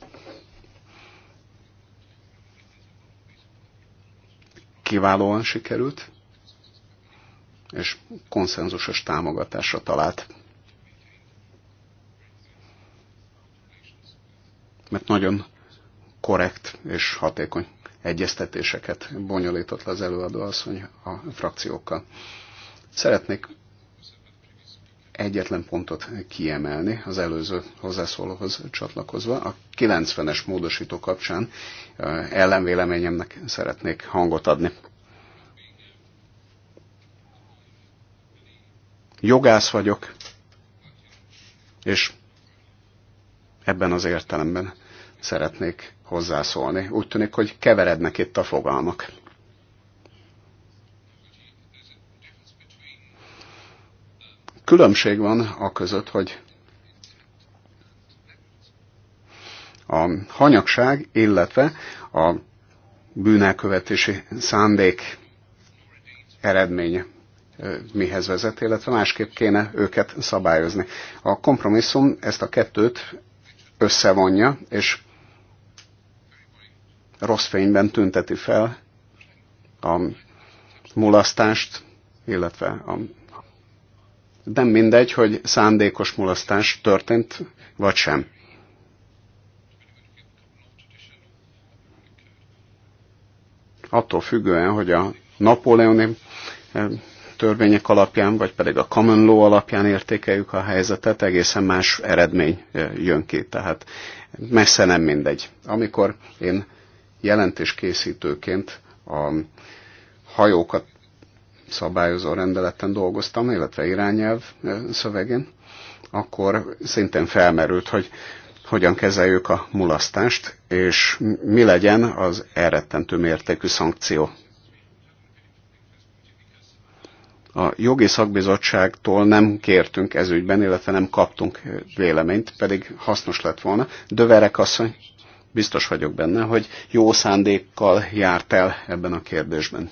Kiválóan sikerült, és konszenzusos támogatásra talált. Mert nagyon korrekt és hatékony egyeztetéseket bonyolított le az előadó asszony a frakciókkal. Szeretnék egyetlen pontot kiemelni az előző hozzászólóhoz csatlakozva. A 90-es módosító kapcsán ellenvéleményemnek szeretnék hangot adni. Jogász vagyok, és ebben az értelemben szeretnék hozzászólni. Úgy tűnik, hogy keverednek itt a fogalmak. Különbség van a között, hogy a hanyagság, illetve a bűnelkövetési szándék eredménye mihez vezet, illetve másképp kéne őket szabályozni. A kompromisszum ezt a kettőt összevonja, és rossz fényben tünteti fel a mulasztást, illetve a nem mindegy, hogy szándékos mulasztás történt, vagy sem. Attól függően, hogy a napóleoni eh, törvények alapján, vagy pedig a common law alapján értékeljük a helyzetet, egészen más eredmény eh, jön ki. Tehát messze nem mindegy. Amikor én jelentéskészítőként a hajókat szabályozó rendeleten dolgoztam, illetve irányelv szövegén, akkor szintén felmerült, hogy hogyan kezeljük a mulasztást, és mi legyen az elrettentő mértékű szankció. A jogi szakbizottságtól nem kértünk ügyben, illetve nem kaptunk véleményt, pedig hasznos lett volna. Döverek asszony, biztos vagyok benne, hogy jó szándékkal járt el ebben a kérdésben.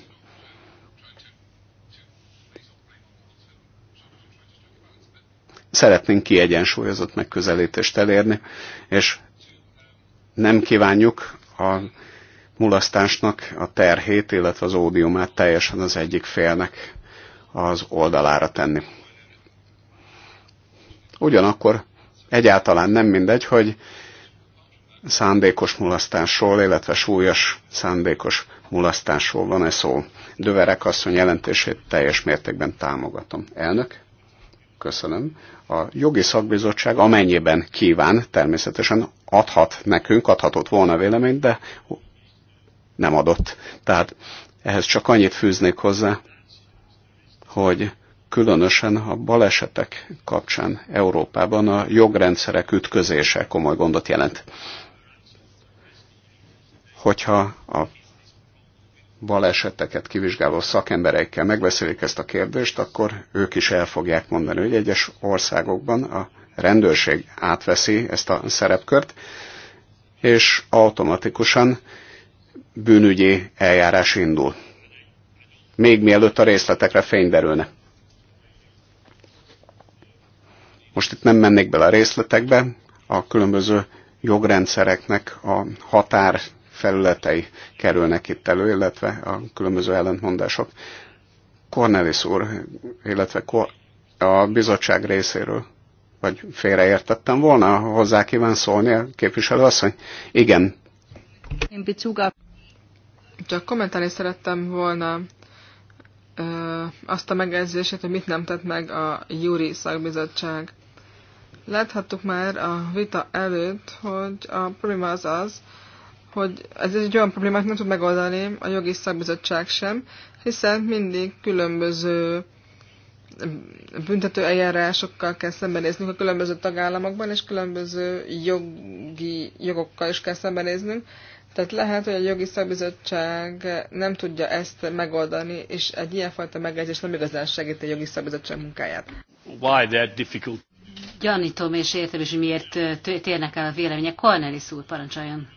szeretnénk kiegyensúlyozott megközelítést elérni, és nem kívánjuk a mulasztásnak a terhét, illetve az ódiumát teljesen az egyik félnek az oldalára tenni. Ugyanakkor egyáltalán nem mindegy, hogy szándékos mulasztásról, illetve súlyos szándékos mulasztásról van-e szó. Döverek asszony jelentését teljes mértékben támogatom. Elnök? Köszönöm. A jogi szakbizottság amennyiben kíván, természetesen adhat nekünk, adhatott volna véleményt, de nem adott. Tehát ehhez csak annyit fűznék hozzá, hogy különösen a balesetek kapcsán Európában a jogrendszerek ütközése komoly gondot jelent. Hogyha a baleseteket kivizsgáló szakembereikkel megbeszélik ezt a kérdést, akkor ők is el fogják mondani, hogy egyes országokban a rendőrség átveszi ezt a szerepkört, és automatikusan bűnügyi eljárás indul. Még mielőtt a részletekre fény derülne. Most itt nem mennék bele a részletekbe, a különböző jogrendszereknek a határ felületei kerülnek itt elő, illetve a különböző ellentmondások. Cornelis úr, illetve a bizottság részéről, vagy félreértettem volna, hozzá kíván szólni a képviselő asszony? Igen. Csak kommentálni szerettem volna ö, azt a megjegyzését, hogy mit nem tett meg a Júri szakbizottság. Láthattuk már a vita előtt, hogy a probléma az az, hogy ez egy olyan problémát nem tud megoldani a jogi szakbizottság sem, hiszen mindig különböző büntető eljárásokkal kell szembenéznünk a különböző tagállamokban, és különböző jogi jogokkal is kell szembenéznünk. Tehát lehet, hogy a jogi szakbizottság nem tudja ezt megoldani, és egy ilyenfajta megegyezés nem igazán segíti a jogi szakbizottság munkáját. Why that difficult? Gyanítom és értem is, hogy miért térnek el a vélemények. Cornelis úr, parancsoljon.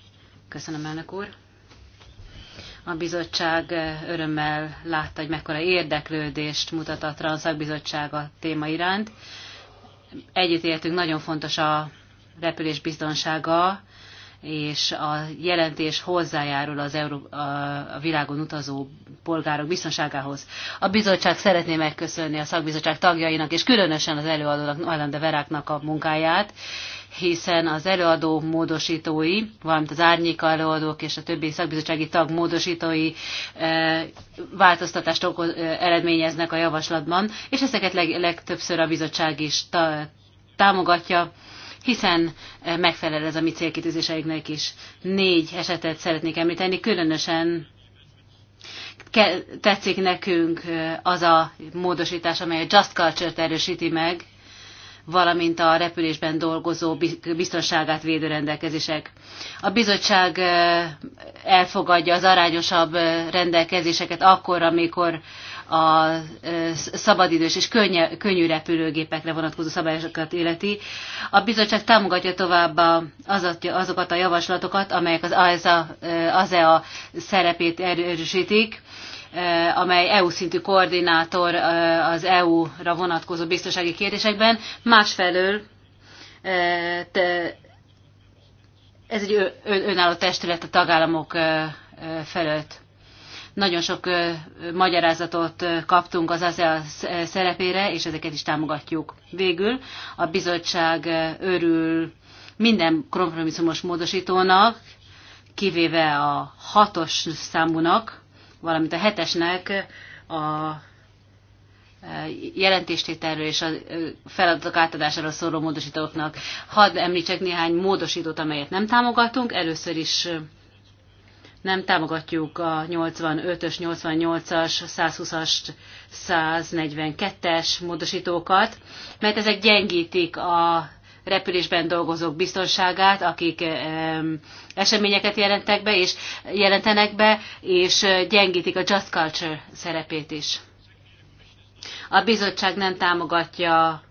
Köszönöm, elnök úr. A bizottság eh, örömmel látta, hogy mekkora érdeklődést mutat a Transzakbizottság a téma iránt. Együttértünk, nagyon fontos a repülés biztonsága, és a jelentés hozzájárul az Euró- a világon utazó polgárok biztonságához. A bizottság szeretné megköszönni a szakbizottság tagjainak, és különösen az előadónak, Ajlanda Veráknak a munkáját, hiszen az előadó módosítói, valamint az árnyéka előadók és a többi szakbizottsági tag módosítói eh, változtatást okoz eh, eredményeznek a javaslatban, és ezeket leg, legtöbbször a bizottság is ta, támogatja, hiszen eh, megfelel ez a mi célkitűzéseiknek is. Négy esetet szeretnék említeni, különösen tetszik nekünk az a módosítás, amely a Just Culture-t erősíti meg, valamint a repülésben dolgozó biztonságát védő rendelkezések. A bizottság elfogadja az arányosabb rendelkezéseket akkor, amikor a szabadidős és könnyű repülőgépekre vonatkozó szabályokat életi. A bizottság támogatja továbbá azokat a javaslatokat, amelyek az AESA, ASEA e e szerepét erősítik, Eh, amely EU szintű koordinátor eh, az EU-ra vonatkozó biztonsági kérdésekben. Másfelől eh, ez egy önálló testület a tagállamok felett. Nagyon sok magyarázatot kaptunk az ASEA szerepére, és ezeket is támogatjuk. Végül a bizottság örül minden kompromisszumos módosítónak, kivéve a hatos számúnak, valamint a hetesnek a e, jelentéstételről és a e, feladatok átadásáról szóló módosítóknak. Hadd említsek néhány módosítót, amelyet nem támogatunk. Először is e, nem támogatjuk a 85-ös, 88-as, 120-as, 142-es módosítókat, mert ezek gyengítik a repülésben dolgozók biztonságát, akik eseményeket jelentek be és jelentenek be, és gyengítik a Just Culture szerepét is. A bizottság nem támogatja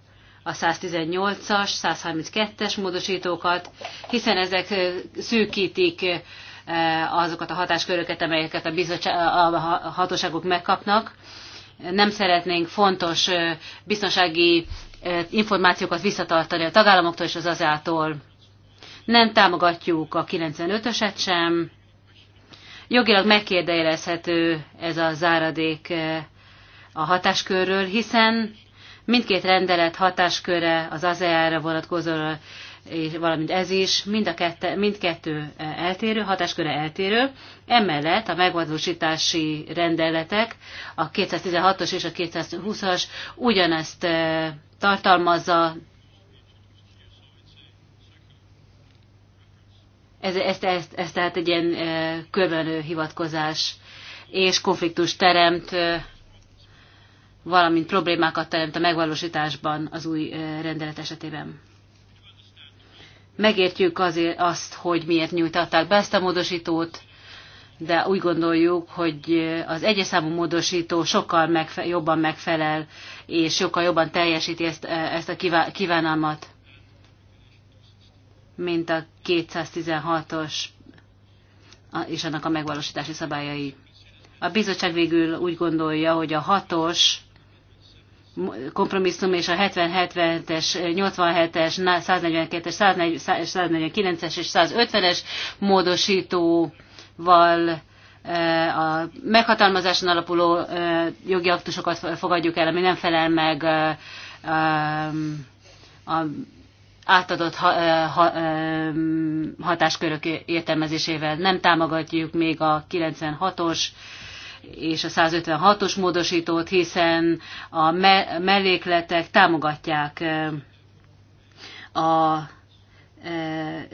a 118-as, 132-es módosítókat, hiszen ezek szűkítik azokat a hatásköröket, amelyeket a, a hatóságok megkapnak. Nem szeretnénk fontos biztonsági információkat visszatartani a tagállamoktól és az azától. Nem támogatjuk a 95-öset sem. Jogilag megkérdejelezhető ez a záradék a hatáskörről, hiszen mindkét rendelet hatásköre az ASEA-ra és valamint ez is, mind a kette, mindkettő e, eltérő, hatásköre eltérő. Emellett a megvalósítási rendeletek, a 216-os és a 220-as ugyanezt e, tartalmazza, ez, ez, ez, ez tehát egy ilyen e, körbenő hivatkozás és konfliktus teremt, valamint problémákat teremt a megvalósításban az új rendelet esetében megértjük azért azt, hogy miért nyújtatták be ezt a módosítót, de úgy gondoljuk, hogy az egyes számú módosító sokkal megfe- jobban megfelel, és sokkal jobban teljesíti ezt, ezt a kívánalmat, mint a 216-os és annak a megvalósítási szabályai. A bizottság végül úgy gondolja, hogy a hatos kompromisszum és a 70-70-es, 87-es, 142-es, 149-es és 150-es módosítóval eh, a meghatalmazáson alapuló eh, jogi aktusokat fogadjuk el, ami nem felel meg eh, a átadott hatáskörök értelmezésével. Nem támogatjuk még a 96-os és a 156-os módosítót, hiszen a me- mellékletek támogatják a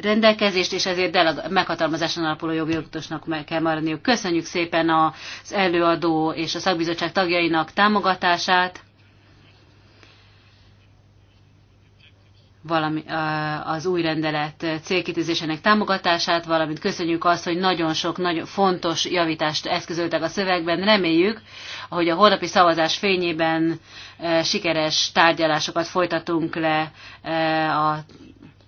rendelkezést, és ezért delag- meghatalmazáson alapuló jogjogtosnak meg kell maradniuk. Köszönjük szépen az előadó és a szakbizottság tagjainak támogatását. valami, az új rendelet célkitűzésének támogatását, valamint köszönjük azt, hogy nagyon sok nagyon fontos javítást eszközöltek a szövegben. Reméljük, hogy a holnapi szavazás fényében sikeres tárgyalásokat folytatunk le a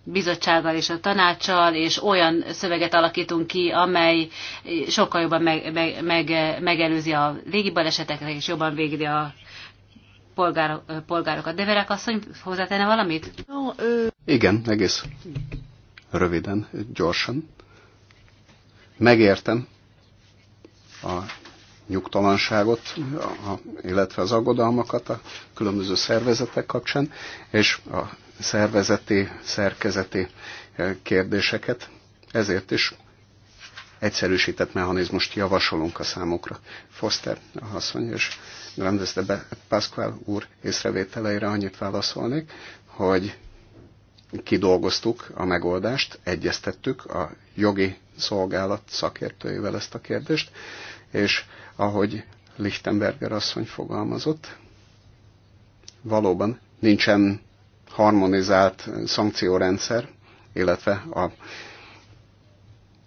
bizottsággal és a tanácssal, és olyan szöveget alakítunk ki, amely sokkal jobban meg, meg, meg, megelőzi a légi baleseteket, és jobban végzi a polgárok, polgárokat. De Verek asszony hozzátenne valamit? Igen, egész röviden, gyorsan. Megértem a nyugtalanságot, a, illetve az aggodalmakat a különböző szervezetek kapcsán, és a szervezeti, szerkezeti kérdéseket. Ezért is egyszerűsített mechanizmust javasolunk a számukra. Foster haszony, és rendezte be Pascual úr észrevételeire annyit válaszolnék, hogy kidolgoztuk a megoldást, egyeztettük a jogi szolgálat szakértőivel ezt a kérdést, és ahogy Lichtenberger asszony fogalmazott, valóban nincsen harmonizált szankciórendszer, illetve a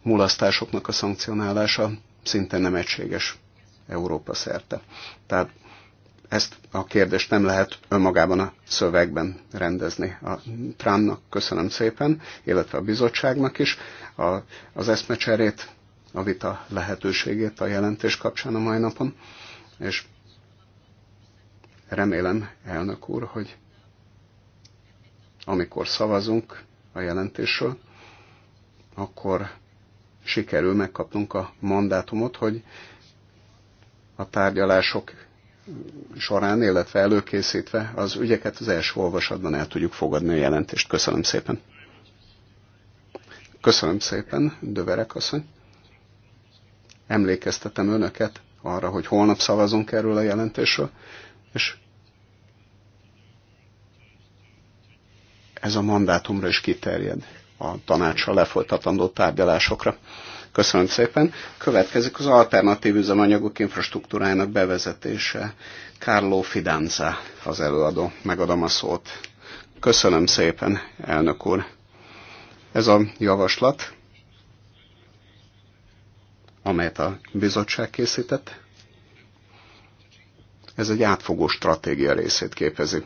mulasztásoknak a szankcionálása szinte nem egységes. Európa szerte. Tehát ezt a kérdést nem lehet önmagában a szövegben rendezni. A Trámnak köszönöm szépen, illetve a bizottságnak is a, az eszmecserét, a vita lehetőségét a jelentés kapcsán a mai napon, és remélem, elnök úr, hogy amikor szavazunk a jelentésről, akkor sikerül megkapnunk a mandátumot, hogy a tárgyalások során, illetve előkészítve az ügyeket az első olvasatban el tudjuk fogadni a jelentést. Köszönöm szépen. Köszönöm szépen, Döverek asszony. Emlékeztetem önöket arra, hogy holnap szavazunk erről a jelentésről, és ez a mandátumra is kiterjed a tanácsra lefolytatandó tárgyalásokra. Köszönöm szépen. Következik az alternatív üzemanyagok infrastruktúrájának bevezetése. Carlo Fidanza az előadó. Megadom a szót. Köszönöm szépen, elnök úr. Ez a javaslat, amelyet a bizottság készített, ez egy átfogó stratégia részét képezi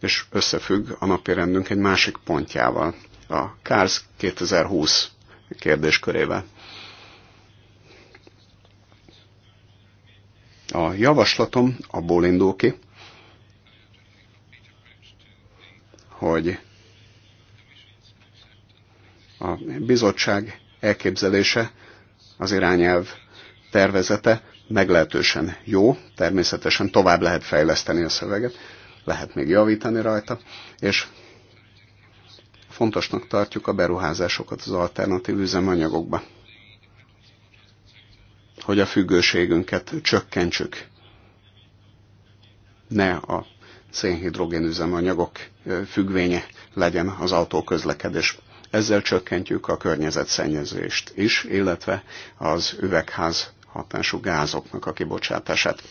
és összefügg a napirendünk egy másik pontjával, a KARS 2020 kérdéskörével. A javaslatom abból indul ki, hogy a bizottság elképzelése, az irányelv tervezete meglehetősen jó, természetesen tovább lehet fejleszteni a szöveget, lehet még javítani rajta, és Fontosnak tartjuk a beruházásokat az alternatív üzemanyagokba, hogy a függőségünket csökkentsük. Ne a szénhidrogén üzemanyagok függvénye legyen az autóközlekedés. Ezzel csökkentjük a környezetszennyezést is, illetve az üvegház hatású gázoknak a kibocsátását.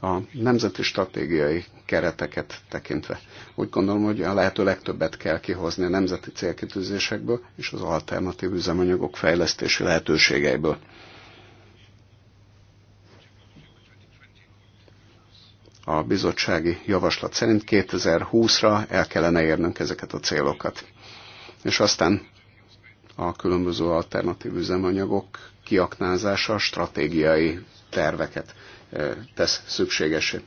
a nemzeti stratégiai kereteket tekintve. Úgy gondolom, hogy a lehető legtöbbet kell kihozni a nemzeti célkitűzésekből és az alternatív üzemanyagok fejlesztési lehetőségeiből. A bizottsági javaslat szerint 2020-ra el kellene érnünk ezeket a célokat. És aztán a különböző alternatív üzemanyagok kiaknázása stratégiai terveket tesz szükségesé.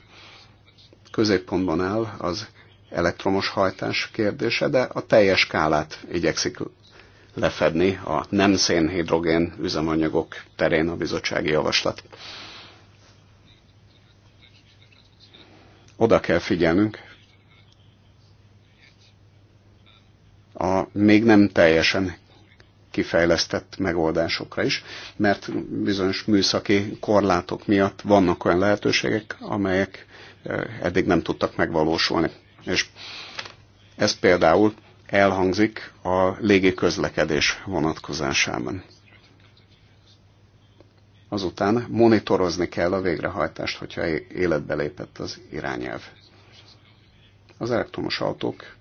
Középpontban áll az elektromos hajtás kérdése, de a teljes skálát igyekszik lefedni a nem szénhidrogén üzemanyagok terén a bizottsági javaslat. Oda kell figyelnünk a még nem teljesen kifejlesztett megoldásokra is, mert bizonyos műszaki korlátok miatt vannak olyan lehetőségek, amelyek eh, eddig nem tudtak megvalósulni. És ez például elhangzik a légi közlekedés vonatkozásában. Azután monitorozni kell a végrehajtást, hogyha életbe lépett az irányelv. Az elektromos autók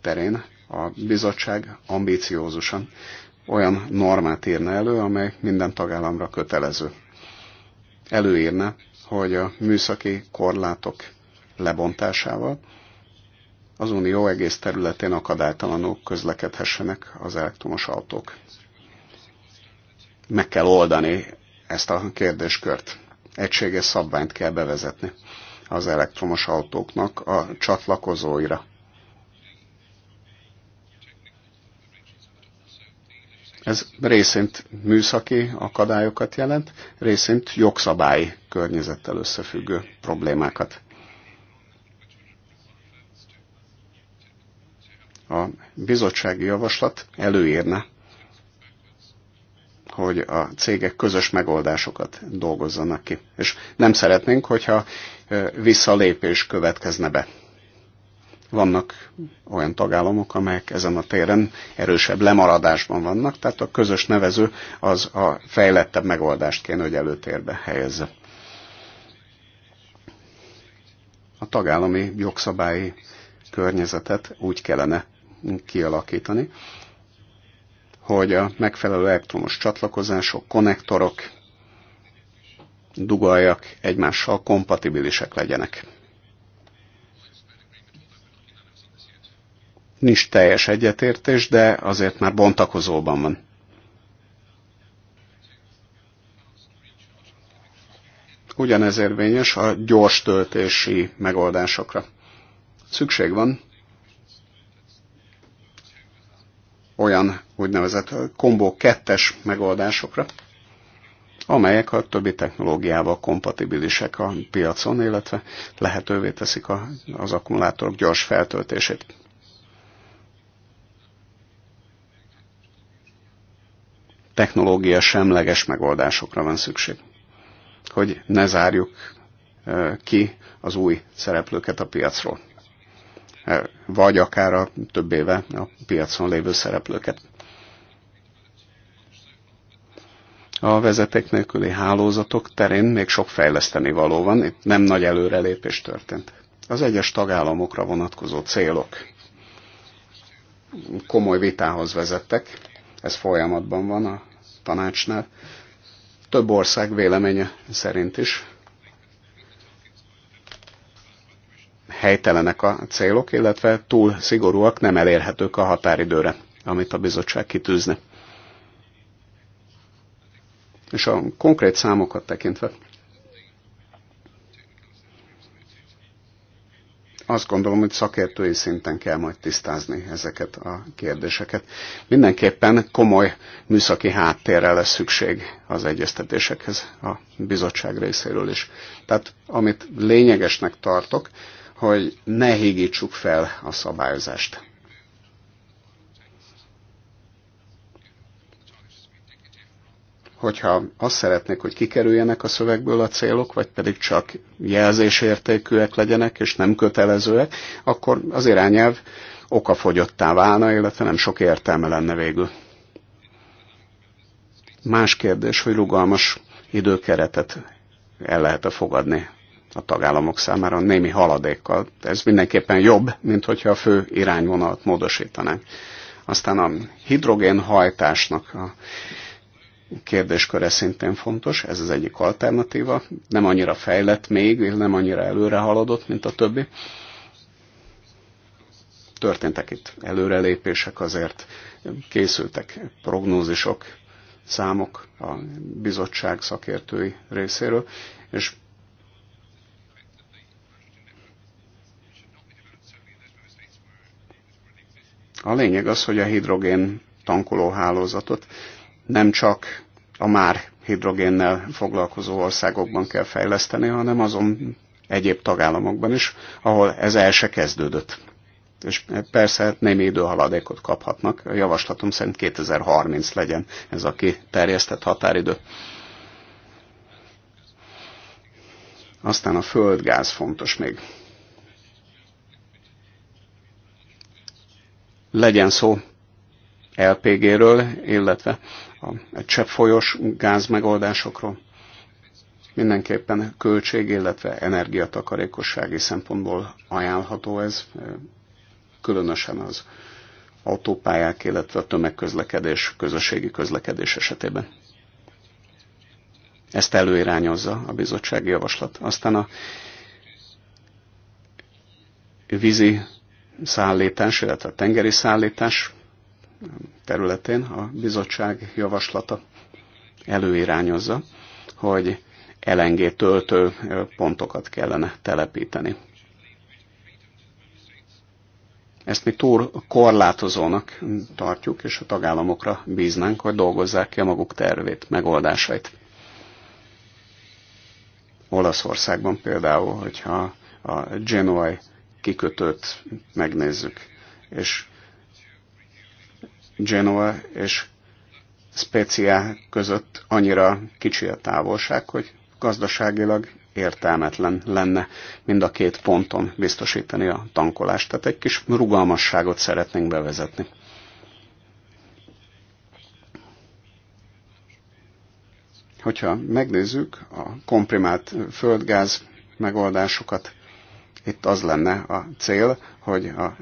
terén a bizottság ambíciózusan olyan normát írna elő, amely minden tagállamra kötelező. Előírna, hogy a műszaki korlátok lebontásával az Unió egész területén akadálytalanul közlekedhessenek az elektromos autók. Meg kell oldani ezt a kérdéskört. Egységes szabványt kell bevezetni az elektromos autóknak a csatlakozóira Ez részint műszaki akadályokat jelent, részint jogszabályi környezettel összefüggő problémákat. A bizottsági javaslat előírna, hogy a cégek közös megoldásokat dolgozzanak ki. És nem szeretnénk, hogyha visszalépés következne be vannak olyan tagállamok, amelyek ezen a téren erősebb lemaradásban vannak, tehát a közös nevező az a fejlettebb megoldást kéne, hogy előtérbe helyezze. A tagállami jogszabályi környezetet úgy kellene kialakítani, hogy a megfelelő elektromos csatlakozások, konnektorok, dugaljak egymással kompatibilisek legyenek Nincs teljes egyetértés, de azért már bontakozóban van. Ugyanez érvényes a gyors töltési megoldásokra. Szükség van olyan úgynevezett kombó kettes megoldásokra, amelyek a többi technológiával kompatibilisek a piacon, illetve lehetővé teszik az akkumulátorok gyors feltöltését. technológia semleges megoldásokra van szükség. Hogy ne zárjuk ki az új szereplőket a piacról. Vagy akár a több éve a piacon lévő szereplőket. A vezeték nélküli hálózatok terén még sok fejleszteni való van, itt nem nagy előrelépés történt. Az egyes tagállamokra vonatkozó célok komoly vitához vezettek, ez folyamatban van a tanácsnál. Több ország véleménye szerint is helytelenek a célok, illetve túl szigorúak, nem elérhetők a határidőre, amit a bizottság kitűzne. És a konkrét számokat tekintve azt gondolom, hogy szakértői szinten kell majd tisztázni ezeket a kérdéseket. Mindenképpen komoly műszaki háttérre lesz szükség az egyeztetésekhez a bizottság részéről is. Tehát amit lényegesnek tartok, hogy ne hígítsuk fel a szabályozást hogyha azt szeretnék, hogy kikerüljenek a szövegből a célok, vagy pedig csak jelzésértékűek legyenek, és nem kötelezőek, akkor az irányelv okafogyottá válna, illetve nem sok értelme lenne végül. Más kérdés, hogy rugalmas időkeretet el lehet-e fogadni a tagállamok számára némi haladékkal. Ez mindenképpen jobb, mint hogyha a fő irányvonalat módosítanánk. Aztán a hidrogénhajtásnak a kérdésköre szintén fontos, ez az egyik alternatíva. Nem annyira fejlett még, nem annyira előre haladott, mint a többi. Történtek itt előrelépések, azért készültek prognózisok, számok a bizottság szakértői részéről, és a lényeg az, hogy a hidrogén tankolóhálózatot nem csak a már hidrogénnel foglalkozó országokban kell fejleszteni, hanem azon egyéb tagállamokban is, ahol ez el se kezdődött. És persze némi időhaladékot kaphatnak. A javaslatom szerint 2030 legyen ez a kiterjesztett határidő. Aztán a földgáz fontos még. Legyen szó LPG-ről, illetve a cseppfolyós gázmegoldásokról. Mindenképpen költség, illetve energiatakarékossági szempontból ajánlható ez, eh, különösen az autópályák, illetve a tömegközlekedés, közösségi közlekedés esetében. Ezt előirányozza a bizottsági javaslat. Aztán a vízi szállítás, illetve a tengeri szállítás területén a bizottság javaslata előirányozza, hogy LNG töltő pontokat kellene telepíteni. Ezt mi túl korlátozónak tartjuk, és a tagállamokra bíznánk, hogy dolgozzák ki a maguk tervét, megoldásait. Olaszországban például, hogyha a Genoa kikötőt megnézzük, és Genoa és Specia között annyira kicsi a távolság, hogy gazdaságilag értelmetlen lenne mind a két ponton biztosítani a tankolást. Tehát egy kis rugalmasságot szeretnénk bevezetni. Hogyha megnézzük a komprimált földgáz megoldásokat, itt az lenne a cél, hogy a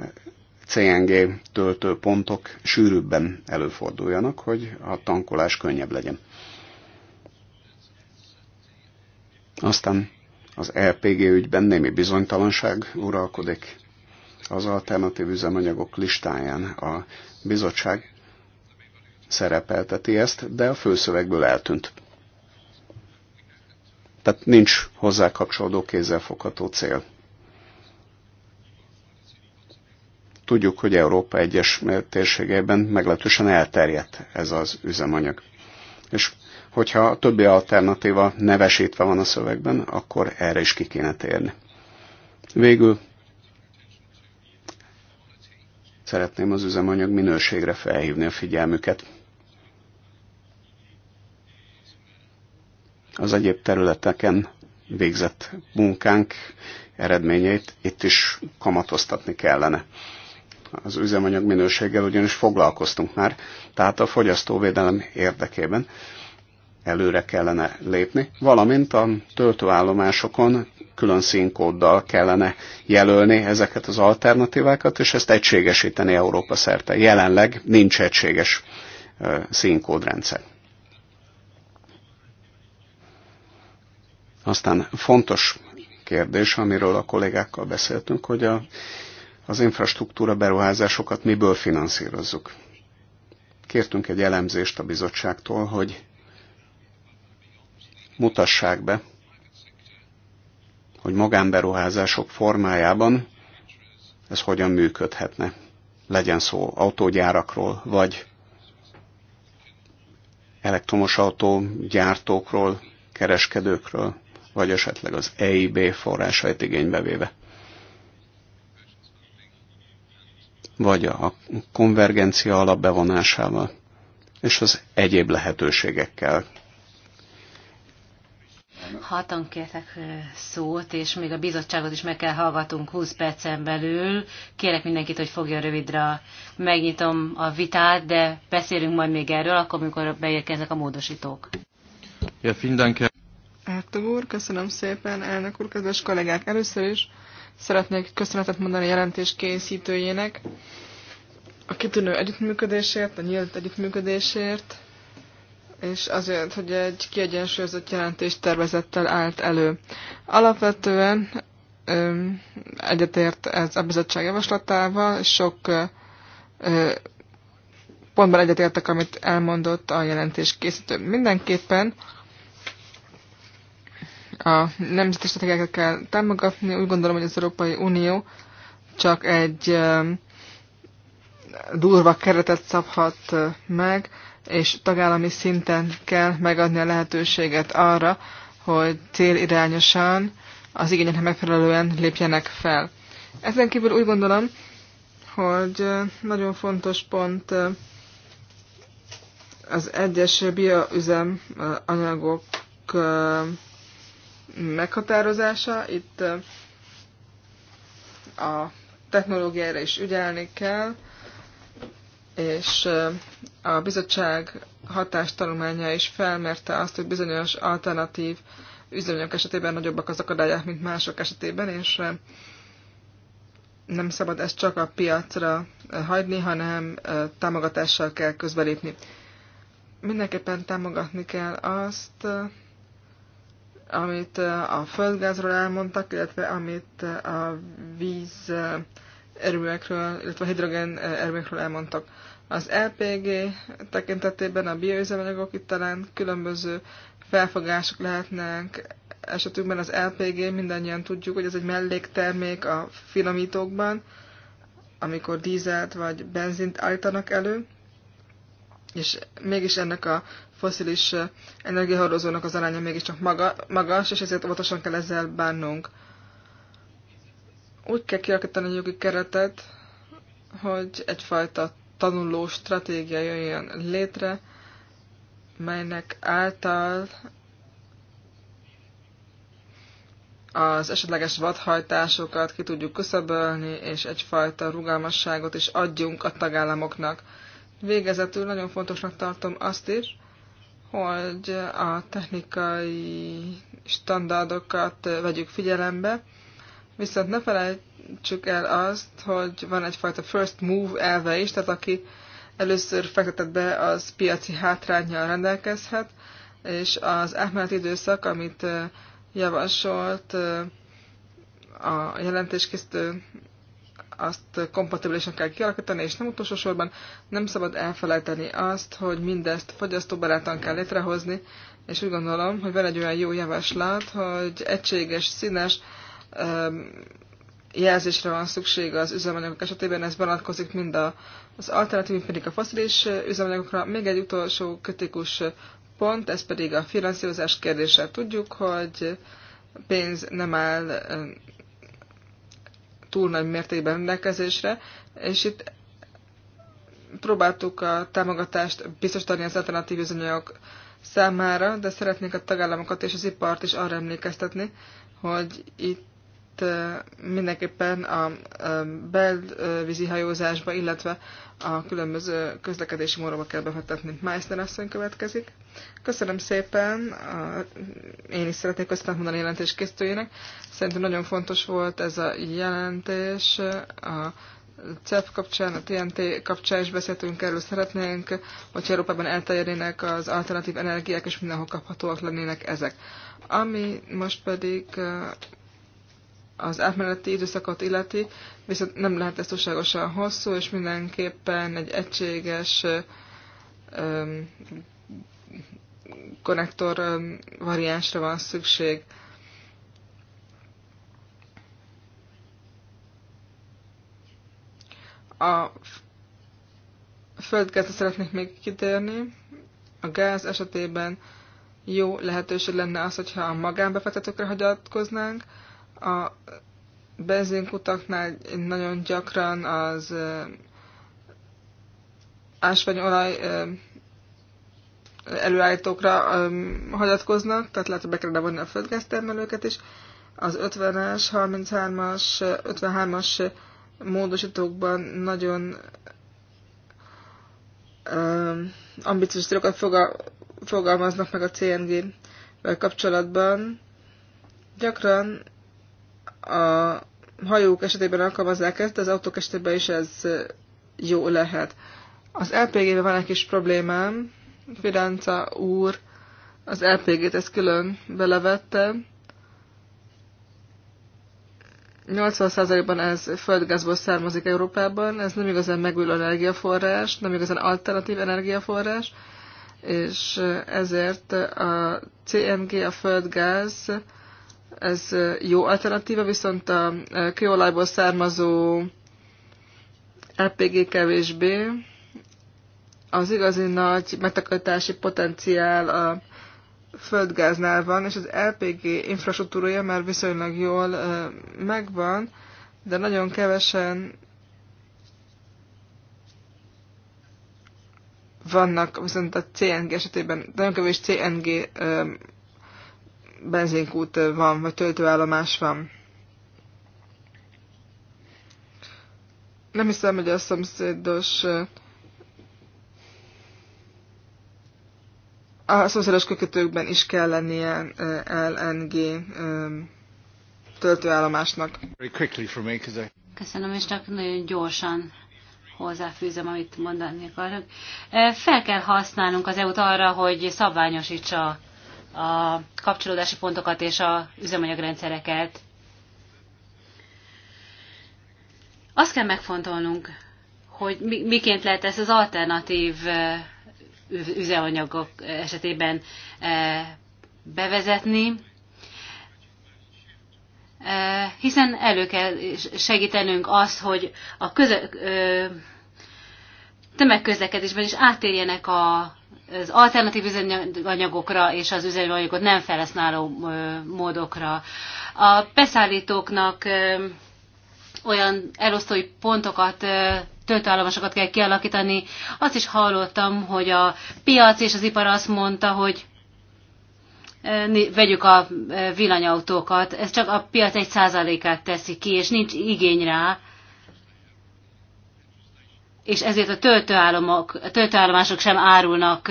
CNG töltőpontok sűrűbben előforduljanak, hogy a tankolás könnyebb legyen. Aztán az LPG e ügyben némi bizonytalanság uralkodik. Az alternatív üzemanyagok listáján a bizottság szerepelteti ezt, de a főszövegből eltűnt. Tehát nincs hozzá kapcsolódó kézzelfogható cél Tudjuk, hogy Európa egyes térségeiben meglehetősen elterjedt ez az üzemanyag. És hogyha a többi alternatíva nevesítve van a szövegben, akkor erre is ki kéne térni. Végül szeretném az üzemanyag minőségre felhívni a figyelmüket. Az egyéb területeken végzett munkánk eredményeit itt is kamatoztatni kellene az üzemanyag minőséggel ugyanis foglalkoztunk már, tehát a fogyasztóvédelem érdekében előre kellene lépni, valamint a töltőállomásokon külön színkóddal kellene jelölni ezeket az alternatívákat, és ezt egységesíteni Európa szerte. Jelenleg nincs egységes színkódrendszer. Aztán fontos kérdés, amiről a kollégákkal beszéltünk, hogy a az infrastruktúra beruházásokat miből finanszírozzuk. Kértünk egy elemzést a bizottságtól, hogy mutassák be, hogy magánberuházások formájában ez hogyan működhetne. Legyen szó autógyárakról, vagy elektromos autógyártókról, kereskedőkről, vagy esetleg az EIB forrásait igénybe véve. vagy a konvergencia alap bevonásával, és az egyéb lehetőségekkel. Hatan kértek szót, és még a bizottságot is meg kell hallgatunk 20 percen belül. Kérek mindenkit, hogy fogja rövidre. Megnyitom a vitát, de beszélünk majd még erről, akkor, amikor beérkeznek a módosítók. Ja, Ertug úr, köszönöm szépen, elnök úr, kedves kollégák, először is Szeretnék köszönetet mondani a jelentés készítőjének a kitűnő együttműködésért, a nyílt együttműködésért, és azért, hogy egy kiegyensúlyozott jelentés tervezettel állt elő. Alapvetően egyetért ez a bizottság javaslatával, sok pontban egyetértek, amit elmondott a jelentés készítő. Mindenképpen a nemzeti stratégiákat kell támogatni. Úgy gondolom, hogy az Európai Unió csak egy durva keretet szabhat meg, és tagállami szinten kell megadni a lehetőséget arra, hogy célirányosan az igényeknek megfelelően lépjenek fel. Ezen kívül úgy gondolom, hogy nagyon fontos pont az egyes bioüzem anyagok meghatározása. Itt a technológiára is ügyelni kell, és a bizottság hatástanulmánya is felmerte azt, hogy bizonyos alternatív üzemanyagok esetében nagyobbak az akadályok, mint mások esetében, és nem szabad ezt csak a piacra hagyni, hanem támogatással kell közbelépni. Mindenképpen támogatni kell azt, amit a földgázról elmondtak, illetve amit a víz erőekről, illetve a hidrogén erőekről elmondtak. Az LPG tekintetében a bioüzemanyagok itt talán különböző felfogások lehetnek. Esetünkben az LPG mindannyian tudjuk, hogy ez egy melléktermék a finomítókban, amikor dízelt vagy benzint állítanak elő, és mégis ennek a foszilis eh, energiahordozónak az aránya mégiscsak maga, magas, és ezért óvatosan kell ezzel bánnunk. Úgy kell kialakítani a jogi keretet, hogy egyfajta tanuló stratégia jöjjön létre, melynek által az esetleges vadhajtásokat ki tudjuk küszöbölni, és egyfajta rugalmasságot is adjunk a tagállamoknak. Végezetül nagyon fontosnak tartom azt is, hogy a technikai standardokat vegyük figyelembe, viszont ne felejtsük el azt, hogy van egyfajta first move elve is, tehát aki először fektetett be, az piaci hátrányjal rendelkezhet, és az átmeneti időszak, amit eh, javasolt eh, a jelentéskészítő azt kompatibilisan kell kialakítani, és nem utolsó sorban nem szabad elfelejteni azt, hogy mindezt fogyasztóbarátan kell létrehozni, és úgy gondolom, hogy van egy olyan jó javaslat, hogy egységes, színes jelzésre van szükség az üzemanyagok esetében, ez vonatkozik mind a, az alternatív, mind pedig a faszilis üzemanyagokra. Még egy utolsó kritikus pont, ez pedig a finanszírozás kérdése. Tudjuk, hogy pénz nem áll túl nagy mértékben rendelkezésre, és itt próbáltuk a támogatást biztosítani az alternatív üzemanyagok számára, de szeretnék a tagállamokat és az ipart is arra emlékeztetni, hogy itt mindenképpen a belvízi hajózásba, illetve a különböző közlekedési módokba kell befektetni. Meissner asszony következik. Köszönöm szépen, én is szeretnék köszönet mondani a jelentés készítőjének. Szerintem nagyon fontos volt ez a jelentés, a CEF kapcsán, a TNT kapcsán is beszéltünk erről, szeretnénk, hogy Európában elterjednének az alternatív energiák, és mindenhol kaphatóak lennének ezek. Ami most pedig az átmeneti időszakot illeti, viszont nem lehet ez túlságosan hosszú, és mindenképpen egy egységes konnektor variánsra van szükség. A földgázra szeretnék még kitérni. A gáz esetében jó lehetőség lenne az, hogyha a magánbefektetőkre hagyatkoznánk, a benzinkutaknál nagyon gyakran az ásványolaj előállítókra hagyatkoznak, tehát lehet, hogy be kellene vonni a földgáztermelőket is. Az 50-es, 33-as, 53-as módosítókban nagyon ambiciós célokat fogalmaznak meg a CNG-vel kapcsolatban. Gyakran a hajók esetében alkalmazzák ezt, de az autók esetében is ez jó lehet. Az LPG-ben van egy kis problémám. Fidanca úr az LPG-t ezt külön belevette. 80%-ban ez földgázból származik Európában, ez nem igazán megújuló energiaforrás, nem igazán alternatív energiaforrás, és ezért a CNG, a földgáz ez jó alternatíva, viszont a kőolajból származó LPG kevésbé. Az igazi nagy megtakarítási potenciál a földgáznál van, és az LPG infrastruktúrája már viszonylag jól megvan, de nagyon kevesen vannak viszont a CNG esetében, nagyon kevés CNG benzinkút van, vagy töltőállomás van. Nem hiszem, hogy a szomszédos a szomszédos kökötőkben is kell lennie eh, LNG eh, töltőállomásnak. Köszönöm, és csak nagyon gyorsan hozzáfűzöm, amit mondani akarok. Eh, fel kell használnunk az EU-t arra, hogy szabványosítsa a kapcsolódási pontokat és a üzemanyagrendszereket. Azt kell megfontolnunk, hogy miként lehet ez az alternatív üzemanyagok esetében bevezetni, hiszen elő kell segítenünk azt, hogy a közö, tömegközlekedésben is átérjenek a az alternatív üzemanyagokra és az üzemanyagokat nem felhasználó módokra. A beszállítóknak olyan elosztói pontokat, töltőállomásokat kell kialakítani. Azt is hallottam, hogy a piac és az ipar azt mondta, hogy vegyük a villanyautókat. Ez csak a piac egy százalékát teszi ki, és nincs igény rá és ezért a töltőállomok, töltőállomások sem árulnak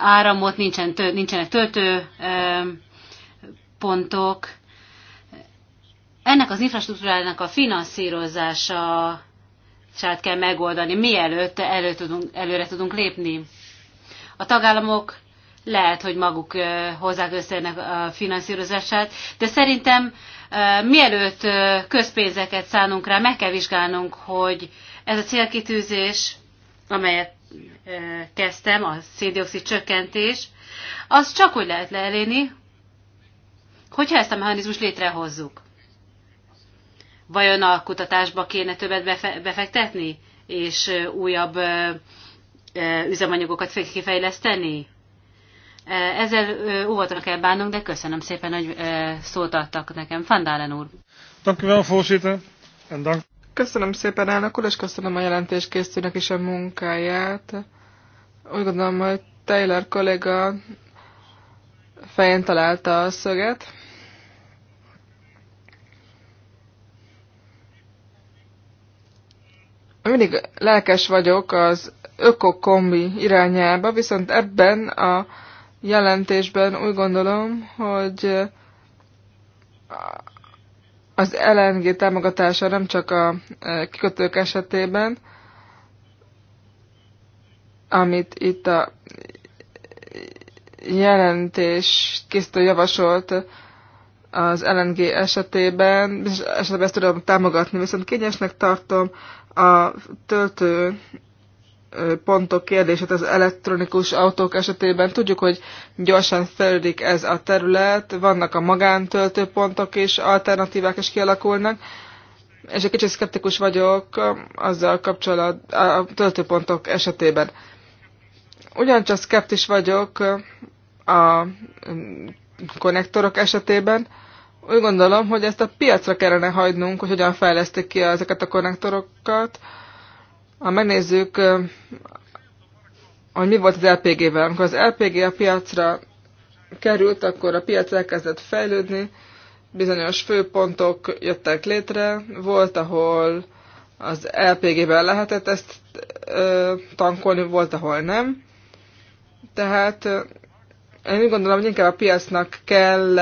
áramot, nincsen, nincsenek töltőpontok. Ennek az infrastruktúrának a finanszírozása csát kell megoldani, mielőtt elő tudunk, előre tudunk lépni. A tagállamok lehet, hogy maguk hozzák össze ennek a finanszírozását, de szerintem mielőtt közpénzeket szánunk rá, meg kell vizsgálnunk, hogy ez a célkitűzés, amelyet kezdtem, a széndiokszid csökkentés, az csak úgy lehet leelni, hogyha ezt a mechanizmus létrehozzuk. Vajon a kutatásba kéne többet befektetni, és újabb üzemanyagokat kifejleszteni? Ezzel óvatosan kell bánnunk, de köszönöm szépen, hogy szót adtak nekem. Fandálen úr. Dank u wel, voorzitter. En dank... Köszönöm szépen, elnök úr, és köszönöm a jelentés készülnek is a munkáját. Úgy gondolom, hogy Taylor kolléga fején találta a szöget. Mindig lelkes vagyok az ökokombi irányába, viszont ebben a jelentésben úgy gondolom, hogy az LNG támogatása nem csak a e, kikötők esetében, amit itt a jelentés készítő javasolt az LNG esetében, és esetben ezt tudom támogatni, viszont kényesnek tartom a töltő pontok kérdését az elektronikus autók esetében. Tudjuk, hogy gyorsan fejlődik ez a terület, vannak a magántöltőpontok is, alternatívák is kialakulnak, és egy kicsit szkeptikus vagyok azzal kapcsolat a töltőpontok esetében. Ugyancsak szkeptis vagyok a konnektorok esetében. Úgy gondolom, hogy ezt a piacra kellene hagynunk, hogy hogyan fejlesztik ki ezeket a konnektorokat, ha megnézzük, hogy mi volt az LPG-vel, amikor az LPG a piacra került, akkor a piac elkezdett fejlődni, bizonyos főpontok jöttek létre, volt, ahol az LPG-ben lehetett ezt ö, tankolni, volt, ahol nem. Tehát én úgy gondolom, hogy inkább a piacnak kell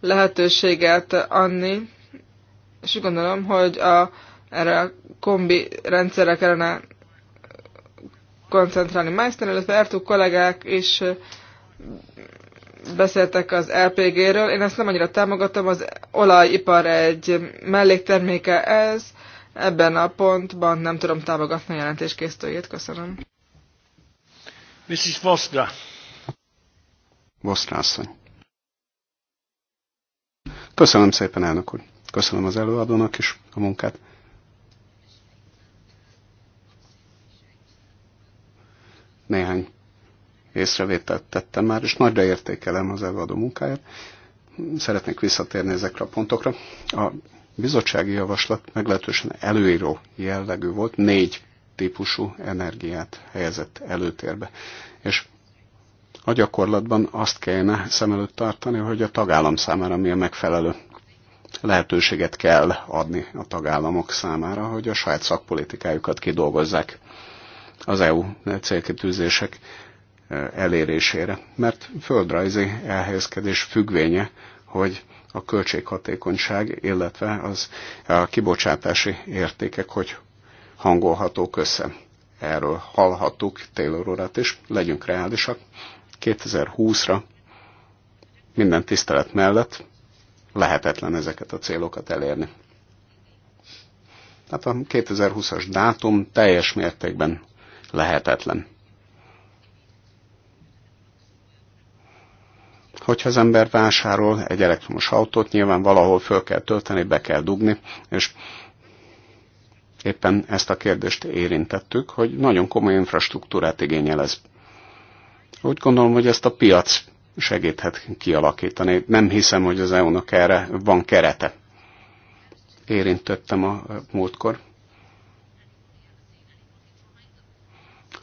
lehetőséget adni, és úgy gondolom, hogy a erre a kombi rendszerre kellene koncentrálni. Meister, illetve Ertug kollégák is beszéltek az LPG-ről. Én ezt nem annyira támogatom, az olajipar egy mellékterméke ez. Ebben a pontban nem tudom támogatni a jelentéskészítőjét. Köszönöm. Mrs. Voszka. Voszka asszony. Köszönöm szépen, elnök úr. Köszönöm az előadónak is a munkát. néhány észrevételt tettem már, és nagyra értékelem az előadó munkáját. Szeretnék visszatérni ezekre a pontokra. A bizottsági javaslat meglehetősen előíró jellegű volt, négy típusú energiát helyezett előtérbe. És a gyakorlatban azt kellene szem előtt tartani, hogy a tagállam számára mi a megfelelő lehetőséget kell adni a tagállamok számára, hogy a saját szakpolitikájukat kidolgozzák az EU célkitűzések elérésére, mert földrajzi elhelyezkedés függvénye, hogy a költséghatékonyság, illetve az a kibocsátási értékek, hogy hangolhatók össze. Erről hallhattuk Taylor urat is, legyünk reálisak. 2020-ra minden tisztelet mellett lehetetlen ezeket a célokat elérni. Tehát a 2020-as dátum teljes mértékben lehetetlen. Hogyha az ember vásárol egy elektromos autót, nyilván valahol föl kell tölteni, be kell dugni, és éppen ezt a kérdést érintettük, hogy nagyon komoly infrastruktúrát igényel ez. Úgy gondolom, hogy ezt a piac segíthet kialakítani. Nem hiszem, hogy az EU-nak erre van kerete. Érintettem a múltkor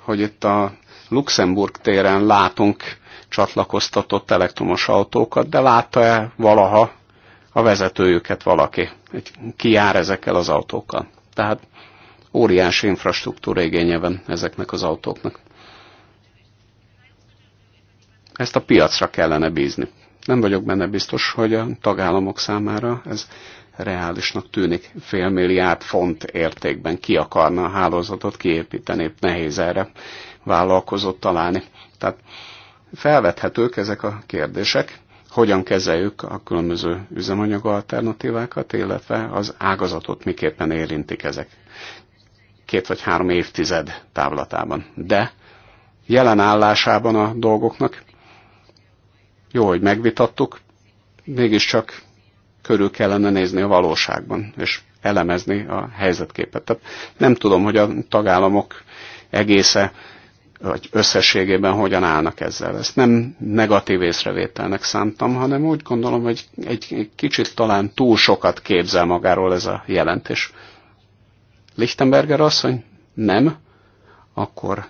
hogy itt a Luxemburg téren látunk csatlakoztatott elektromos autókat, de látta-e valaha a vezetőjüket valaki, hogy ki jár ezekkel az autókkal. Tehát óriási infrastruktúra igénye van ezeknek az autóknak. Ezt a piacra kellene bízni. Nem vagyok benne biztos, hogy a tagállamok számára ez reálisnak tűnik fél milliárd font értékben. Ki akarna a hálózatot kiépíteni? Nehéz erre vállalkozott találni. Tehát felvethetők ezek a kérdések, hogyan kezeljük a különböző üzemanyag alternatívákat, illetve az ágazatot miképpen érintik ezek két vagy három évtized távlatában. De jelen állásában a dolgoknak jó, hogy megvitattuk, mégiscsak körül kellene nézni a valóságban, és elemezni a helyzetképet. Tehát nem tudom, hogy a tagállamok egésze vagy összességében hogyan állnak ezzel. Ezt nem negatív észrevételnek szántam, hanem úgy gondolom, hogy egy kicsit talán túl sokat képzel magáról ez a jelentés. Lichtenberger asszony? Nem? Akkor...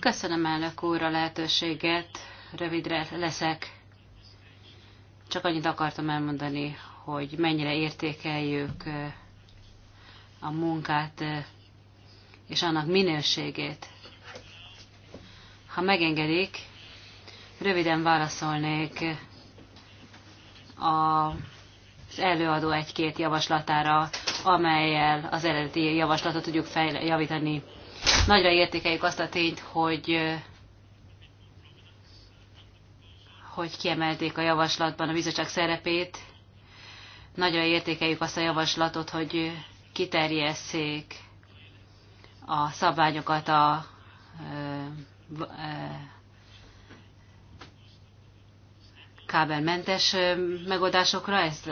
Köszönöm elnök úr a lehetőséget, rövidre leszek. Csak annyit akartam elmondani, hogy mennyire értékeljük a munkát és annak minőségét. Ha megengedik, röviden válaszolnék az előadó egy-két javaslatára, amelyel az eredeti javaslatot tudjuk fejl- javítani. Nagyra értékeljük azt a tényt, hogy hogy kiemelték a javaslatban a bizottság szerepét. Nagyra értékeljük azt a javaslatot, hogy kiterjesszék a szabványokat a kábelmentes megoldásokra. Ez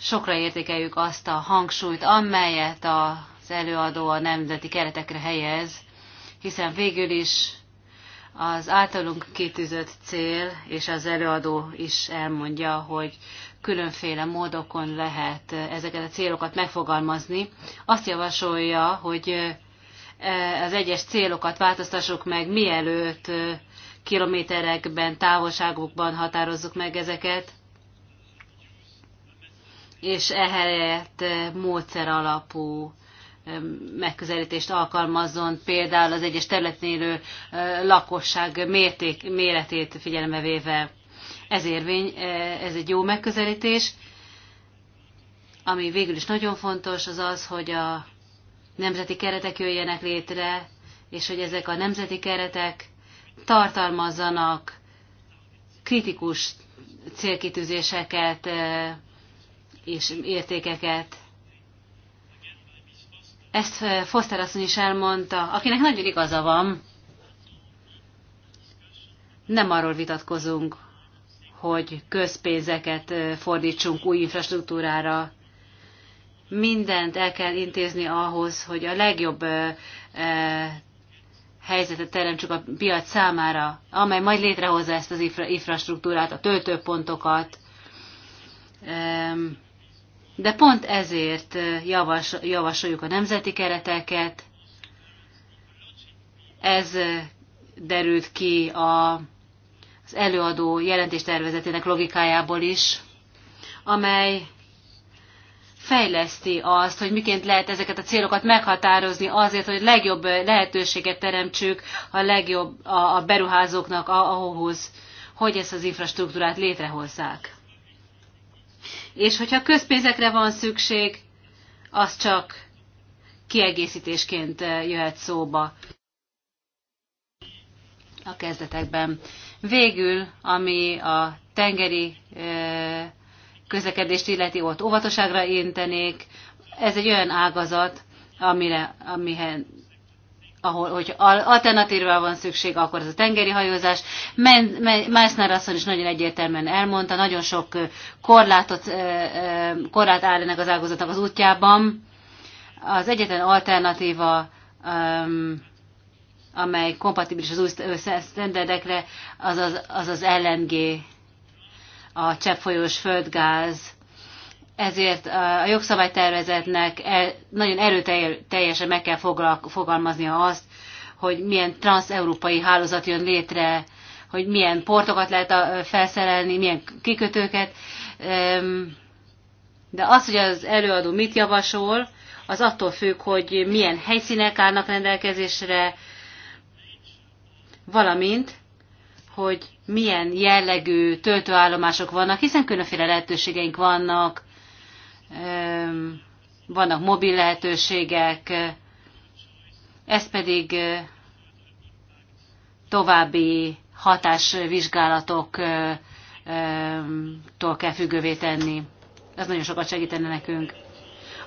sokra értékeljük azt a hangsúlyt, amelyet az előadó a nemzeti keretekre helyez, hiszen végül is az általunk kitűzött cél, és az előadó is elmondja, hogy különféle módokon lehet eh, ezeket a célokat megfogalmazni. Azt javasolja, hogy eh, eh, az egyes célokat változtassuk meg, mielőtt kilométerekben, távolságokban határozzuk meg ezeket, és ehelyett módszer alapú megközelítést alkalmazzon, például az egyes területen élő lakosság mérték, méretét figyelembe véve. Ez érvény, ez egy jó megközelítés. Ami végül is nagyon fontos, az az, hogy a nemzeti keretek jöjjenek létre, és hogy ezek a nemzeti keretek tartalmazzanak kritikus célkitűzéseket és értékeket ezt eh, Foster asszony is elmondta, akinek nagyon igaza van. Nem arról vitatkozunk, hogy közpénzeket eh, fordítsunk új infrastruktúrára. Mindent el kell intézni ahhoz, hogy a legjobb eh, helyzetet teremtsük a piac számára, amely majd létrehozza ezt az infra- infrastruktúrát, a töltőpontokat, de pont ezért javas, javasoljuk a nemzeti kereteket. Ez derült ki a, az előadó jelentéstervezetének logikájából is, amely fejleszti azt, hogy miként lehet ezeket a célokat meghatározni azért, hogy legjobb lehetőséget teremtsük a legjobb a, a beruházóknak ahhoz, hogy ezt az infrastruktúrát létrehozzák és hogyha közpénzekre van szükség, az csak kiegészítésként eh, jöhet szóba a kezdetekben. Végül, ami a tengeri eh, közlekedést illeti, ott óvatosságra intenék. Ez egy olyan ágazat, amire, amihez ahol, hogy alternatívra van szükség, akkor ez a tengeri hajózás. Meissner asszony is nagyon egyértelműen elmondta, nagyon sok korlátot, korlát áll ennek az ágazatnak az útjában. Az egyetlen alternatíva, amely kompatibilis az új szendedekre, az az, az, az LNG, a cseppfolyós földgáz, ezért a jogszabálytervezetnek e, nagyon erőteljesen meg kell fogalmaznia azt, hogy milyen trans-európai hálózat jön létre, hogy milyen portokat lehet felszerelni, milyen kikötőket. De az, hogy az előadó mit javasol, az attól függ, hogy milyen helyszínek állnak rendelkezésre, valamint, hogy milyen jellegű töltőállomások vannak, hiszen különféle lehetőségeink vannak vannak mobil lehetőségek, ez pedig eh, további hatásvizsgálatoktól eh, kell függővé tenni. Ez nagyon sokat segítene nekünk.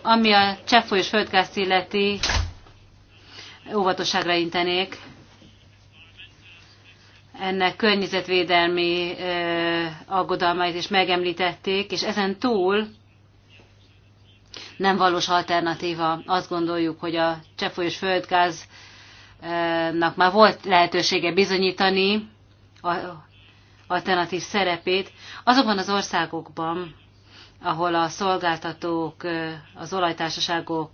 Ami a cseppfolyós földgázt illeti, óvatosságra intenék. Ennek környezetvédelmi eh, aggodalmait is megemlítették, és ezen túl nem valós alternatíva. Azt gondoljuk, hogy a cseppfolyós földgáznak már volt lehetősége bizonyítani a alternatív szerepét. Azokban az országokban, ahol a szolgáltatók, az olajtársaságok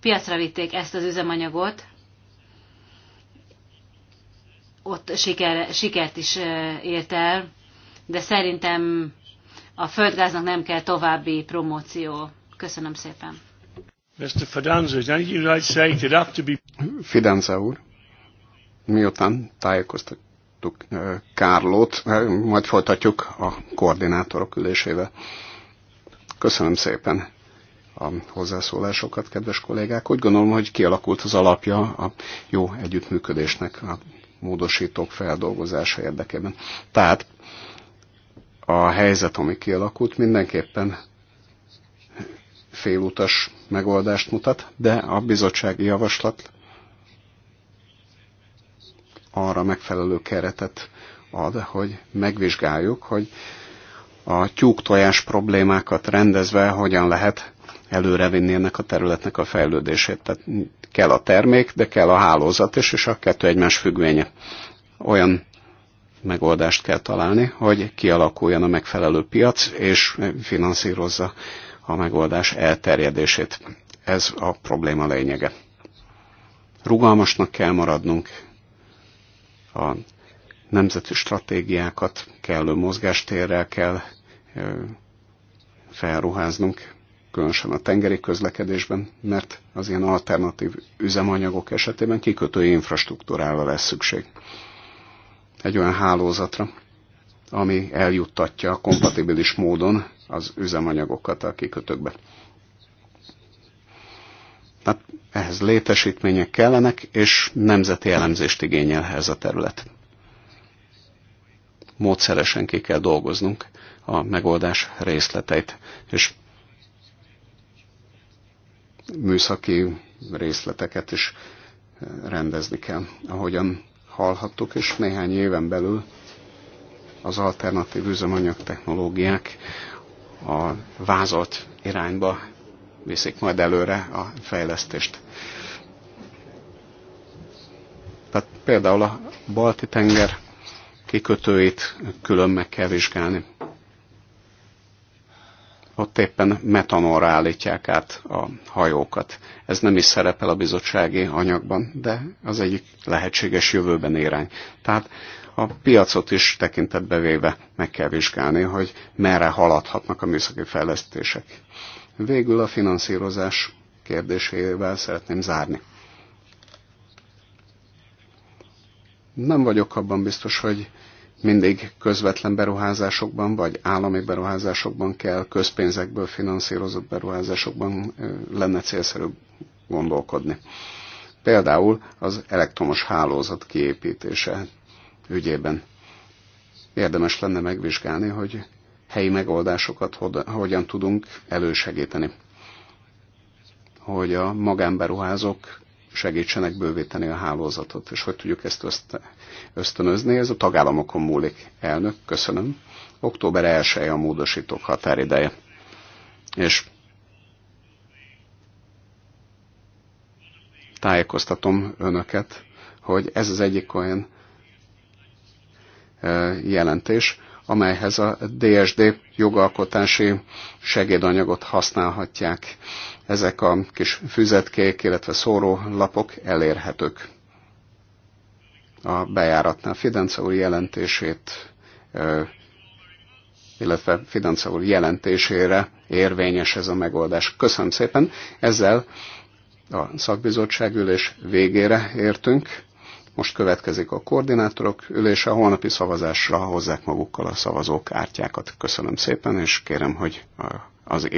piacra vitték ezt az üzemanyagot, ott siker, sikert is ért el, de szerintem a földgáznak nem kell további promóció. Köszönöm szépen. Mr. Fidanza, is anything you'd like to say? It'd have to be... Fidanza úr, miután tájékoztattuk Kárlót, majd folytatjuk a koordinátorok ülésével. Köszönöm szépen a hozzászólásokat, kedves kollégák. Úgy gondolom, hogy kialakult az alapja a jó együttműködésnek a módosítók feldolgozása érdekében. Tehát a helyzet, ami kialakult, mindenképpen félutas megoldást mutat, de a bizottsági javaslat arra megfelelő keretet ad, hogy megvizsgáljuk, hogy a tyúk-tojás problémákat rendezve hogyan lehet előrevinni ennek a területnek a fejlődését. Tehát kell a termék, de kell a hálózat is, és a kettő egymás függvénye. Olyan megoldást kell találni, hogy kialakuljon a megfelelő piac, és finanszírozza a megoldás elterjedését. Ez a probléma lényege. Rugalmasnak kell maradnunk, a nemzeti stratégiákat kellő mozgástérrel kell felruháznunk, különösen a tengeri közlekedésben, mert az ilyen alternatív üzemanyagok esetében kikötői infrastruktúrára lesz szükség egy olyan hálózatra, ami eljuttatja kompatibilis módon az üzemanyagokat a kikötőkbe. Tehát ehhez létesítmények kellenek, és nemzeti elemzést igényel ez a terület. Módszeresen ki kell dolgoznunk a megoldás részleteit, és műszaki részleteket is rendezni kell, ahogyan hallhattuk, és néhány éven belül az alternatív üzemanyag technológiák a vázolt irányba viszik majd előre a fejlesztést. Tehát például a Balti-tenger kikötőit külön meg kell vizsgálni ott éppen metanolra állítják át a hajókat. Ez nem is szerepel a bizottsági anyagban, de az egyik lehetséges jövőben irány. Tehát a piacot is tekintetbe véve meg kell vizsgálni, hogy merre haladhatnak a műszaki fejlesztések. Végül a finanszírozás kérdésével szeretném zárni. Nem vagyok abban biztos, hogy mindig közvetlen beruházásokban, vagy állami beruházásokban kell, közpénzekből finanszírozott beruházásokban lenne célszerűbb gondolkodni. Például az elektromos hálózat kiépítése ügyében érdemes lenne megvizsgálni, hogy helyi megoldásokat hogyan tudunk elősegíteni, hogy a magánberuházók segítsenek bővíteni a hálózatot, és hogy tudjuk ezt ösztönözni, ez a tagállamokon múlik. Elnök, köszönöm. Október 1 a módosítók határideje. És tájékoztatom önöket, hogy ez az egyik olyan jelentés, amelyhez a DSD jogalkotási segédanyagot használhatják. Ezek a kis füzetkék, illetve szórólapok elérhetők a bejáratnál. Fidence úr jelentését, illetve Fidence úr jelentésére érvényes ez a megoldás. Köszönöm szépen. Ezzel a szakbizottságülés végére értünk. Most következik a koordinátorok ülése, a holnapi szavazásra hozzák magukkal a szavazók ártyákat. Köszönöm szépen, és kérem, hogy az